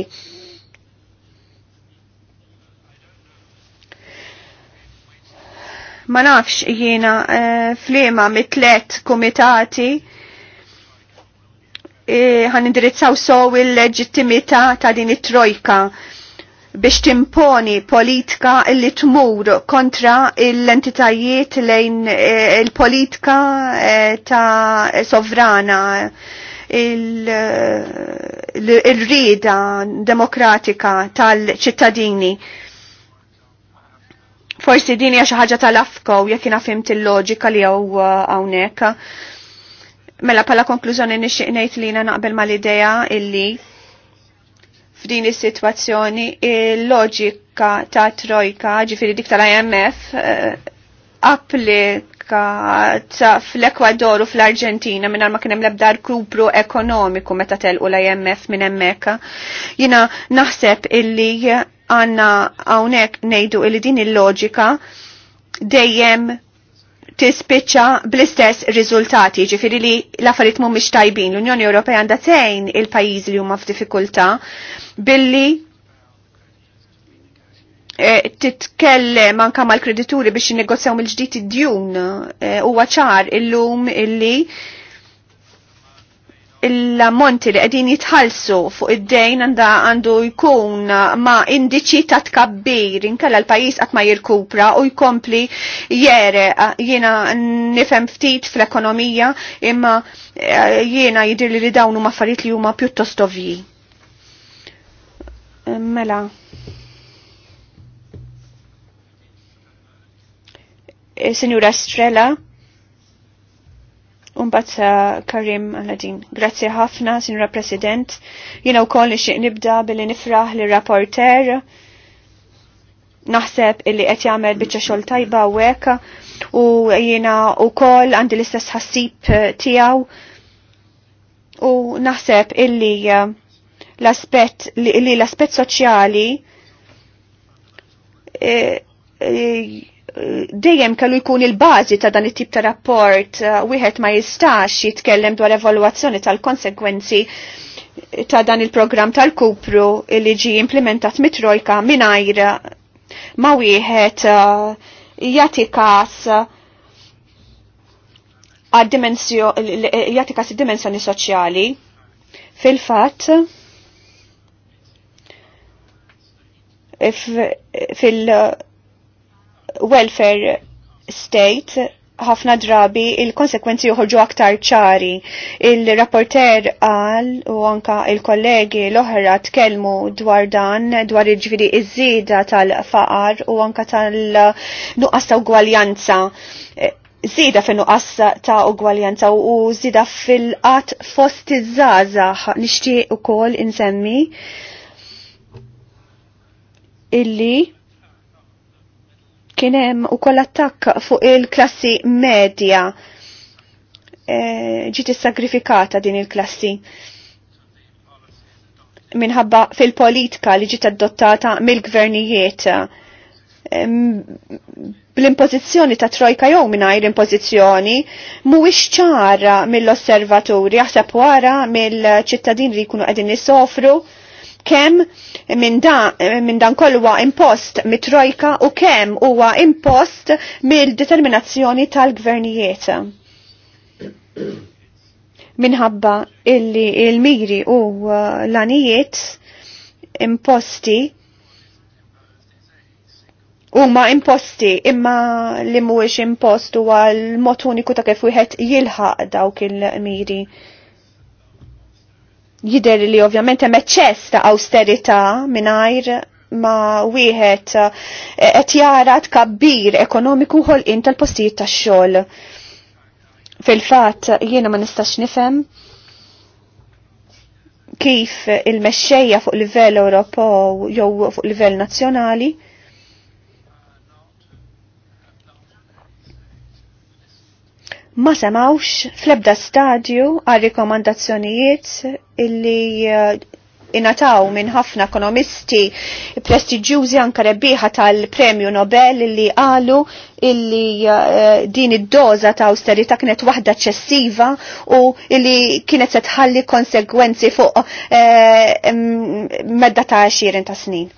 ma nafx jiena eh, flima mit-tlet komitati eh, ħan indirizzaw sow il-leġittimità ta' din it-trojka biex timponi politika li tmur kontra l-entitajiet lejn eh, il-politika eh, ta' sovrana eh, il-rida demokratika tal-ċittadini. Forsi dini għaxa ħaġa tal-afko jekk fimt il-loġika li għaw għawnek. Mela pala konklużjoni nixtieq ngħid li naqbel mal-idea illi f'din is-sitwazzjoni il-loġika ta' trojka, ġifiri dik tal-IMF, eh, applika fl-Ekwador u fl-Arġentina minn ma kienem lebda kubru ekonomiku meta telqu l-IMF minn hemmhekk. Jina naħseb illi għanna hawnhekk ngħidu illi din il-loġika dejjem tispiċċa bl-istess riżultati, ġifiri li l-affarijiet mhumiex tajbin. L-Unjoni Ewropea għandha tgħin il-pajjiżi li huma f'diffikultà billi e, titkellem anka mal-kredituri biex jinnegozjaw mill-ġdid id-djun e, huwa ċar illum illi l-ammonti li qegħdin jitħallsu fuq id-dejn għandha għandu jkun ma' indiċi ta' tkabbir inkella l-pajjiż qatt ma jirkupra u jkompli jere jiena nifhem ftit fl-ekonomija imma eh, jiena jidir li dawn huma affarijiet li huma pjuttost ovji. Eh, mela. Eh, Senjura Estrella. Umbat Karim Aladin. Grazie ħafna, Sinra President. Jina u koll nixtieq nibda billi nifraħ li rapporter. Naħseb illi qed jagħmel biċċa xogħol tajba u hekk u jiena wkoll għandi l-istess ħassib eh, tiegħu u naħseb illi eh, l-aspett li l-aspett soċjali eh, dejjem kellu jkun il-bażi ta' dan it-tip ta' rapport uh, wieħed ma jistax jitkellem dwar evalwazzjoni tal-konsekwenzi ta' dan il-programm tal-kupru li ġi implementat mit-trojka mingħajr ma wieħed uh, jagħti każ uh, jagħti każ id-dimensjoni soċjali fil-fatt fil-, -fat, fil welfare state ħafna drabi il-konsekwenzi joħorġu aktar ċari. Il-rapporter għal u anka il-kollegi l-oħra tkellmu dwar dan, dwar iġviri iż-żida tal-faqar u anka tal-nuqqas ta' ugwaljanza. Zida fil nuqqas ta' ugwaljanza u zida fil-qat fost iż-żazax nixtieq ukoll insemmi illi Kienem u koll attakk fuq il-klassi medja e, ġiet sagrifikata din il-klassi minħabba fil-politika li ġiet adottata mill-gvernijiet bl-impożizzjoni e, ta' trojka jew mingħajr impożizzjoni mhuwiex ċara mill-osservaturi jaħseb wara mill-ċittadin li jkunu qegħdin nisofru kemm minn dan, min dan impost mit-trojka u kemm huwa impost mill-determinazzjoni tal-gvernijiet. Minħabba illi il-miri u uh, l-anijiet imposti huma imposti imma li mhuwiex impost huwa l-mod uniku ta' kif wieħed jilħaq dawk il-miri jider li ovvjament hemm eċċess ta' austerità mingħajr ma wieħed eh, qed jara tkabbir ekonomiku ħolqien tal-postijiet tax-xogħol. Fil-fatt jiena ma nistax nifhem kif il-mexxejja fuq livell Ewropew jew fuq livell nazzjonali ma semawx fl-ebda stadju għal rikomandazzjonijiet illi uh, inataw minn ħafna ekonomisti prestiġjużi anka rebbieħa tal-Premju Nobel li qalu illi uh, din id-doza ta' austerità kienet waħda ċessiva u illi kienet se tħalli konsegwenzi fuq uh, medda ta' 20 ta' snin.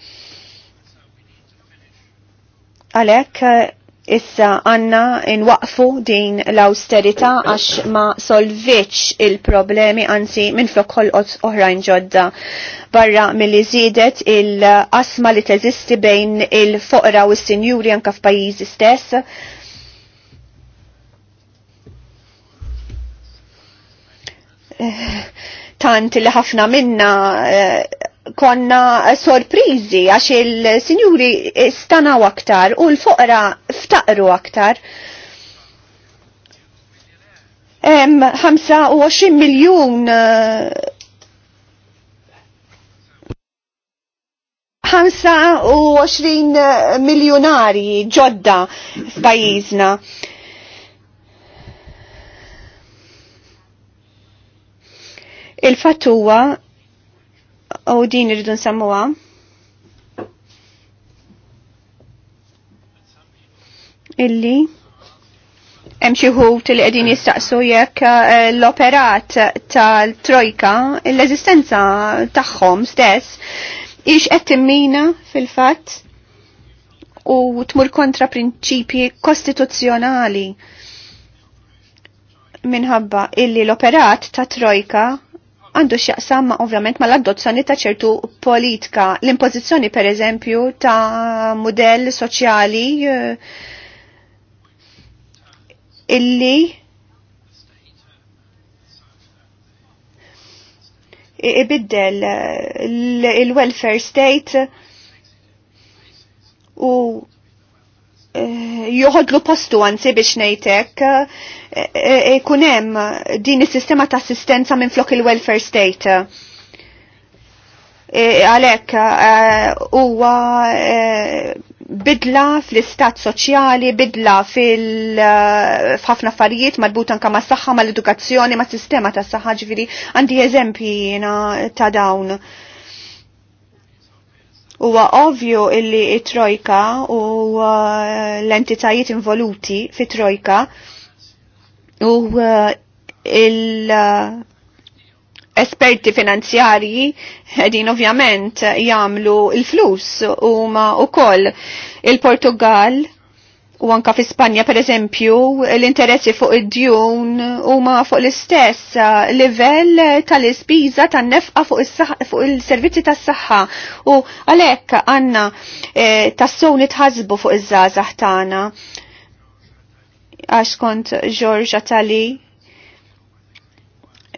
Għalhekk issa għanna nwaqfu din l-austerita għax ma solveċ il-problemi għansi minn flokkol oħrajn ġodda barra mill-li zidet il-qasma li teżisti bejn il-foqra u s-sinjuri anka f'pajjiżi stess. Eh, tant li ħafna minna eh, konna sorprizi għax il-sinjuri stanaw aktar u l-fuqra ftaqru aktar. 25 miljon 25 miljonari ġodda f'pajjiżna. Il-fattuwa u din irridu nsemmuha. Illi hemm xi ħut li qegħdin jistaqsu jekk eh, l-operat tal-trojka l-eżistenza tagħhom stess ix qed timmina fil-fatt u tmur kontra prinċipji kostituzzjonali minħabba illi l-operat ta' trojka għandu x'jaqsam ma' ovvjament ma' l-adozzjoni ta' ċertu politika. L-impożizzjoni per eżempju ta' modell soċjali eh, illi ibiddel eh, il-welfare state u eh, joħodlu postu għanzi biex nejtek ikunem din is-sistema ta' assistenza minn flok il-welfare state. E, Għalek, e, huwa e, bidla fl-istat soċjali, bidla fil-ħafna affarijiet marbuta anka ma' saħħa, ma' l-edukazzjoni, ma' sistema ta' saħħa ġviri, għandi eżempji ta' dawn. Huwa ovvju illi it-trojka u l-entitajiet involuti fit-trojka u il- esperti finanzjarji din ovvjament jamlu il-flus u ma u koll il-Portugal u anka fi Spanja per eżempju l-interessi fuq id-djun u ma fuq l-istess livell tal-ispiża tan-nefqa fuq il-servizzi il servizzi tas saħħa u għalhekk għandna eh, tassoni tħasbu fuq iż-żgħażagħ tagħna għax kont Giorgia Tali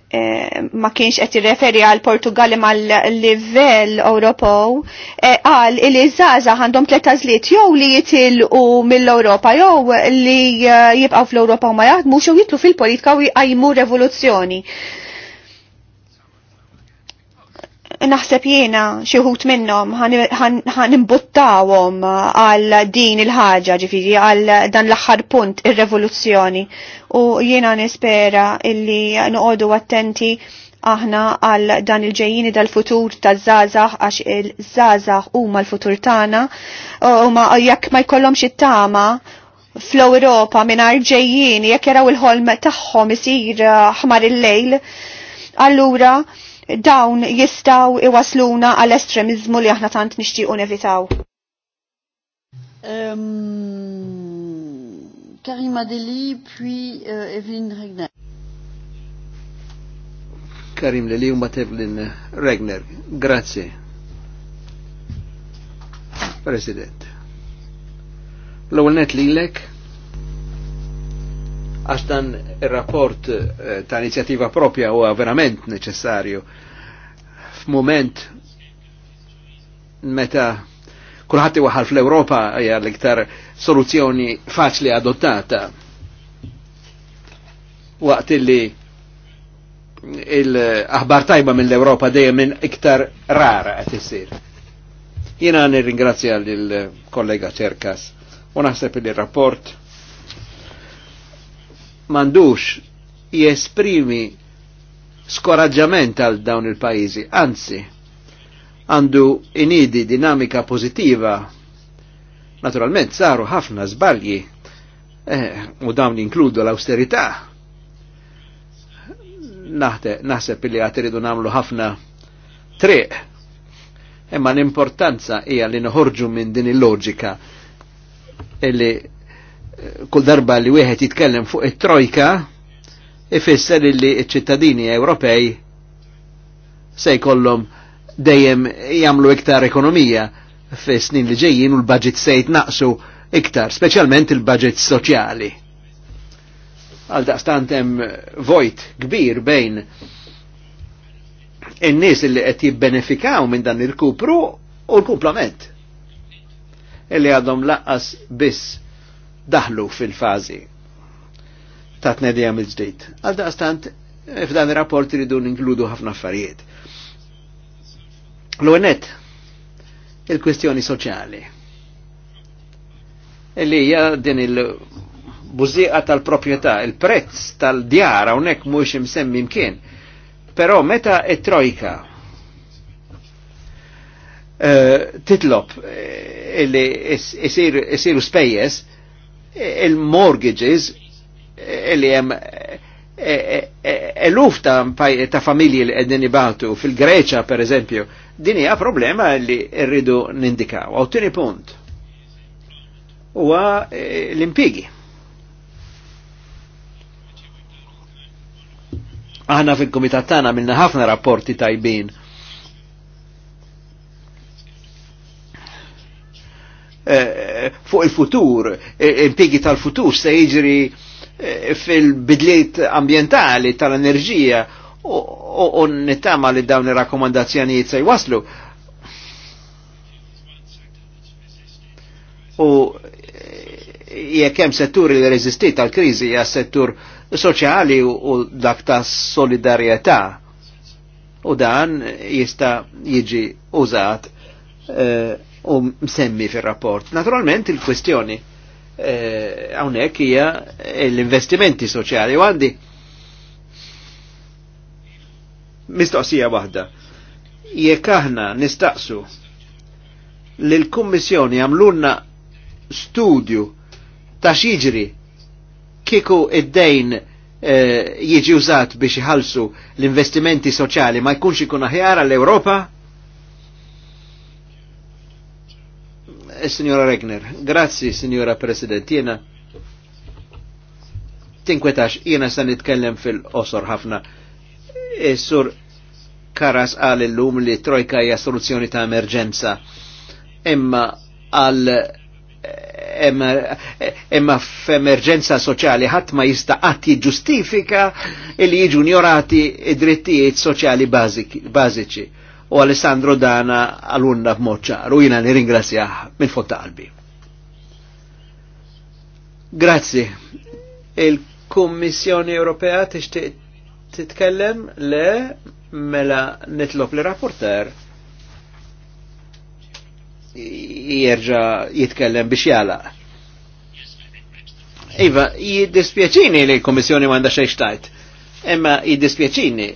eh, ma kienx qed jirreferi għal Portugali mal-livell Ewropew qal eh, e, li żaża għandhom tliet żliet jew li jitilqu mill-Ewropa jew li eh, jibqgħu fl-Ewropa u ma jaħdmux jew jitlu fil-politika u jqajmu revoluzzjoni naħseb jiena xi wħud minnhom ħanimbuttawhom għal din il-ħaġa ġifiri għal dan l-aħħar punt ir-revoluzzjoni u jiena nispera illi noqogħdu attenti aħna għal dan il-ġejjini dal-futur tal-żazax għax il-żazax huma l-futur tagħna u ma jekk ma jkollhomx xittama flow fl-Ewropa mingħajr ġejjini jekk jaraw il-ħolm tagħhom isir ħmar il-lejl allura dawn jistaw iwasluna għal-estremizmu li aħna tant nixtiequ nevitaw. Um, Karima Deli, puis uh, Evelyn Regner. Karim Deli, un Evelyn Regner. Grazie. President. L-għolnet li l-ek, għax dan il-rapport eh, ta' inizjattiva propja huwa verament neċessarju f'moment meta kulħadd iwaħal fl-Ewropa hija l-iktar soluzzjoni faċli adottata waqt li il-aħbar tajba mill-Europa dejjem minn iktar rara qed isir. Jiena nirringrazzja lill kollega Cerkas u naħseb li rapport mandux jesprimi skoraġġament għal dawn il-pajizi, anzi, għandu inidi dinamika pozittiva. Naturalment, saru ħafna zbalji, eh, u dawn inkludu l-austerità. Naħseb li għatiridu namlu ħafna triq. Imma l-importanza hija li noħorġu minn din il-loġika illi kull darba li wieħed jitkellem fuq it-trojka ifisser li ċ-ċittadini Ewropej se jkollhom dejjem jagħmlu iktar ekonomija fis snin li ġejjin u l-budget se jitnaqsu iktar, speċjalment il-budget soċjali. Għal daqstant hemm vojt kbir bejn in-nies li qed jibbenefikaw minn dan il-kupru u l-kumplament. Illi għadhom laqqas biss daħlu fil-fazi ta' t-nedija mill ġdejt Għal-daqstant, f'dan il-rapport rridu ninkludu ħafna affarijiet. L-għonet, il-kwestjoni soċjali. Illi hija din il buzziqa tal-proprjetà, il-prezz tal-djara hawnhekk mux imsemmi mkien. Però meta it-trojka eh, titlob eh, illi isiru spejjeż, il-mortgages eh, li hemm eh, eh, eluf ta' familji li qegħdin ibatu fil-Greċa per eżempju, din hija problema li rridu nindikaw. Aw tini punt huwa l-impigi. Aħna fil komitat tana minna ħafna rapporti tajbin Eh, fuq il-futur, eh, impigi tal-futur se jiġri eh, fil-bidliet ambientali tal-enerġija u nittama li dawn ir-rakkomandazzjonijiet se jwaslu. U jekk hemm setturi li reżistiet tal krizi hija settur soċjali u dak ta' solidarjetà. U dan jista' jiġi użat eh, u msemmi fil-rapport. Naturalment il-kwestjoni għawnek eh, hija eh, l-investimenti soċjali u għandi mistoqsija waħda. Jekk aħna nistaqsu li l-Kummissjoni għamlunna studju ta' xiġri kiku id-dejn e, jiġi użat biex jħalsu l-investimenti soċjali ma jkunx ikun aħjar l-Europa? Eh, signora Regner, grazzi Signora President, jena tinkwetax, jena sa nitkellem fil-osor ħafna. E, sur Karas għal illum li trojka hija soluzzjoni ta' emerġenza. Imma għal imma f'emerġenza soċjali ħadd ma jista' qatt jiġġustifika li jiġu njorati id-drittijiet soċjali bażiċi u Alessandro Dana għalunna b'moċċar u jina nirringrazzja minn fuq qalbi. Grazzi. Il-Kummissjoni Ewropea tixtieq titkellem le mela nitlob li rapporter jerġa jitkellem biex jala. Iva, jiddispjaċini li l kommissjoni manda xejn xtajt, imma jiddispjaċini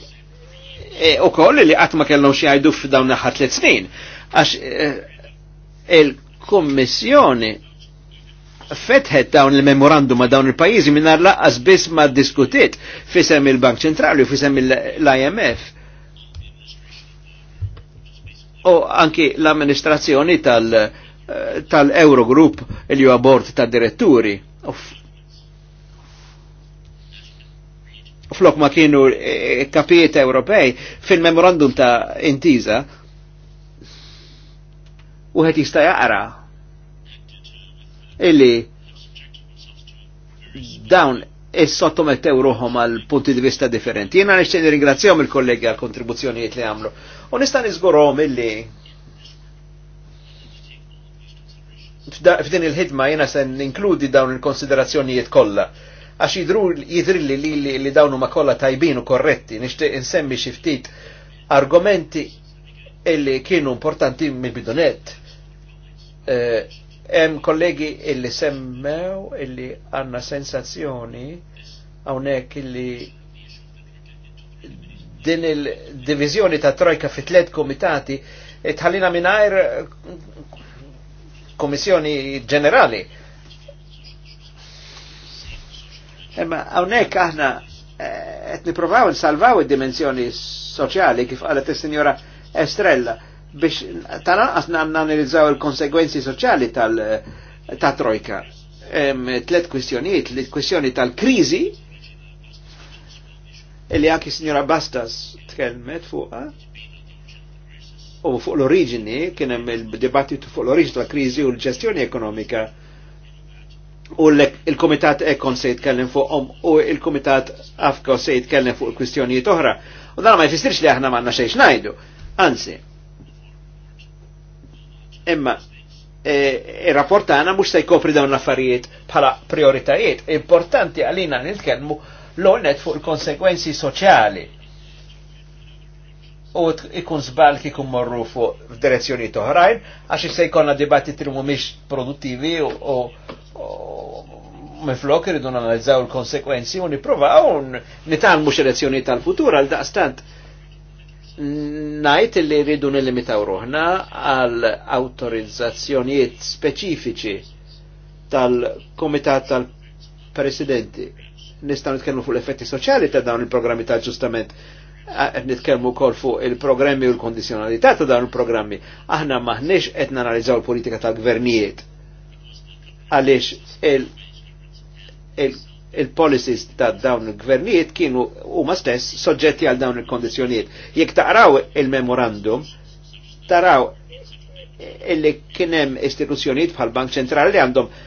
E, u koll li ma kellhom xie jgħidu f'dawn li t snin. Għax e, il-Kommissjoni fetħet dawn il-memorandum ma dawn il-pajizi minnar laqqas biss ma diskutiet fisem il-Bank Ċentrali u fisem l-IMF. U anki l-amministrazzjoni tal- eh, tal-Eurogroup il-ju abort tal diretturi. flok ma kienu eh, kapijiet Ewropej fil-memorandum ta' intiza u għet jista' jaqra illi dawn is-sottomettew ruħom għal punti di vista differenti. Jiena nixtieq ringrazzjahom il-kollegi għal kontribuzzjonijiet li għamlu. U nista' niżgurhom illi f'din il-ħidma jiena se ninkludi dawn il-konsiderazzjonijiet kollha għax jidrilli li li, li dawnu ma kolla tajbin u korretti, nishtiq insemmi xiftit argumenti illi kienu importanti mill-bidonet. Eh, hemm kollegi illi semmew illi għanna sensazzjoni hawnhekk illi din il-divizjoni ta' trojka fit tliet komitati tħallina mingħajr komissjoni ġenerali Imma hawnhekk aħna eh, qed nippruvaw nsalvaw id-dimensjoni soċjali kif għalet il sinjora Estrella biex tanqas nanalizzaw il-konsegwenzi soċjali tal trojka. Tlet kwistjonijiet, l-kwistjoni tal-kriżi illi il signora Bastas tkellmet fuqa u fuq l origini kienem il-dibattitu fuq l origini tal krizi u l-ġestjoni ekonomika u il-Komitat Ekon se jitkellem fuq u il-Komitat Afko se jitkellem fuq kwistjonijiet oħra. U dan ma jfissirx li aħna m'għandna xejn ngħidu. Anzi. Imma e, ir-rapport tagħna mhux se jkopri dawn l-affarijiet bħala prioritajiet. Importanti għalina nitkellmu l-onet fuq il-konsekwenzi soċjali u ikun zbal kikun morru fuq direzzjoni toħrajn, għax se jkollna dibattit li mhumiex produttivi u miflok irridu analizzaw il-konsekwenzi u niprovaw nitalmu x'elezzjoni tal-futur għal daqstant najt li rridu nilimitaw ruħna għal autorizzazzjoniet speċifiċi tal-Komitat tal-Presidenti. Nistaw nitkellmu fuq l-effetti soċjali ta' dawn il-programmi tal ġustament qed nitkellmu wkoll fuq il-programmi u l-kondizjonalità ta' dawn il-programmi, aħna maħniex qed nanalizzaw il-politika tal-gvernijiet. Għaliex il-policies ta' dawn il-gvernijiet kienu huma stess soġġetti għal dawn il-kondizjonijiet. Jekk taqraw il-memorandum, taraw illi kienem istituzzjonijiet bħal Bank Ċentrali li għandhom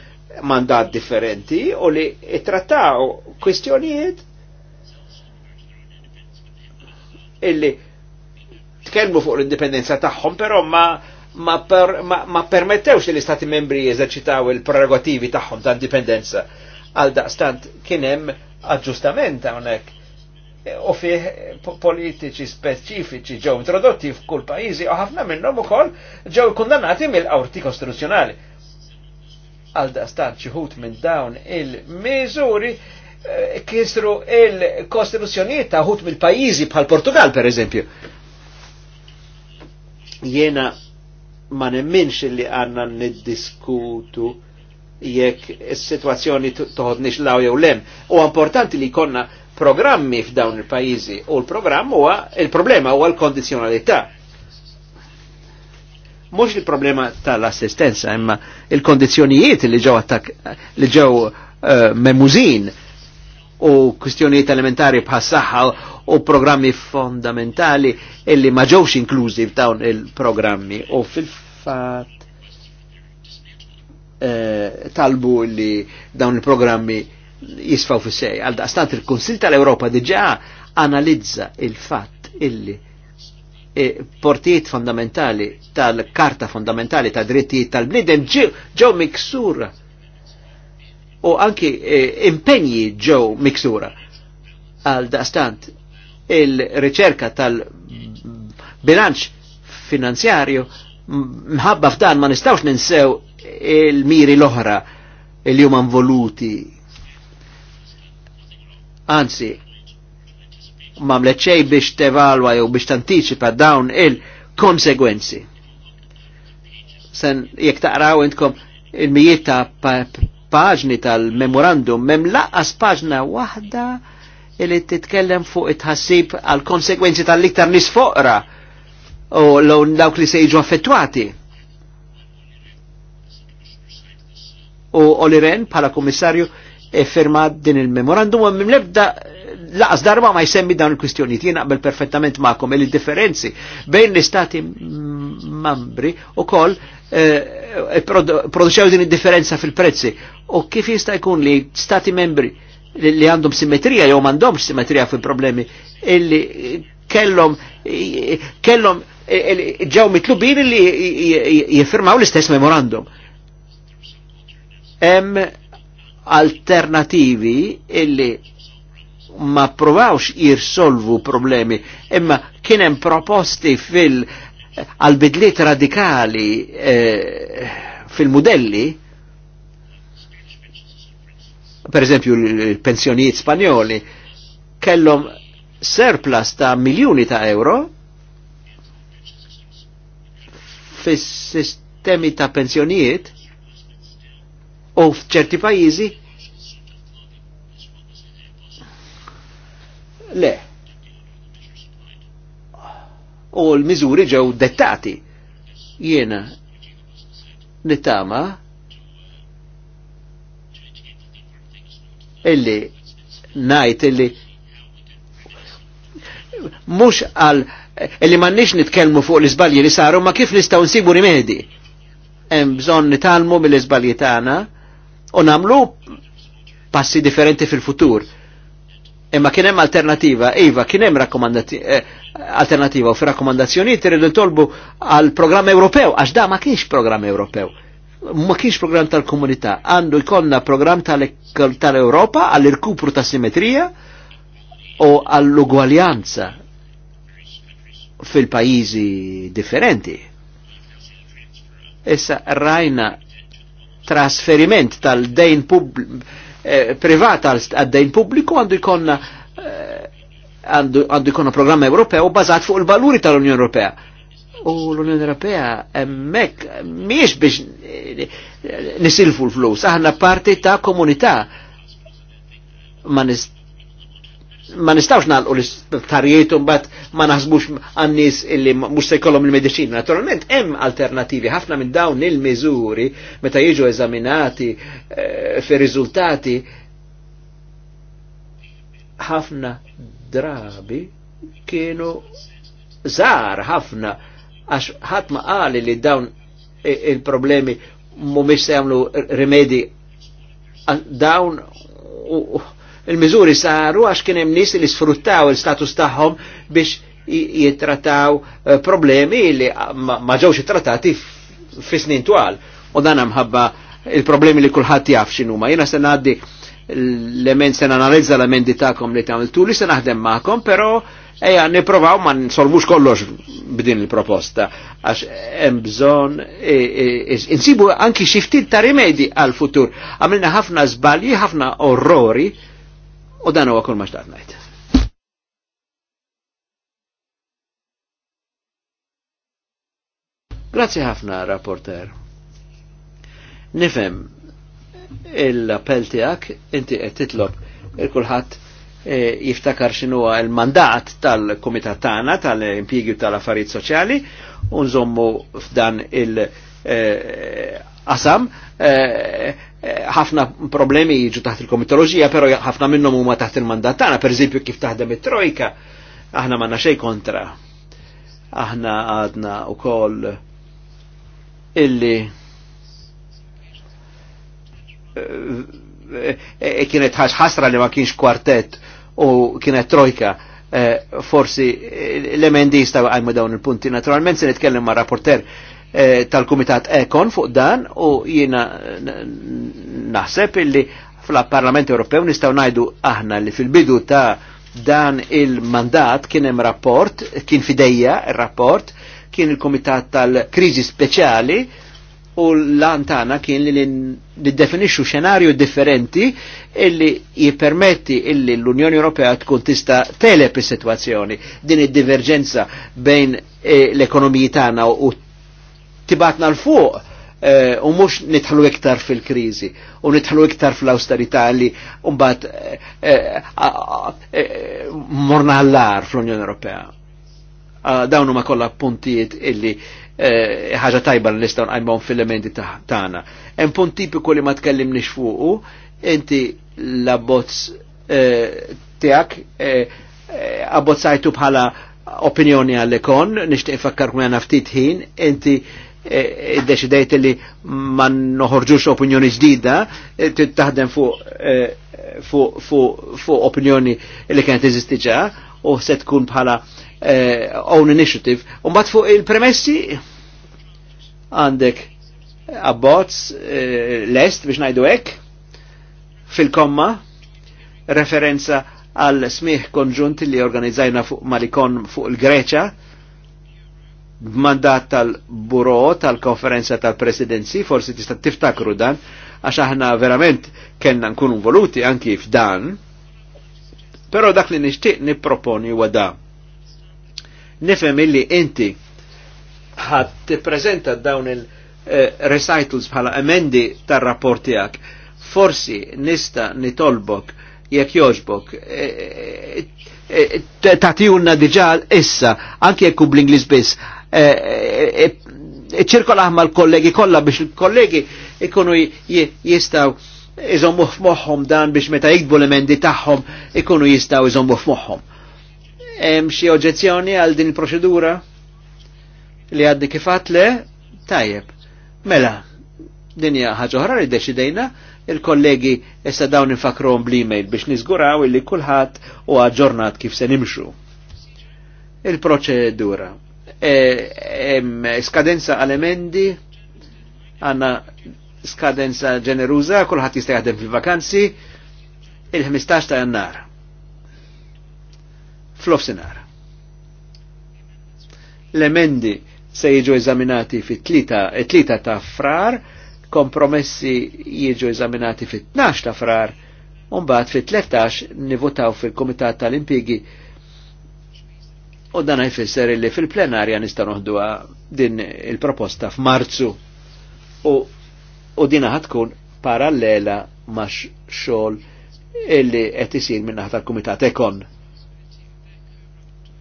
mandat differenti u li trattaw kwistjonijiet illi tkellmu fuq l-indipendenza tagħhom, però ma ma, per, ma, ma permettewx li stati istati membri jeżerċitaw il-prerogativi tagħhom ta' indipendenza. Għal daqstant kien hemm aġġustament hawnhekk u fih politiċi speċifiċi ġew introdotti f'kull pajjiżi u ħafna minnhom ukoll ġew kundannati mill-qorti kostituzzjonali. Għal daqstant xi minn dawn il-miżuri Eh, kisru il kostituzjoniet ta' ħut mill-pajizi bħal Portugal per eżempju. Jena ma nemminx li għanna niddiskutu jekk is-sitwazzjoni toħodniex law jew lem. U importanti li konna programmi f'dawn il pajizi u l-programm huwa il-problema huwa l kondizjonalità Mux il-problema tal-assistenza imma il kondizjonijiet li ġew attak li ġew uh, memużin u kwistjonijiet elementari bħas-saħħa u programmi fondamentali illi ma ġewx inklużi f'dawn il-programmi u fil-fatt eh, talbu li dawn il-programmi jisfaw fis sej Għal daqstant il-Konsil tal-Europa diġa analizza il-fatt illi eh, portijiet fondamentali tal-karta fondamentali tal drittijiet tal-bnidem ġew miksura u anki eh, impenji ġew miksura. Għal daqstant il-riċerka tal-bilanċ finanzjarju mħabba f'dan ma nistawx ninsew il-miri l-oħra il huma voluti. Anzi, ma mleċċej biex tevalwa jew biex tantiċipa dawn il-konsegwenzi. Sen jek taqraw intkom il-mijiet ta' paġni tal-memorandum mem laqqas paġna waħda li titkellem fuq it-ħassib għal konsekwenzi tal-iktar nis foqra u l dawk li se jiġu affettwati. U Oliren bħala komissarju firma din il-memorandum u mim lebda laqas darba ma jsemmi dan il-kwistjoni. Jien naqbel perfettament ma'kom il differenzi bejn l-istati membri u kol eh, e produċew din il differenza fil-prezzi. U kif jista' jkun li stati membri li għandhom simmetrija jew għandhom simmetrija fil-problemi illi kellom kellom e, e, ġew mitlubin li jiffirmaw l-istess memorandum. Hemm alternativi illi ma provawx jirsolvu problemi, imma kienem proposti fil għalbidliet radikali eh, fil-modelli, per eżempju l-pensjonijiet spanjoli, kellom surplus ta' miljoni ta' euro fis-sistemi ta' pensjonijiet u f'ċerti pajjiżi Le. U l-miżuri ġew dettati. Jiena nittama illi najt illi mux għal illi mannix nitkelmu fuq l-izbalji li saru ma kif nistaw nsibu rimedi hemm bżonn nitalmu mill-iżbalji tagħna u nagħmlu passi differenti fil-futur. Imma kien hemm alternativa, iva kien hemm eh, alternativa u fi rakkomandazzjonijiet irridu tolbu għal programm Ewropew għax da ma kienx programm Ewropew. Ma kienx programm tal-komunità, għandu jkollna programm tal-Europa għall-irkupru ta' simetrija u għall-ugwaljanza fil-pajizi differenti. Issa rajna trasferiment tal-dejn pubbliku Eh, privata għaddejn pubbliku għandu jkonna eh, għandu jkonna programm Ewropew bazat fuq il-valuri tal-Unjoni Ewropea. U l-Unjoni Ewropea emmek miex biex eh, nisilfu l-flus, aħna parti ta' komunità ma nist ma nistawx nalqu l-istarijiet m'bat ma naħsbux għannis nies illi mux se jkollhom il-mediċina. Naturalment hemm alternativi ħafna minn dawn il mizuri meta jiġu eżaminati e, eh, fir-riżultati ħafna drabi kienu zar ħafna għax ħadd ma qali li dawn il-problemi mumiex se jagħmlu rimedi dawn il-miżuri saru għax kien hemm nies li sfruttaw il-status tagħhom biex jittrataw eh, problemi li ah, ma ġewx ittrattati fi snin twal. U dan mħabba il-problemi li kulħadd jaf x'inhuma. Jiena se ngħaddi l-emen se nanalizza l-emendi tagħkom li tagħmiltu li se naħdem magħkom, però eja niprovaw ma nsolvux kollox b'din il-proposta għax hemm bżonn e, e, e, insibu anki xi ftit ta' rimedi għal-futur. Għamilna ħafna żbalji, ħafna orrori, U dan huwa kull ma xtaqt ngħid. Grazzi ħafna, rapporter. Nifem, il-appell tijak, inti qed titlob il-kulħadd eh, jiftakar xinuwa il-mandat tal-komitat tagħna tal-impjigi tal-affarijiet soċjali u nżommu f'dan il- eh, qasam eh, ħafna problemi jiġu taħt il-komitoloġija, pero ħafna minnhom huma taħt il-mandat tagħna, pereżempju kif taħdem it-trojka, aħna m'għandna xejn kontra. Aħna għadna wkoll illi eh, eh, eh, kienet ħasra li ma kienx kwartett u kienet trojka forsi l-emendista għajmu dawn il-punti. Naturalment se nitkellem ma' rapporter Eh, tal-Kumitat Ekon fuq dan u jiena naħseb illi fl-Parlament Ewropew nistgħu ngħidu aħna li fil-bidu ta' dan il-mandat kien hemm rapport, kien fidejja il rapport kien il-Kumitat tal-Kriżi Speċjali u l-antana kien li niddefinixxu xenarju differenti illi jippermetti illi l-Unjoni Ewropea tkun tista' telep is-sitwazzjoni din id-diverġenza bejn eh, l-ekonomiji tagħna u tibatna l-fuq eh, u mux nitħlu iktar fil-krizi u nitħlu iktar fil-austerità li umbat e, eh, eh, morna għallar fl-Unjoni Ewropea. Ah, Dawnu ma kolla puntijiet illi ħaġa tajba li nistaw nqajmhom fil-elementi tagħna. Hemm punti pi li ma tkellimniex fuqu, inti l-abbozz tiegħek abbozzajtu bħala opinjoni għall-ekon, nishtiq fakkarkum għana ftit ħin, inti id-deċidejt e, e, li ma noħorġux opinjoni ġdida, e, taħdem fuq opinjoni li kienet eżistiġa u se tkun bħala own initiative. U mbagħad fuq il-premessi għandek abbozz lest biex ngħidu hekk fil-komma referenza għal smih konġunt li organizzajna fuq Malikon fuq il-Greċa b'mandat tal-buro tal-konferenza tal-presidenzi, forsi tista' tiftakru dan, għax aħna verament kellna nkunu voluti anki f'dan, però dak li nixtieq nipproponi huwa da. Nifhem illi inti ħad tippreżenta dawn il-recitals eh, bħala emendi tar-rapport tiegħek. Forsi nista' nitolbok jekk joġbok, eh, eh, tatiunna diġa issa, anki jekk bl-Inglis biss, Eh, eh, eh, -ċirkolaħ ma l-kollegi kollha biex il-kollegi ikunu jistaw iżommu f'moħħom dan biex meta jikbu l-emendi tagħhom ikunu jistaw iżommu f'moħħom. Hemm xi oġġezzjoni għal din il-proċedura li għaddi kifat le tajjeb. Mela, din hija ħaġa oħra li deċidejna il-kollegi issa dawn infakrom bl-email biex niżguraw illi kulħadd u aġġornat kif se nimxu. Il-proċedura Eh, skadenza għal-emendi, għanna skadenza ġeneruza, kullħat jista' jaħdem fil-vakanzi, il-15 ta' jannar. Flofsinar. L-emendi se jiġu eżaminati fit tlita ta' frar, kompromessi jiġu eżaminati fit-12 ta' frar, un-bat fit-13 nivotaw fil-Komitat tal-Impigi U dan jfisser li fil-plenarja nista' noħduha din il-proposta f'Marzu. U, u dina ħatkun parallela ma' xogħol illi qed isir minn naħa tal-Kumitat Ekon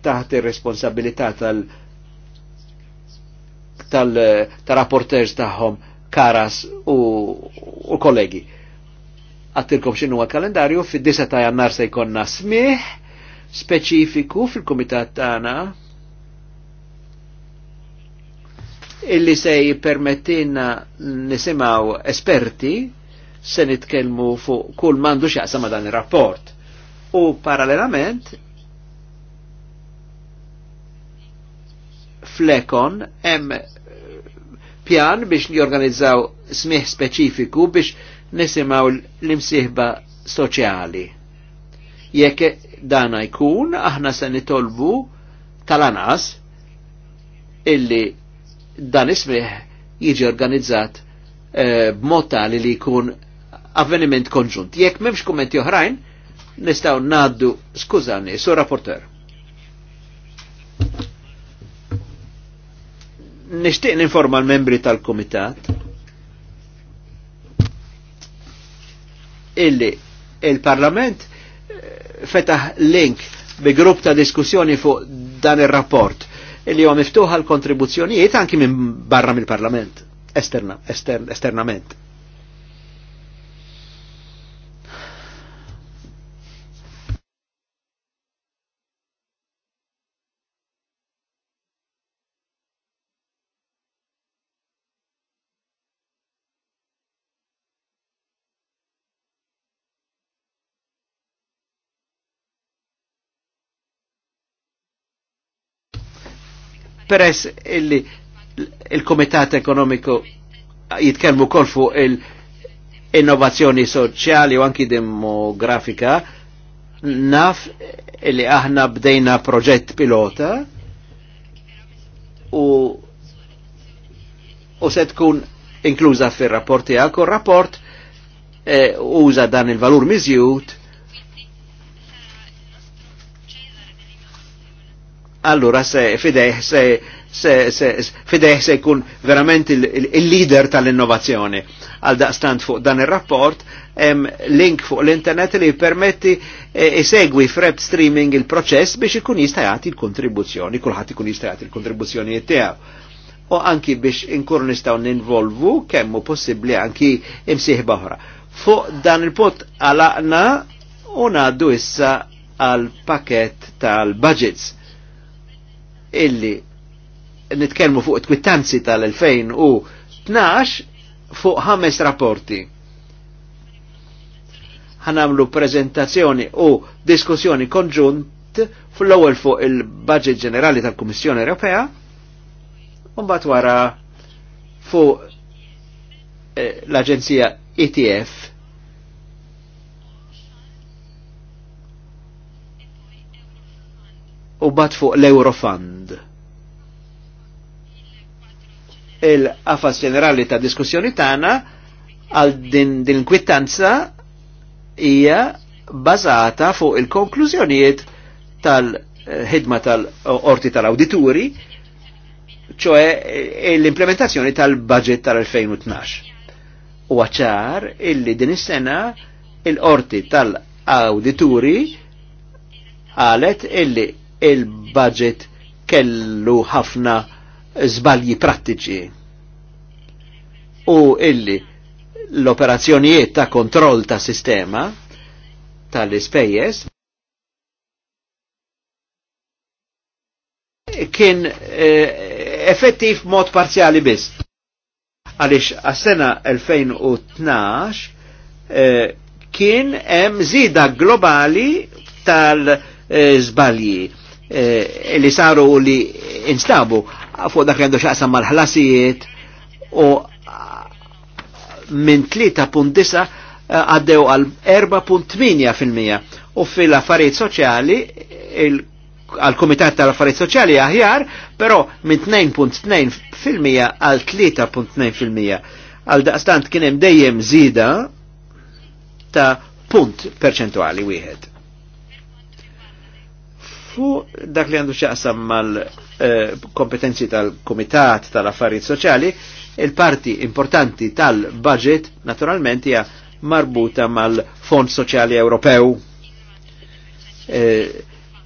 taħt ir-responsabilità tal- tal-rapporters tagħhom Karas u, u kollegi. Għattilkom xinu għal kalendarju, fid disa ta' jannar se jkonna smih, speċifiku fil-Kumitat tagħna illi se jipermettina nisimaw esperti se nitkellmu fuq kull mandu xaqsa ma dan ir-rapport. U parallelament flekon hemm eh, pjan biex jorganizzaw smih speċifiku biex nisimaw l-imsieħba soċjali. Jekk dana jkun, aħna se nitolbu tal-anas illi dan ismiħ jiġi organizzat eh, b'mod tali li jkun avveniment konġunt. Jekk m'hemmx kummenti oħrajn, nistgħu ngħaddu skużani, sur rapporter. Nixtieq ninforma l-membri tal-Kumitat illi il-Parlament fetaħ link bi grupp ta' diskussjoni fuq dan ir-rapport illi huwa miftuħa l-kontribuzzjonijiet anki minn barra mill-Parlament estern, esternament. Peress illi il-Komitat Ekonomiku jitkellmu kol fuq il-innovazzjoni soċjali u anki demografika, naf illi aħna bdejna proġett pilota u u se tkun inkluża fir-rapport tiegħek u rapport eh, uża dan il-valur miżjud allura se fideh se se, se, fideh se jkun verament il-leader il, leader tal-innovazzjoni. Għal stand fuq dan il-rapport, em, link fuq l-internet li permetti e e, frep streaming il-proċess biex ikun jista' jagħti l-kontribuzzjoni, kulħadd ikun jista' il-kontribuzzjoni tiegħu. U anki biex inkur nistgħu ninvolvu kemm hu possibbli anki imsieħba oħra. Fuq dan il-pot għalaqna u ngħaddu issa għal paket tal-budgets illi nitkellmu fuq it-kwittanzi tal-2012 fuq ħames rapporti. Ħanamlu prezentazzjoni u diskussjoni konġunt fl-ewwel fuq il-Budget Ġenerali tal-Kummissjoni Ewropea u mbagħad wara fuq eh, l-Aġenzija ETF u bat fuq l-Eurofund. Il-qafas ġenerali ta' diskussjoni tagħna għal din din kwittanza hija bażata fuq il-konklużjonijiet tal-ħidma tal-orti tal-awdituri, ċoe eh, l-implementazzjoni tal-budget tal-2012. U għacċar illi din is-sena il-orti tal-awdituri għalet illi il-budget kellu ħafna zbalji prattiċi u illi l-operazzjonijiet ta' kontroll ta' sistema tal-ispejjes kien eh, effettiv mod parzjali biss. Għalix għas-sena 2012 eh, kien hemm zida globali tal-żbalji. Eh, Eh, li saru u li instabu fuq dak għandu xaqsam mal-ħlasijiet u minn 3.9 għaddew għal 4.8% u fil-affarijiet soċjali għal komitat tal-affarijiet soċjali aħjar, però minn 2.2% għal 3.2%. Għal daqstant kien hemm dejjem zida ta' punt perċentuali wieħed fuq dak li għandu xaqsam mal-kompetenzi eh, tal-Komitat tal-Affarijiet Soċjali, il-parti importanti tal-budget naturalment hija marbuta mal-Fond Soċjali Ewropew. E, eh,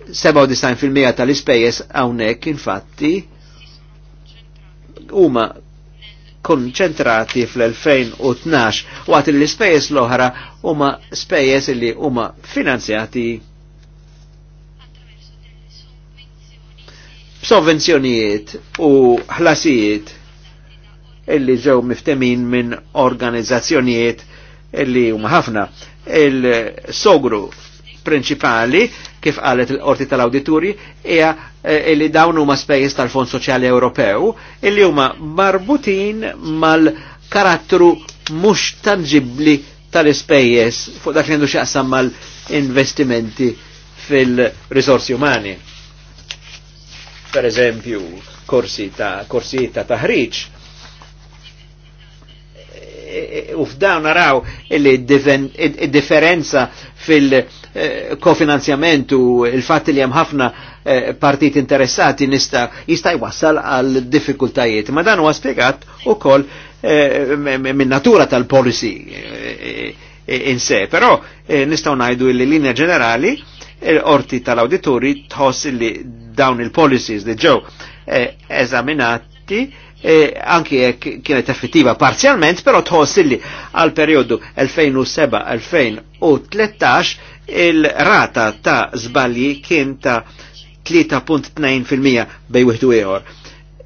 97% tal-ispejjeż hawnhekk infatti huma konċentrati fl-2012 waqt li l-ispejjeż l-oħra huma spejjeż li huma finanzjati sovvenzjonijiet u ħlasijiet illi ġew miftemin minn organizzazzjonijiet illi huma ħafna. Il-sogru prinċipali kif qalet il-qorti tal awditurji hija eh, illi dawn huma spejjeż tal-Fond Soċjali Ewropew illi huma marbutin mal-karattru mhux tangibbli tal-ispejjeż fuq dak li għandu x'aqsam mal-investimenti fil-risorsi umani per eżempju, korsi ta' korsi ta' taħriġ. E, e, u f'dawn naraw li differenza fil eh, kofinanzjamentu u il-fatt li hemm ħafna eh, partit interessati nista jista' jwassal għal diffikultajiet. Ma dan huwa spjegat ukoll eh, minn natura tal-policy in se, però nistgħu ngħidu li linja ġenerali il-orti tal auditori tħoss li dawn il-policies li ġew eżaminati eh, eh, anki jekk kienet effettiva parzjalment, però tħoss li għal periodu 2007-2013 il-rata ta' zbalji kien ta' 3.2% bej wieħdu ieħor.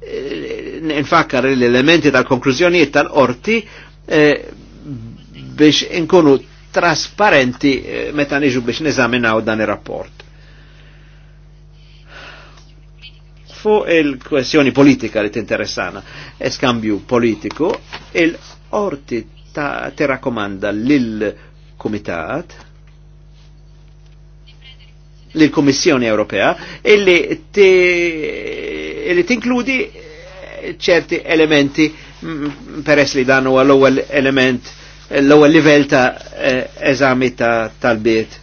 Eh, Nfakkar l-elementi tal-konklużjonijiet tal-orti biex inkunu trasparenti eh, meta niġu biex neżaminaw dan il rapport Fu il-kwestjoni politika li t-interessana, eskambju politiku, il-orti t terrakomanda l-Komitat, l komissjoni Ewropea illi, t-inkludi eh, ċerti elementi peress li dan huwa l-ewwel element l-ewwel livell ta' eh, eżami ta' talbiet.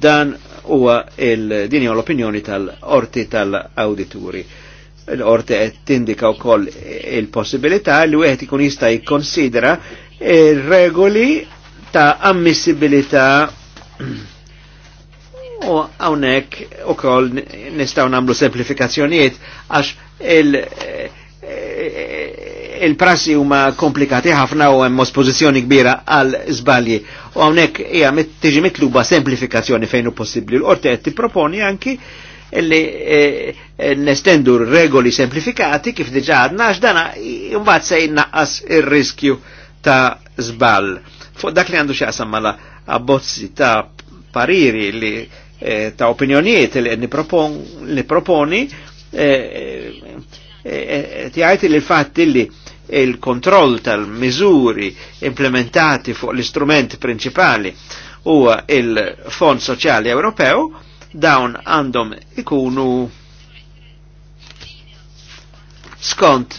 Dan huwa il-din l-opinjoni tal-orti tal-awdituri l orti qed tindika wkoll il-possibilità li wieħed ikun jista' jikkonsidra regoli ta' ammissibilità u hawnhekk ukoll nistgħu nagħmlu semplifikazzjonijiet għax il-prassi huma komplikati ħafna u hemm ospożizzjoni kbira għal żbalji. U hawnhekk hija tiġi mitluba semplifikazzjoni fejn hu possibbli. L-qorti qed tipproponi anki illi eh, eh, nestendu regoli semplifikati kif diġà għadna għax dana jumbat se jinnaqqas ir-riskju ta' żball. Fuq dak li għandu xaqsam mala abbozzi ta' pariri li eh, ta' opinjonijiet li proponi eh, tiħajti li l-fatt illi il-kontroll tal mizuri implementati fuq l-istrument principali u il-Fond Soċjali Ewropew dawn għandhom ikunu skont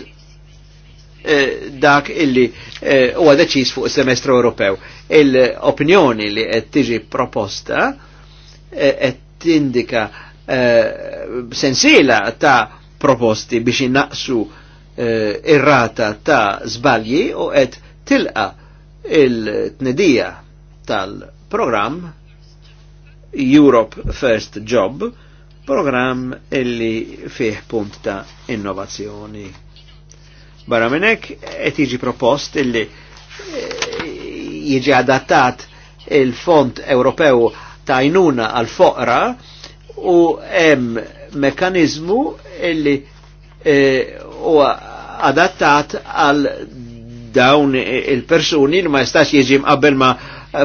eh, dak illi eh, huwa eh, fuq semestru Ewropew. Il-opinjoni li qed tiġi proposta eh, qed eh, tindika sensiela ta' proposti biex innaqsu uh, irrata ta' zbalji u qed tilqa il-tnedija tal program Europe First Job, program illi fih punt ta' innovazzjoni. Barra minnek qed jiġi propost illi eh, jiġi adattat il-Fond Ewropew ta' jnuna għal-foqra u hemm mekanizmu illi eh, u adattat għal dawn il-persuni li ma jistax jiġi mqabbel ma'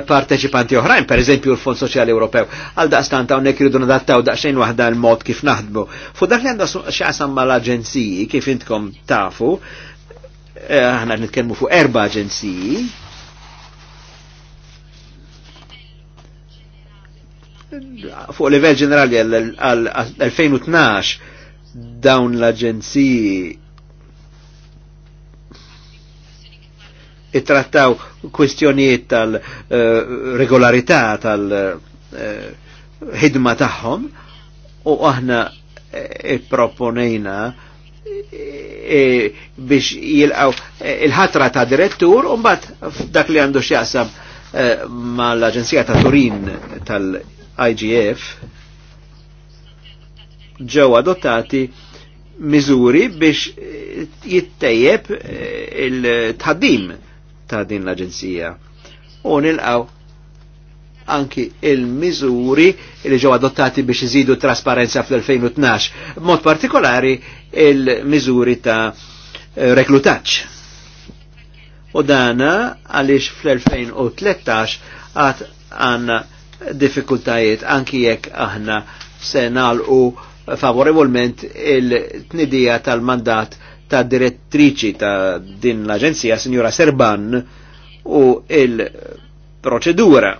parteċipanti oħrajn, per eżempju l-Fond Soċjali Ewropew, għal daqstan ta' unnek jridu nadattaw daqsxejn wahda l-mod kif naħdmu. Fu dak li għandha xaqsam mal-aġenziji, kif intkom tafu, eh, aħna nitkellmu fuq erba aġenziji, fuq level ġenerali għal 2012 dawn l-aġenziji it-trattaw kwestjoniet tal-regolarità eh, tal-ħidma eh, tagħhom u aħna ipproponejna eh, biex jilqaw il-ħatra ta' direttur u mbagħad dak li għandu x'jaqsam ma l-Aġenzija ta' Turin tal IGF ġew adottati miżuri biex eh, jittejjeb eh, il-tħaddim ta' din l-Aġenzija. U nilqaw anki il-miżuri li ġew adottati biex iżidu trasparenza fl-2012, mod partikolari il-miżuri ta' eh, reklutaċ. U dana għaliex fl-2013 għat għanna diffikultajiet anki jekk aħna se nagħlqu favorevolment il-tnidija tal-mandat ta' direttriċi ta' din l-Aġenzija, Signora Serban, u il-proċedura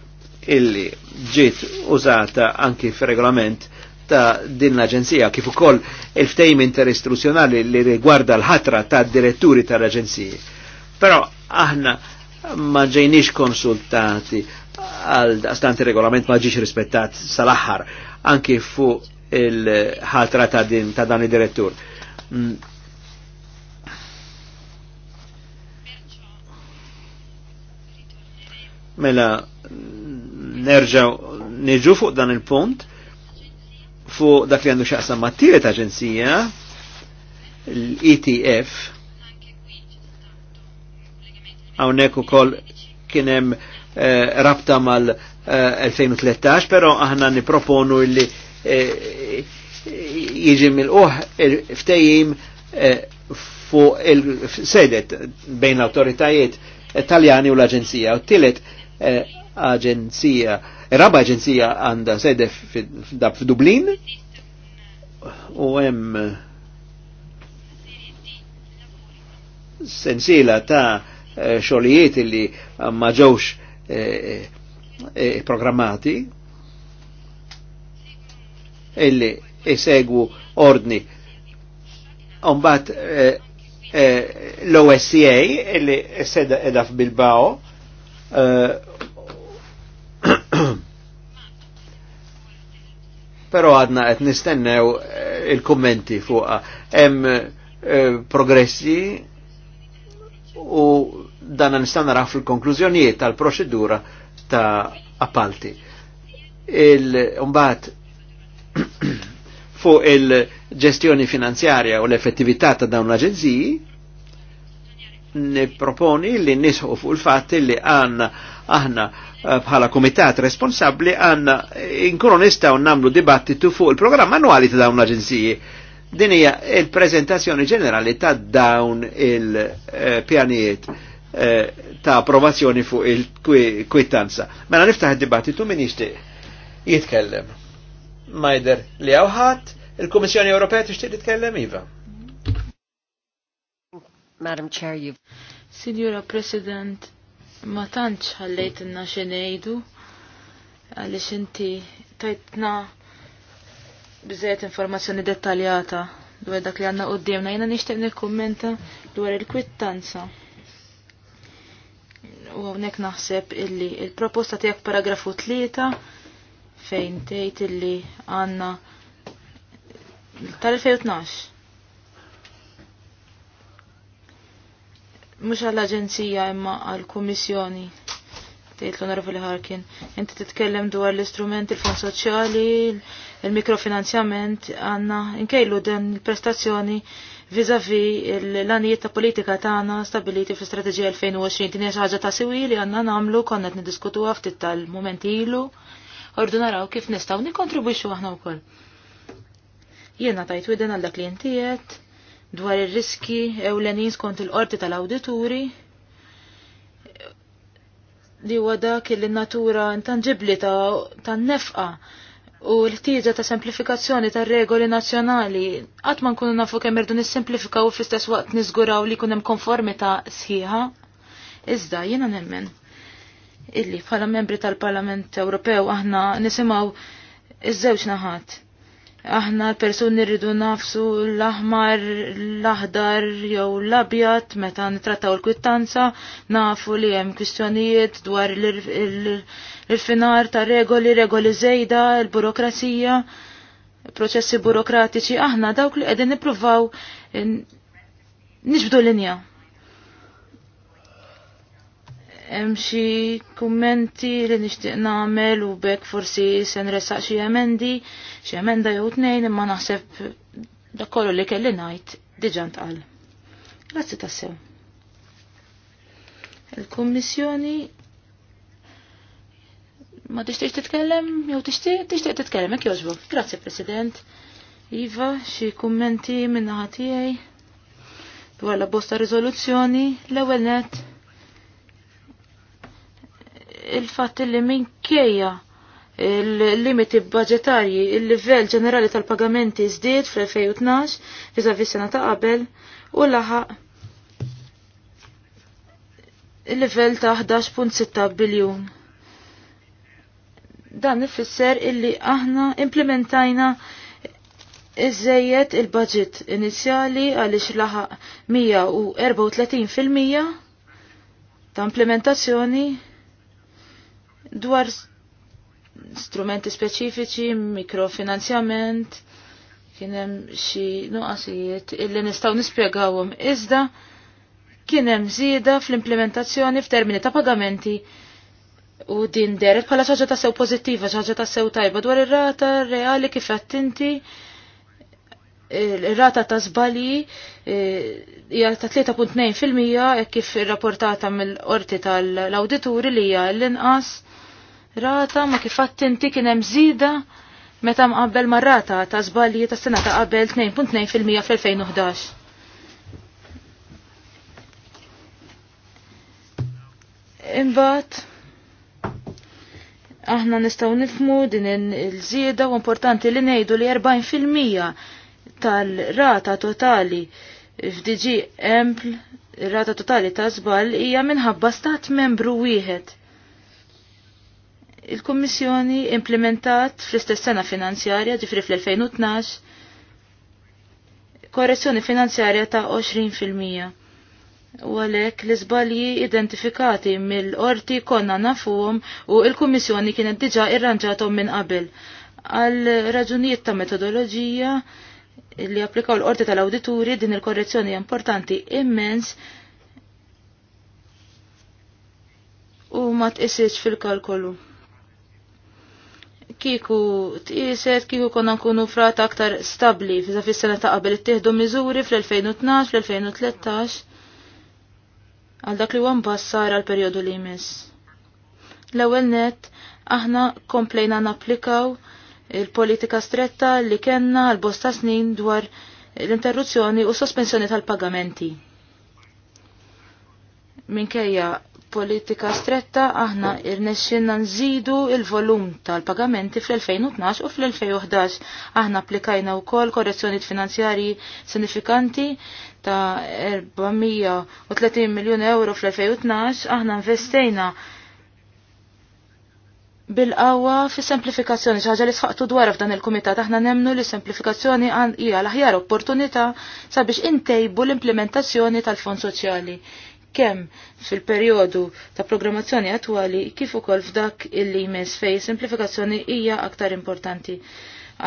illi ġiet użata anki fir-regolament ta' din l-Aġenzija, kif ukoll il-ftejm interistruzzjonali li rigwarda l-ħatra ta' diretturi tal-Aġenziji. Però aħna ma ġejniex konsultati għal stant regolament ma ġiex rispettat sal-aħħar anki fuq il-ħatra ta' din ta' dan id-direttur. Mm. Mela nerġaw niġu fuq dan il-punt fuq dak li għandu xaqsa mat tiret aġenzija l-ETF għawnek u kol kienem Eh, rabta mal-2013, eh, pero aħna niproponu illi eh, jiġi mill-uħ ftejim fuq il-sedet bejn l-autoritajiet taljani u l-Aġenzija. U tillet Aġenzija, raba Aġenzija għanda sede f'Dublin u hemm sensila ta' xogħlijiet li ma ġewx eh, eh, programmati illi isegwu ordni Umbat eh, eh, l-OSCA illi seda edha f'Bilbao eh, (coughs) pero għadna qed nistennew e, il-kommenti fuqa. Hemm e, progressi u dan nistan naraħ fil-konklużjonijiet tal-proċedura ta' appalti. Il-umbat (clears throat) fuq il-ġestjoni finanzjarja u l-effettività ta' dawn l-aġenziji, niproponi li nisħu fuq il-fat li għanna aħna eh, bħala komitat responsabli għanna inkunu nistaw namlu dibattitu fuq il-programm annuali ta' dawn l-aġenziji. Din hija il-prezentazzjoni ġenerali ta' dawn il-pjanijiet. Eh, uh, ta' approvazzjoni fuq il-kwittanza. Mela niftaħ id-dibattitu min jixtieq jitkellem. Majder li għawħat, il-Kummissjoni Ewropea tixtieq titkellem iva. Madam Chair, you've... Signora President, ma tantx ħallejt inna xenejdu għaliex inti tajtna bżejt informazzjoni dettaljata dwar dak li għanna qoddimna. Jena nixtieq nikkummenta dwar il-kwittanza u hawnhekk naħseb illi il-proposta tiegħek paragrafu tlieta fejn tgħid illi għandna tal-2012. Mhux għall-Aġenzija imma għall-Kummissjoni tgħid l-Onorevoli Harkin, inti titkellem dwar l-istrument il-fond soċjali, il-mikrofinanzjament, għandna Inkejlu den il-prestazzjoni. il prestazzjoni vizavi l-għanijiet ta' politika tagħna stabiliti fl-Strateġija 2020 din hija xi ħaġa ta' siwi li għandna nagħmlu konna qed niddiskutuha ftit tal-mument ilu ordu naraw kif nistaw nikontribwixxu aħna wkoll. Jiena tajt widen għal dak li dwar ir-riski ewlenin skont il-qorti tal-awdituri li huwa dak il natura intangibbli tan-nefqa u l-ħtieġa ta' semplifikazzjoni ta' regoli nazzjonali qatt ma nkunu nafu kemm irdu u fl-istess waqt niżguraw li jkun hemm konformità sħiħa. Iżda jiena nemmen illi bħala membri tal-Parlament Ewropew aħna nisimgħu iż-żewġ naħat aħna l-persuni rridu nafsu l-aħmar, l-aħdar jew l-abjat meta nitrattaw l-kwittanza, nafu li hemm kwistjonijiet dwar l-finar ta' regoli, regoli żejda, l-burokrazija, proċessi burokratiċi, aħna dawk li qegħdin nippruvaw niġbdu linja hemm xi kummenti li nixtieq nagħmel u bekk forsi se nresaq xi emendi, xi emenda jew tnejn imma naħseb dak kollu li kelli ngħid diġà ntqal. Grazzi tassew. Il-Kummissjoni ma tixtieq titkellem jew tixtieq tixtieq titkellem hekk jogħġbok. Grazzi President. Iva, xi kummenti minnaħa tiegħi dwar la bosta riżoluzzjoni l-ewwel nett il-fatt li minkejja il-limiti budgetarji il-livell ġenerali tal-pagamenti żdied fl-2012 vis-a-vis sena ta' qabel u laħaq il-livell ta' 11.6 biljun. Dan ifisser illi aħna implementajna iżejjed il-budget inizjali għaliex laħaq 134% ta' implementazzjoni dwar strumenti speċifiċi, mikrofinanzjament, kien hemm xi nuqasijiet illi nistgħu nispjegawhom iżda kien hemm żieda fl-implementazzjoni f'termini ta' pagamenti u din deret bħala xaġa ta' sew pożittiva, xaġa ta' sew tajba dwar ir-rata reali kif attinti ir-rata ta' żbalji eh, hija ta' 3.2 fil-mija kif irrapportata mill-qorti tal-awdituri li hija l-inqas rata ma kifat inti kien hemm meta mqabbel mar-rata ta' żbalji ta' sena ta' qabel 2.2% fil 2011 Imbagħad aħna nistgħu nifmu din il zida u importanti li ngħidu li 40% fil-mija tal-rata totali f'DG Empl, ir-rata totali ta' żball hija minħabba stat membru wieħed Il-Kummissjoni implementat fl-istess sena finanzjarja, ġifri fl-2012, korrezzjoni finanzjarja ta' 20%. U għalek l-izbalji identifikati mill-orti konna nafuhom u il-Kummissjoni kienet diġa irranġatom minn qabel. Għal raġunijiet ta' metodoloġija li applikaw l-orti tal-awdituri din il-korrezzjoni importanti immens u ma tqisitx fil-kalkolu kiku tqiset, kiku konna nkunu frat aktar stabli, fiza fis-sena ta' qabel ittieħdu miżuri fl-2012, fl-2013, għal dak li huwa bassar għal periodu li jmiss. L-ewwel net aħna komplejna napplikaw il-politika stretta li kenna għal bosta snin dwar l-interruzzjoni u sospensjoni tal-pagamenti. Minkejja politika stretta aħna irnexxinna nżidu il-volum tal-pagamenti fl-2012 u fl-2011. Aħna applikajna wkoll korrezzjonijiet finanzjarji sinifikanti ta' 430 miljun euro fl-2012. Aħna investejna bil-qawwa fi semplifikazzjoni ħaġa li sħaqtu dwar f'dan il-kumitat aħna nemnu li semplifikazzjoni hija l-aħjar opportunità sabiex intejbu l-implementazzjoni tal-fond soċjali kemm fil-perjodu ta' programmazzjoni attwali kif ukoll f'dak illi jmiss fej simplifikazzjoni hija aktar importanti.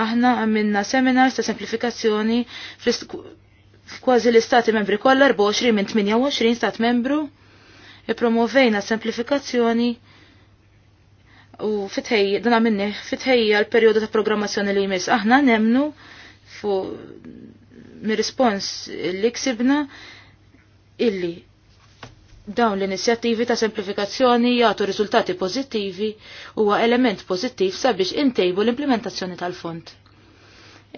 Aħna għamilna seminars ta' semplifikazzjoni f'kważi l-istati membri kollha 24 minn 28 stat membru ippromovejna semplifikazzjoni u fitħej, dana minni, fitħejja l-periodu ta' programmazzjoni li jmiss. Aħna nemnu fu mir-respons li ksibna illi Dawn l-inizjattivi ta' semplifikazzjoni jagħtu riżultati pożittivi huwa element pożittiv sabiex intejbu l-implementazzjoni tal-fond.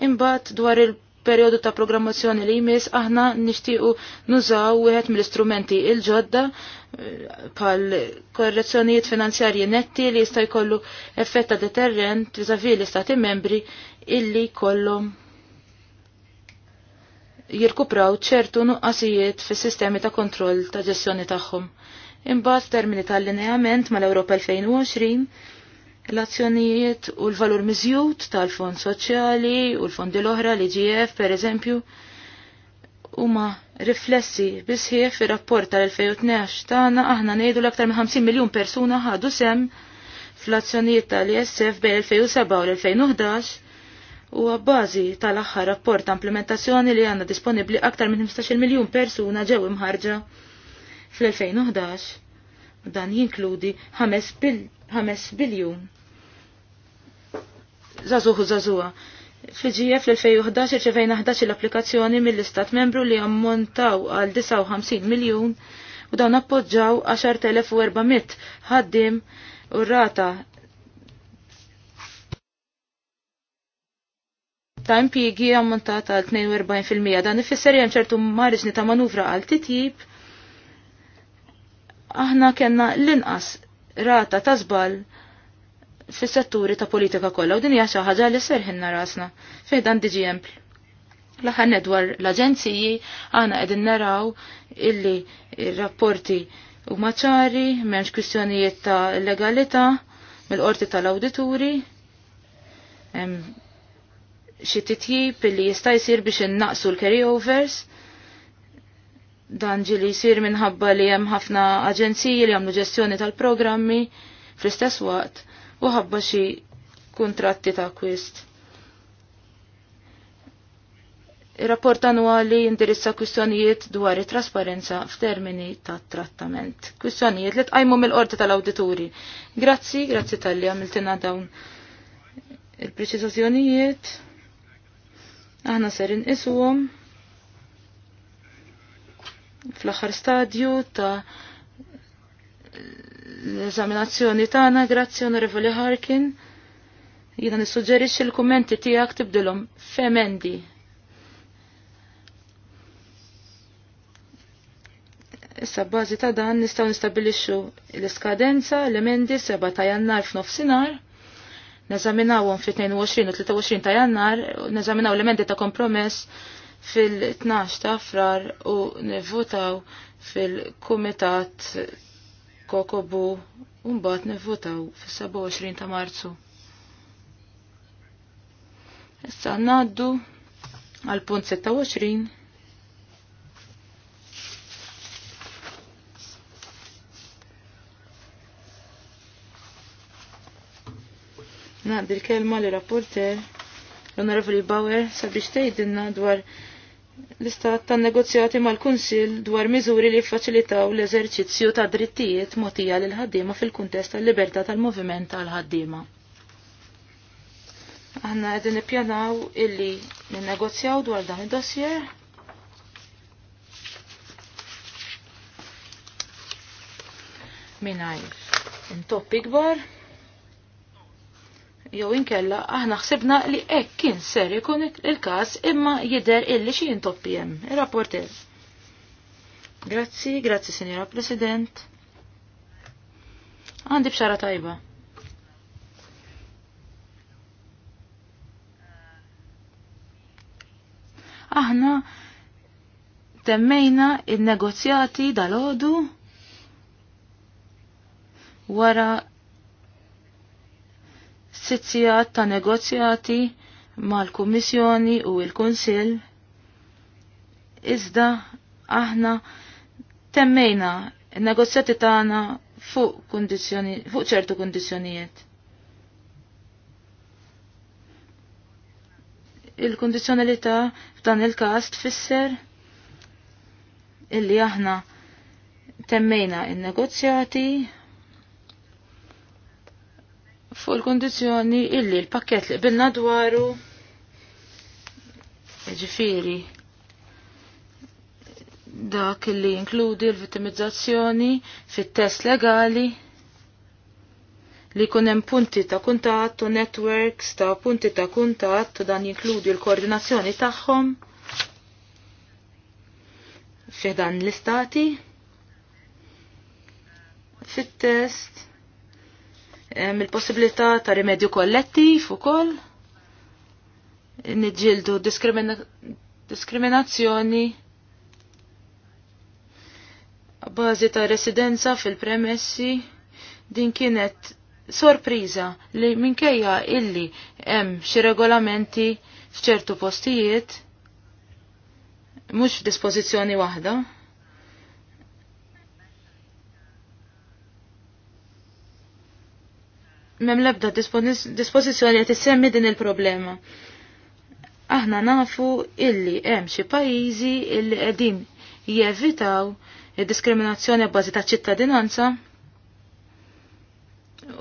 Imbagħad dwar il-perjodu ta' programmazzjoni li jmiss aħna nixtiequ nużaw wieħed mill-istrumenti il-ġodda eh, bħal korrezzjonijiet finanzjarji netti li jista' jkollu effetta deterrent vis-à-vis l-istati membri illi kollhom jirkupraw ċertu nuqqasijiet fis sistemi ta' kontroll ta' ġestjoni tagħhom. Imbagħad termini tal-lineament mal-Ewropa 2020, l-azzjonijiet u l-valur miżjud tal-Fond Soċjali u l-fondi l-oħra l-IGF eżempju huma riflessi bisħieħ fir-rapport tal-2012 tagħna aħna ngħidu l-aktar minn 50 miljun persuna ħadu sem fl-azzjonijiet tal-ISF bejn 2007 u l-2011 u għabbażi tal-aħħar rapport ta' implementazzjoni li għanna disponibli aktar minn 15 miljun persuna ġew imħarġa fl-2011. Dan jinkludi 5, biljun. Zazuhu zazuha. Fiġija fl-2011 ċevejna 11 l-applikazzjoni mill-Istat membru li ammontaw għal 59 miljun u dawn appoġġaw 10.400 ħaddim u rata ta' impjiegi ammontata għal 42% dan ifisser hemm ċertu marġni ta' manuvra għal titjib. Aħna kellna l-inqas rata ta' żball fis-setturi ta' politika kollha u din hija xi ħaġa li serħinna rasna fejn dan diġi jempl. L-aħħar nedwar l-aġenziji aħna qegħdin naraw illi il rapporti u huma ċari, m'hemmx kwistjonijiet ta' legalità mill-qorti tal-awdituri, xi titjib li jista' jsir biex innaqsu l-carryovers dan ġili jsir minħabba li hemm ħafna aġenziji li għamlu ġestjoni tal-programmi fl-istess waqt u ħabba xi kuntratti ta' kwist. Ir-rapport annwali jindirissa kwistjonijiet dwar it-trasparenza f'termini ta' trattament. Kwistjonijiet li tqajmu mill-qorti tal-awdituri. Grazzi, grazzi tal-li għamiltina dawn il-preċizazzjonijiet aħna ser inqisuhom fl-aħħar stadju ta' l-eżaminazzjoni tagħna grazzi Onorevoli Harkin. Jiena nissuġġerixxi l-kummenti tiegħek tibdilhom femendi. Issa bbażi ta' dan nistgħu nistabbilixxu l-iskadenza l-emendi seba' ta' jannar f'nofsinhar neżaminawhom fit-22 u 23 ta' jannar, neżaminaw l-emendi ta' kompromess fil-12 ta' frar u nivvutaw fil-kumitat Kokobu u mbagħad nivvutaw fis-27 ta' Marzu. Issa ngħaddu għal punt 26 Naqdi l-kelma li rapporter l-Onorevoli Bauer sabiex tgħidilna dwar l-istat tan negozjati mal-Kunsill dwar miżuri li faċilitaw l-eżerċizzju ta' drittijiet mogħtija lil ħaddiema fil-kuntest tal-libertà tal-moviment tal-ħaddiema. Aħna qegħdin nippjanaw illi ninnegozjaw dwar dan id-dossier mingħajr intoppi bar jew inkella aħna ħsibna li hekk kien ser ikun il-każ imma jidher illi xi intoppi hemm. Ir-rapporter. Grazzi, grazzi Sinjora President. Għandi bxara tajba. Aħna temmejna il-negozjati dal-ħodu wara sitzijat ta' negozjati mal-Kummissjoni u l-Kunsill. Iżda aħna temmejna negozjati tagħna fuq kondizjoni, fuq ċertu kondizjonijiet. Il-kondizjonalità f'dan il-każ tfisser illi aħna temmejna in-negozjati il fuq il-kondizjoni illi l-pakket li qbilna dwaru ġifiri dak illi jinkludi l-vittimizzazzjoni fit-test legali li kunem punti ta' kuntat u networks ta' punti ta' kuntat u dan jinkludi l-koordinazzjoni tagħhom fiħdan l-istati fit-test il-possibilità ta' rimedju kollettiv ukoll niġġieldu nidġildu diskriminazzjoni bazi ta' residenza fil-premessi din kienet sorpriża li minkejja illi hemm xi regolamenti f'ċertu postijiet mhux f'dispożizzjoni waħda. mem lebda dispożizzjoni qed issemmi din il-problema. Aħna nafu illi hemm xi pajjiżi illi qegħdin jevitaw id-diskriminazzjoni bbażi ta' ċittadinanza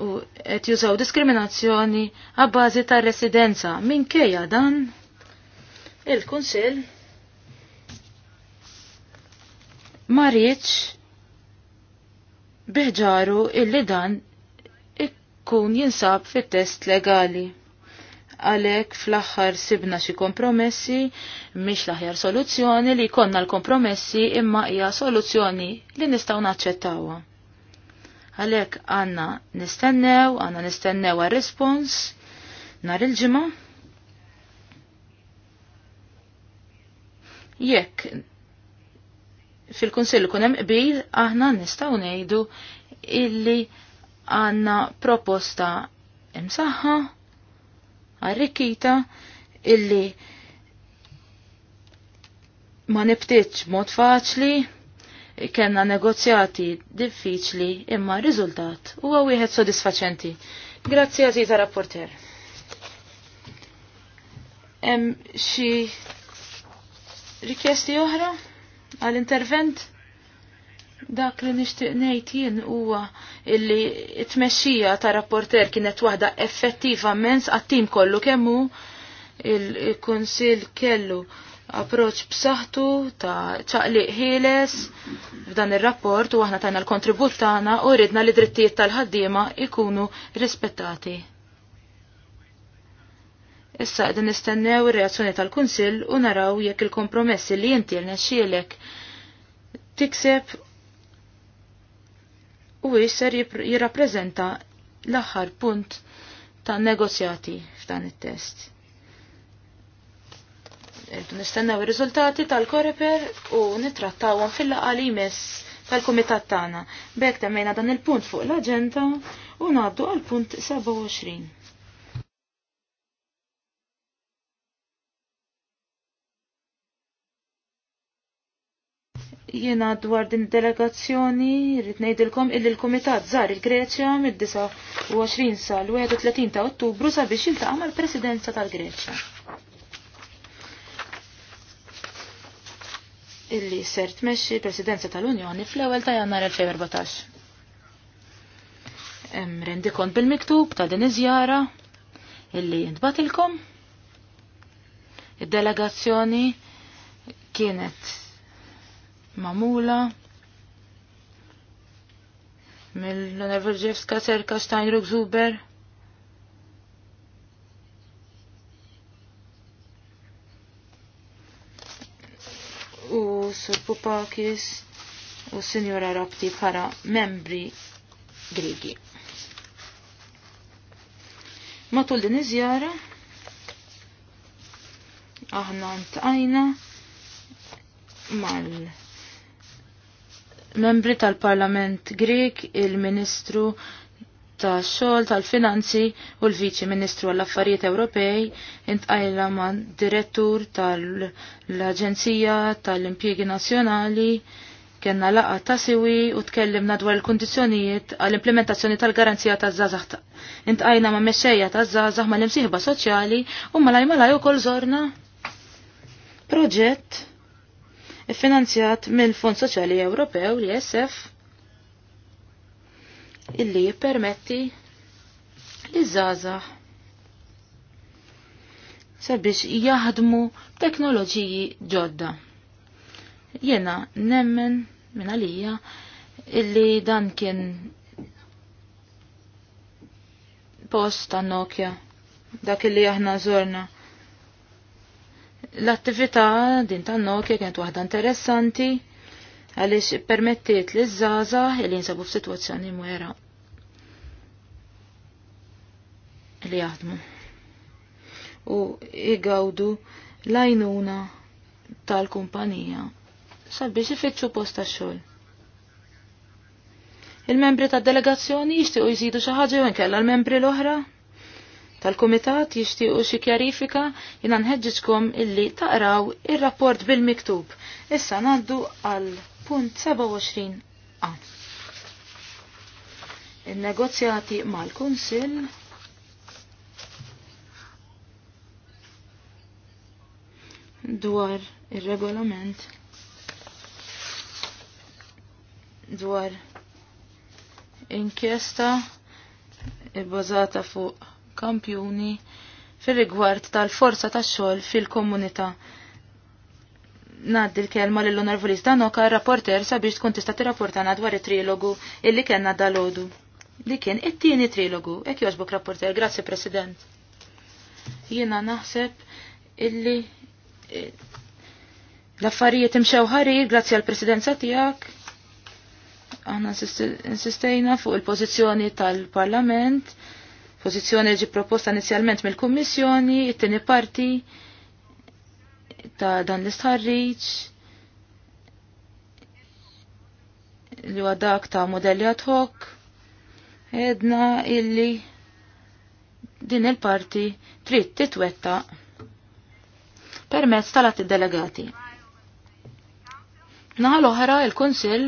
u qed jużaw diskriminazzjoni għabbażi ta' residenza. Minkejja dan il-Kunsill ma biħġaru illi dan kun jinsab fit-test legali. Għalek fl-axħar sibna xi kompromessi, mhix l-aħjar soluzzjoni li konna l-kompromessi imma hija soluzzjoni li nistgħu naċċettawha. Għalek għanna nistennew, għanna nistennew għal-respons nar il-ġimgħa. Jekk fil-Kunsill kunem hemm qbil aħna nistgħu ngħidu illi għanna proposta imsaħħa għarrikita illi ma nibtitx mod faċli kena negozjati diffiċli imma riżultat huwa wieħed sodisfaċenti. Grazzi għazita rapporter. Hemm xi rikjesti oħra għall-intervent? Dak li nixtieq ngħid jien huwa illi t-tmexxija ta' rapporter kienet waħda effettiva mens għat-tim kollu kemm hu il-Kunsill kellu approċ b'saħħtu ta' ċaqliq ħieles f'dan ir-rapport u aħna tajna l-kontribut tagħna u ridna li drittijiet tal-ħaddiema ikunu rispettati. Issa qegħdin nistennew ir-reazzjoni tal-Kunsill u naraw jekk il-kompromessi li inti rnexxielek tikseb u jisser jirrappreżenta l-aħħar punt ta' negozjati f'dan it-test. Irdu nistennew ir-riżultati tal-koreper u nittrattawhom fil-laqgħa li jmiss tal-kumitat tagħna. B'hekk temmejna dan il-punt fuq l-aġenda u ngħaddu għal punt 27. Jiena dwar din delegazzjoni rrid ngħidilkom illi l-Kumitat żar il-Greċja mid-29 sa 31 ta' Ottubru sabiex jiltaqa' mal-Presidenza tal-Greċja. Illi ser tmexxi presidenza tal-Unjoni fl-ewwel ta' Jannar 2014. Hemm rendi bil-miktub ta' din iżjara illi ntbatilkom. Id-delegazzjoni kienet mamula mill-Nerverġevska Serka Steinrug Zuber. U Sur Pupakis u Sinjora Rapti para membri Grigi. Matul din iżjara aħna ntqajna mal- membri tal-Parlament Grek, il-Ministru ta' xogħol tal-Finanzi u l-Viċi Ministru għall-Affarijiet Ewropej intqajla ma' direttur tal-Aġenzija tal-Impjiegi Nazzjonali kena laqa ta' siwi u tkellimna dwar il-kundizzjonijiet għall-implementazzjoni tal-garanzija ta' zazax. Intqajna ma' mesċeja ta' zazax mal-imsieħba soċjali u laj u kol żorna proġett finanzjat mill-Fond Soċjali Ewropew li jessef illi jippermetti li zaza sabiex jaħdmu teknoloġiji ġodda. Jena nemmen minn għalija illi dan kien post ta' Nokia, dak illi aħna zorna. L-attività din tan Nokia kienet waħda interessanti għaliex permettiet li zaza li jinsabu f'sitwazzjoni mwera li jaħdmu. U igawdu lajnuna tal-kumpanija sabiex ifittxu posta xogħol. Il-membri tad-delegazzjoni jixtiequ jżidu xi ħaġa jew inkella l-membri l-oħra tal-Kumitat jixtiequ xi kjarifika jiena nħeġġiġkom illi taqraw ir-rapport bil-miktub. Issa ngħaddu għal punt 27 A. Il-negozjati mal-Kunsill dwar ir-regolament dwar inkjesta bazata fuq kampjuni fil-rigward tal-forza tax-xogħol fil-komunità. Naddi l-kelma l onorvoli Zdanoka, rapporter sabiex tkun tista' tirrapportana dwar it-trilogu illi kellna dalodu. Li kien it-tieni trilogu, hekk jogħġbok rapporter, grazzi President. Jiena naħseb illi eh, l-affarijiet imxew ħarir grazzi għall presidenza tiegħek. Aħna insistejna fuq il-pożizzjoni tal-Parlament Pożizzjoni li ġi proposta inizjalment mill-Kummissjoni, it-tieni parti ta' dan l-istħarriġ li huwa dak ta' modelli ad hoc edna illi din il-parti trid titwetta permezz tal-atti delegati. Naħal oħra il-Kunsill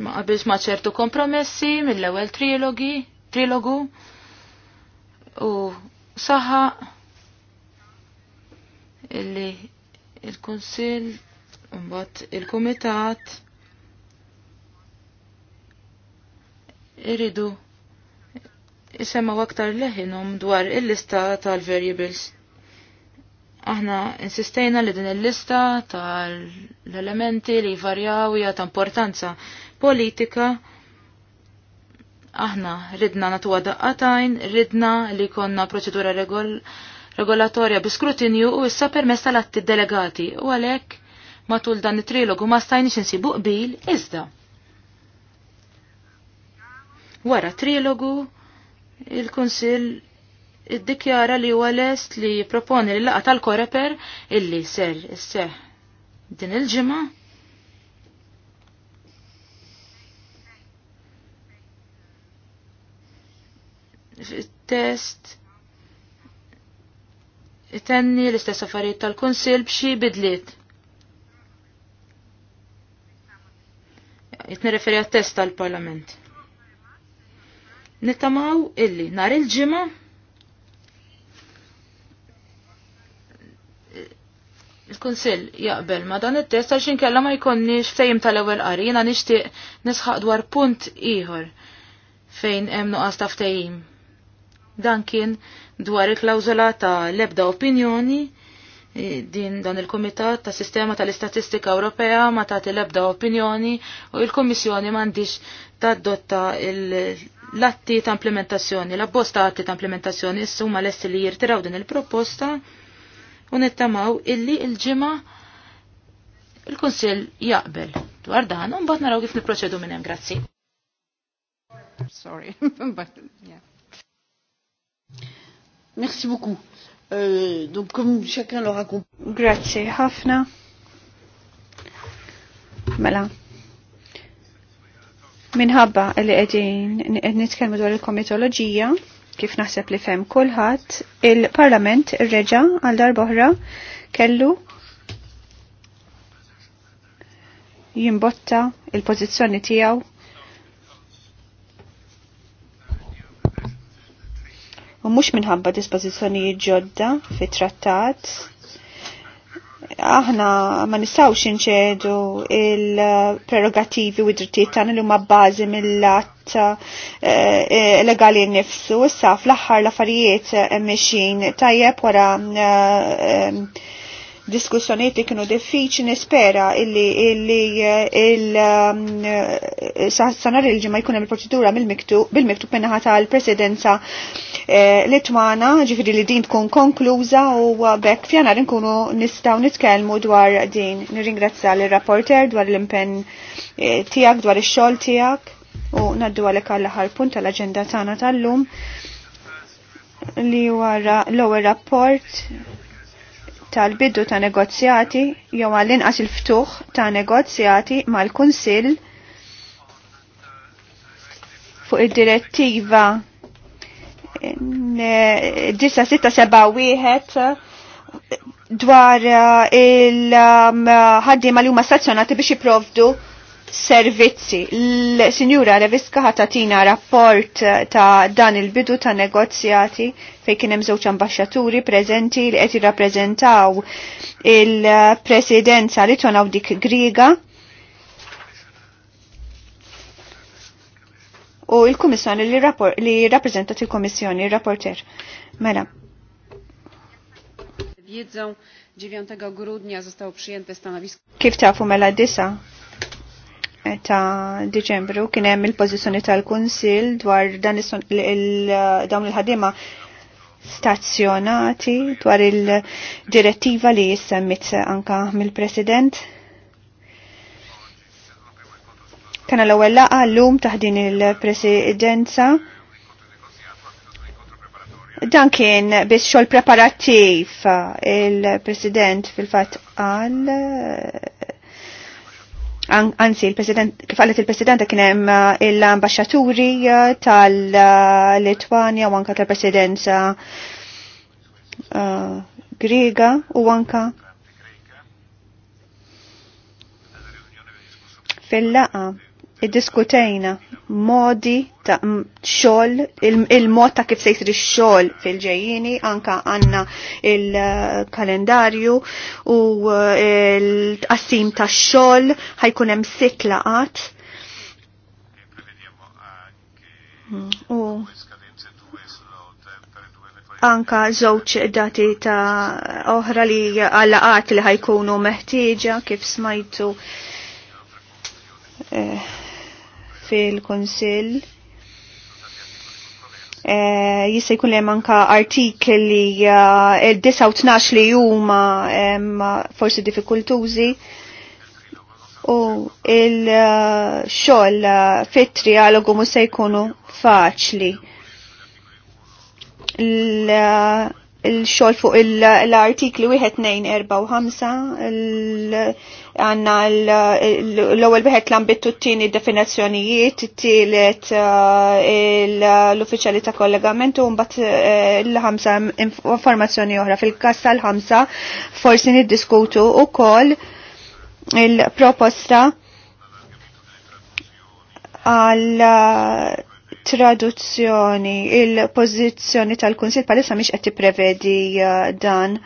ma qabilx ma ċertu kompromessi mill-ewwel trilogi, trilogu u saħħa illi il-Kunsill mbagħad il-Kumitat iridu isemma' aktar leħinhom dwar il-lista tal-variables. Aħna insistejna li din il-lista tal-elementi li varjaw hija ta' importanza politika aħna ridna natuwa daqqatajn, ridna li konna proċedura regol regolatorja bi skrutinju u issa permess tal-atti delegati u għalek matul dan it-trilogu ma stajniex insibu qbil iżda. Wara trilogu il-Kunsill iddikjara li huwa lest li proponi l-laqa tal-Koreper illi ser isseħ din il-ġimgħa test tenni l-istess affarijiet tal-Kunsill b'xi bidliet. Jitni referi għat-test tal-Parlament. Nittamaw illi nar il-ġimgħa il-Kunsill jaqbel ma dan it-test għal kella ma jkonniex fejm tal-ewwel qari jiena nixtieq nisħaq dwar punt ieħor fejn hemm nuqqas ta' Dan kien dwar il-klawzola ta' lebda opinjoni e, din dan il-Kumitat ta' Sistema tal-Istatistika Ewropea ma tagħti lebda opinjoni u l-Kummissjoni m'għandix tadotta l-atti ta' implementazzjoni, la' bosta atti ta' implementazzjoni issu ma lesti li jirtiraw din il-proposta u nittamaw illi il-ġimgħa il-Kunsill jaqbel dwar dan un bat naraw kif niproċedu minn hemm. Grazzi. Sorry, (laughs) but yeah. Merci beaucoup. Euh, donc, comme chacun l'aura compris. Grazie, Hafna. Mela. Minħabba li qegħdin nitkellmu dwar il-komitoloġija, kif naħseb li fem kulħadd, il-Parlament ir-reġa għal darb'oħra kellu jimbotta il-pożizzjoni tiegħu u mhux minħabba dispożizzjonijiet ġodda fit-trattat aħna ma nistawx inċedu il-prerogativi u id-drittijiet tagħna li huma bbażi mill-att eh, eh, legali nnifsu issa fl-aħħar l-affarijiet mexjin tajjeb wara eh, diskussjoniet li kienu diffiċ nispera illi illi um, sanar il-ġimma jkun hemm il-proċedura bil-miktub minnaħa tal-presidenza eh, Litwana, ġifiri li din tkun konkluża u bekk fjanar nkunu nistgħu nitkellmu dwar din. Nirringrazzja l-rapporter dwar l-impenn eh, tiegħek dwar ix-xogħol tiegħek u naddu għalek għall-ħar punt tal-agenda tagħna tal-lum li wara l-ewwel rapport tal biddu ta' negozjati jew għall-inqas il-ftuħ ta' negozjati mal-Kunsill fuq id-direttiva 9671 dwar il-ħaddiema li huma stazzjonati biex jipprovdu servizzi. L-Sinjura Reviska ħatatina rapport eh, ta' dan il-bidu ta' negozjati fej kien hemm żewġ ambasċaturi preżenti li qed jirrappreżentaw il-Presidenza li tonaw dik Griga. U il-Kummissjoni li, li rappreżentat il-Kummissjoni, il-rapporter. Mela. Wiedzą 9 grudnia zostało przyjęte stanowisko. Kif tafu mela disa? ta' Diċembru kien hemm il-pożizzjoni tal-Kunsill dwar dan dawn il-ħadima stazzjonati dwar il-direttiva li jissemmit anka mill-President. Kana l-ewwel laqa llum taħdin il-Presidenza Dan kien biex xogħol preparattiv il-President fil fatt għal anzi il-President kif qalet il-Presidenta kien hemm eh, l ambasċaturi eh, tal-Litwanja u anka tal-Presidenza eh, Griega u anka fil-laqa iddiskutejna modi ta' xol, il-mod ta' kif se jsir xogħol fil-ġejjini, anka għandna il-kalendarju u eh, l-qasim ta' xogħol ħajkun hemm sitt laqat. U anka żewġ dati ta' oħra li għallaqat li ħajkunu meħtieġa kif smajtu. Eh, fil-Konsil eh, jista' jkun hemm anke artikli eh, il-19 li huma forsi diffikultużi u il eh, xol fit-trialogu mhux se jkunu faċli. il xol fuq l-artikli 1, 2, 4 u 5 għanna l-ewwel wieħed l-ambittu t-tieni definazzjonijiet, it-tielet eh, l uffiċali ta' kollegament u mbagħad eh, l-ħamsa informazzjoni oħra. Fil-każ tal-ħamsa forsi niddiskutu wkoll il-proposta għal eh, traduzzjoni, il-pozizjoni tal-Kunsil palissa miex qed tipprevedi dan.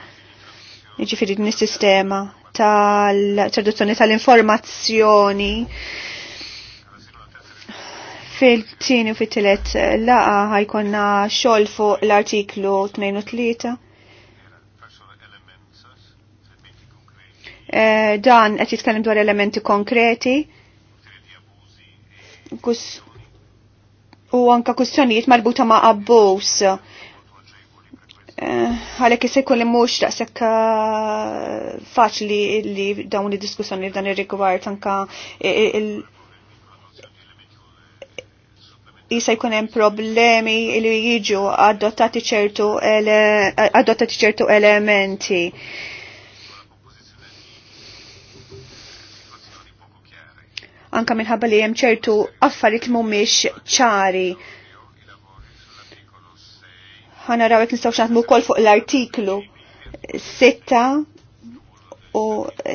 Ġifiri din is-sistema tal-traduzzjoni tal-informazzjoni fil-tini u fil-tilet laqa ħajkonna xol fuq l-artiklu 2 eh, dan qed jitkellem dwar elementi konkreti. u anka kustjonijiet marbuta ma' abbuż għalek jisaj kolli mux daqsek uh, faċli li dawn id-diskussjoni dan ir-rigward anka il- jisa jkun hemm problemi li jiġu adottati ċertu adottati ċertu elementi. Anka minħabba li hemm ċertu affarijiet mhumiex ċari ħanaraw jek nistaw xnaħdmu kol fuq l-artiklu 6 u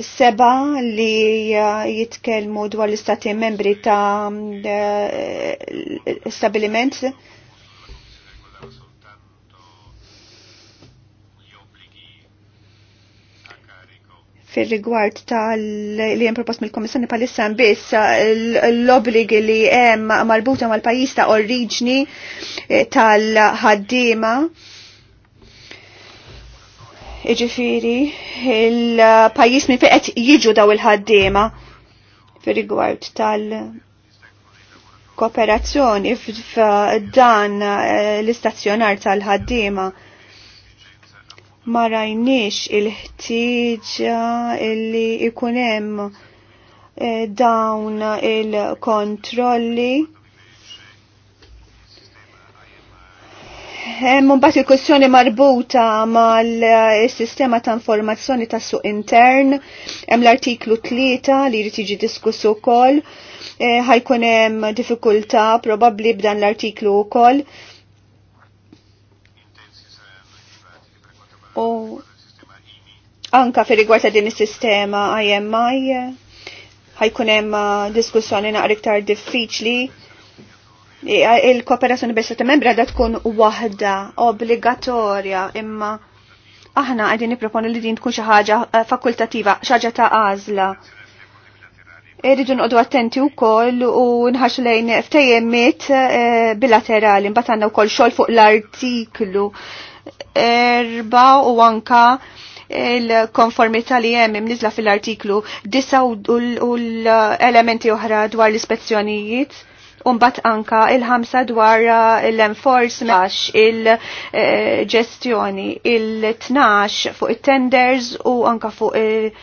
7 li uh, jitkelmu dwar l-istati membri ta' um, uh, stabiliment. fil-rigward ta' li jem propost mill-Komissjoni palissa bis uh, l-obligi li jem marbuta mal-pajis ta' oriġni tal-ħaddima iġifiri il-pajis minn feqet jiġu daw il-ħaddima fi rigward tal-kooperazzjoni f'dan eh, l-istazzjonar tal-ħaddima ma rajniex il-ħtieġa illi ikunem eh, dawn il-kontrolli Mbagħad il kussjoni marbuta mal-sistema ta' informazzjoni tas suq intern, hemm l-artiklu 3 li jrid jiġi diskuss ukoll, eh, ħajkun hemm diffikultà probabbli b'dan l-artiklu wkoll. U anka fi rigward din is-sistema IMI ħajkun hemm diskussjoni naqra iktar diffiċli il-kooperazzjoni bejn stati membri għadha tkun waħda obbligatorja imma aħna għadin niproponu li din tkun xi ħaġa eh, fakultattiva, xi ħaġa ta' għażla. Irridu nqodu attenti wkoll u nħarx lejn ftejjemiet eh, bilaterali mbagħad għandna wkoll xogħol fuq l-artiklu erba' u anka il-konformità li hemm imniżla fil-artiklu disa u l-elementi oħra dwar l-ispezzjonijiet Umbat anka il-ħamsa dwar l-enforcement, il-ġestjoni, il-12 fuq il-tenders u anka fuq il-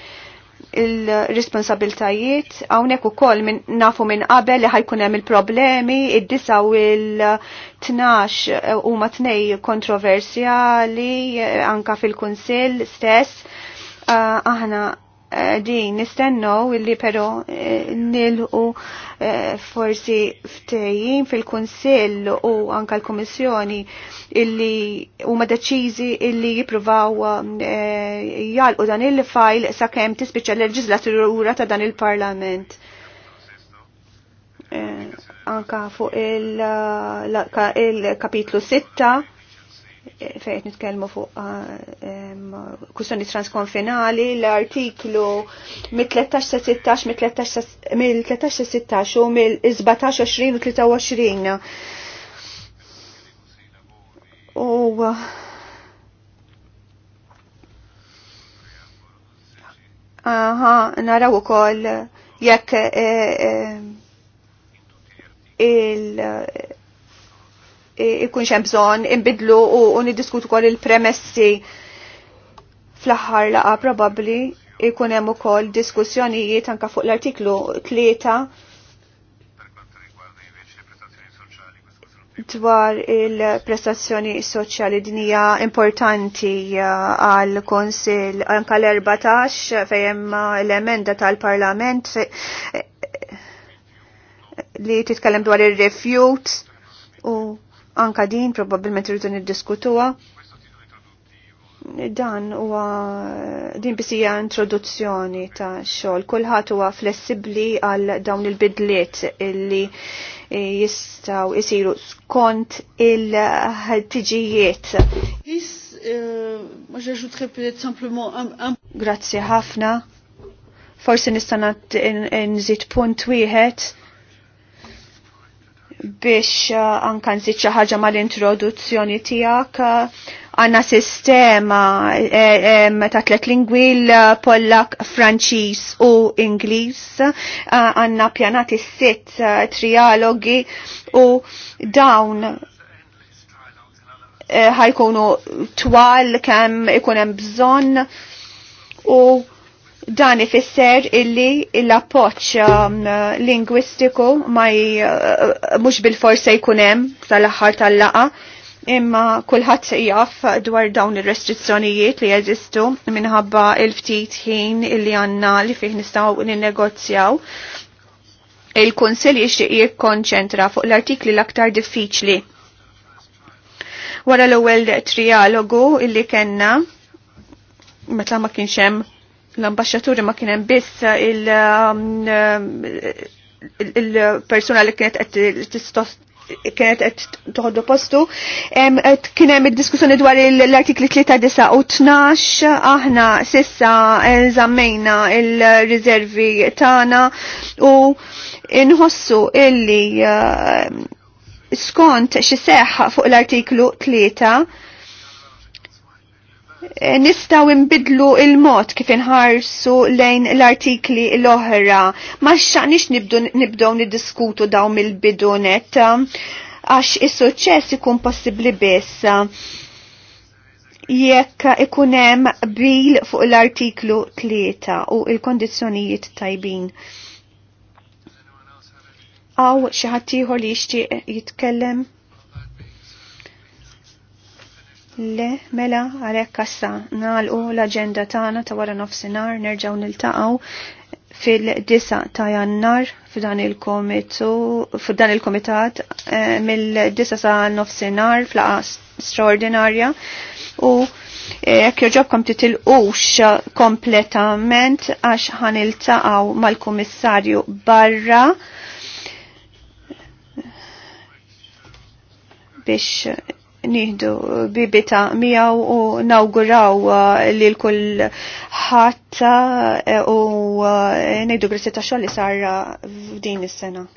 responsabiltajiet għawnek u kol min, nafu minn qabel li ħajkun hemm il-problemi, id-disa u il-12 u matnej kontroversjali eh, anka fil-kunsil stess. Uh, aħna din nistennu illi pero eh, nilħu eh, forsi ftejjin fil-Kunsill u anka l-Kummissjoni illi huma deċiżi illi jippruvaw eh, jalqu dan il-fajl sakemm tispiċċa l-leġislatura ta' dan il-Parlament anka fuq il-kapitlu 6 fejt nitkelmu fuq ah, kwistjoni transkonfinali l-artiklu mit-13 sa 16, mit-13 sa 16 u mill-17, 23 u 23. U Aha, naraw u koll jekk eh, eh, il ikunx hemm bżonn inbidlu u niddiskutu wkoll il-premessi fl-aħħar laqa probabbli ikun hemm ukoll diskussjonijiet anke fuq l-artiklu 3 dwar il-prestazzjoni soċjali din hija importanti uh, għal konsil anka l-14 fejn l-emenda tal-Parlament li titkellem dwar ir-refute u Anka din probabbilment irridu niddiskutuha. Dan huwa din hija introduzzjoni ta' xogħol. Kulħadd huwa flessibbli għal dawn il-bidliet illi jistgħu jsiru skont il-ħtiġijiet. Eh, Grazzi ħafna. Forsi nista' nżid punt wieħed biex eh, anka nsit xi ħaġa mal-introduzzjoni tiegħek eh, għandna sistema eh, ta' tliet lingwi l-Pollak, Franċiż u Ingliż. Għandna pjanati sitt trialogi u dawn ħajkunu twal kemm ikun hemm bżonn u Dan ifisser illi l-appoċ um, lingwistiku ma uh, mux bil-forsa jkunem tal-axħar tal-laqa imma kulħadd jaf dwar dawn ir-restrizzjonijiet li jeżistu minħabba il-ftit ħin illi għandna li fih nistgħu ninnegozjaw. Il-Kunsill jixtieq jikkonċentra fuq l-artikli l-aktar diffiċli. Wara l-ewwel trialogu illi kenna meta ma kienx hemm l-ambasċaturi ma kienem biss il-persona um, li kienet qed kienet għed toħoddu postu. Kien hemm id-diskussjoni dwar l-artikli 39 u 12 aħna sissa żammejna eh, il-riservi tagħna u inħossu illi eh, skont xi seħħ fuq l-artiklu 3 Eh, nistaw imbidlu il-mod kif inħarsu lejn l-artikli l-oħra. Ma xaqnix nibdow nidiskutu daw mill-bidunet, eh, għax is-suċċess ikun possibli biss jekk ikunem bil fuq l-artiklu 3 u il-kondizjonijiet tajbin. ħadd xaħatiħor li jixtieq jitkellem? Le, mela, għalek kassa, nalqu l-agenda tagħna ta' wara nofsinhar nerġgħu niltaqgħu fil disa ta' jannar f'dan il-komitu f'dan il-komitat eh, mill disa sa' nofsinhar flaqa straordinarja u eh, jekk kom titil titilqux kompletament għax ħaniltaqgħu mal-kummissarju barra biex nieħdu bibita miegħu u nawguraw uh, li l-kull ħatta uh, u uh, ngħidu grissi tax-xogħol li sar f'din is-sena.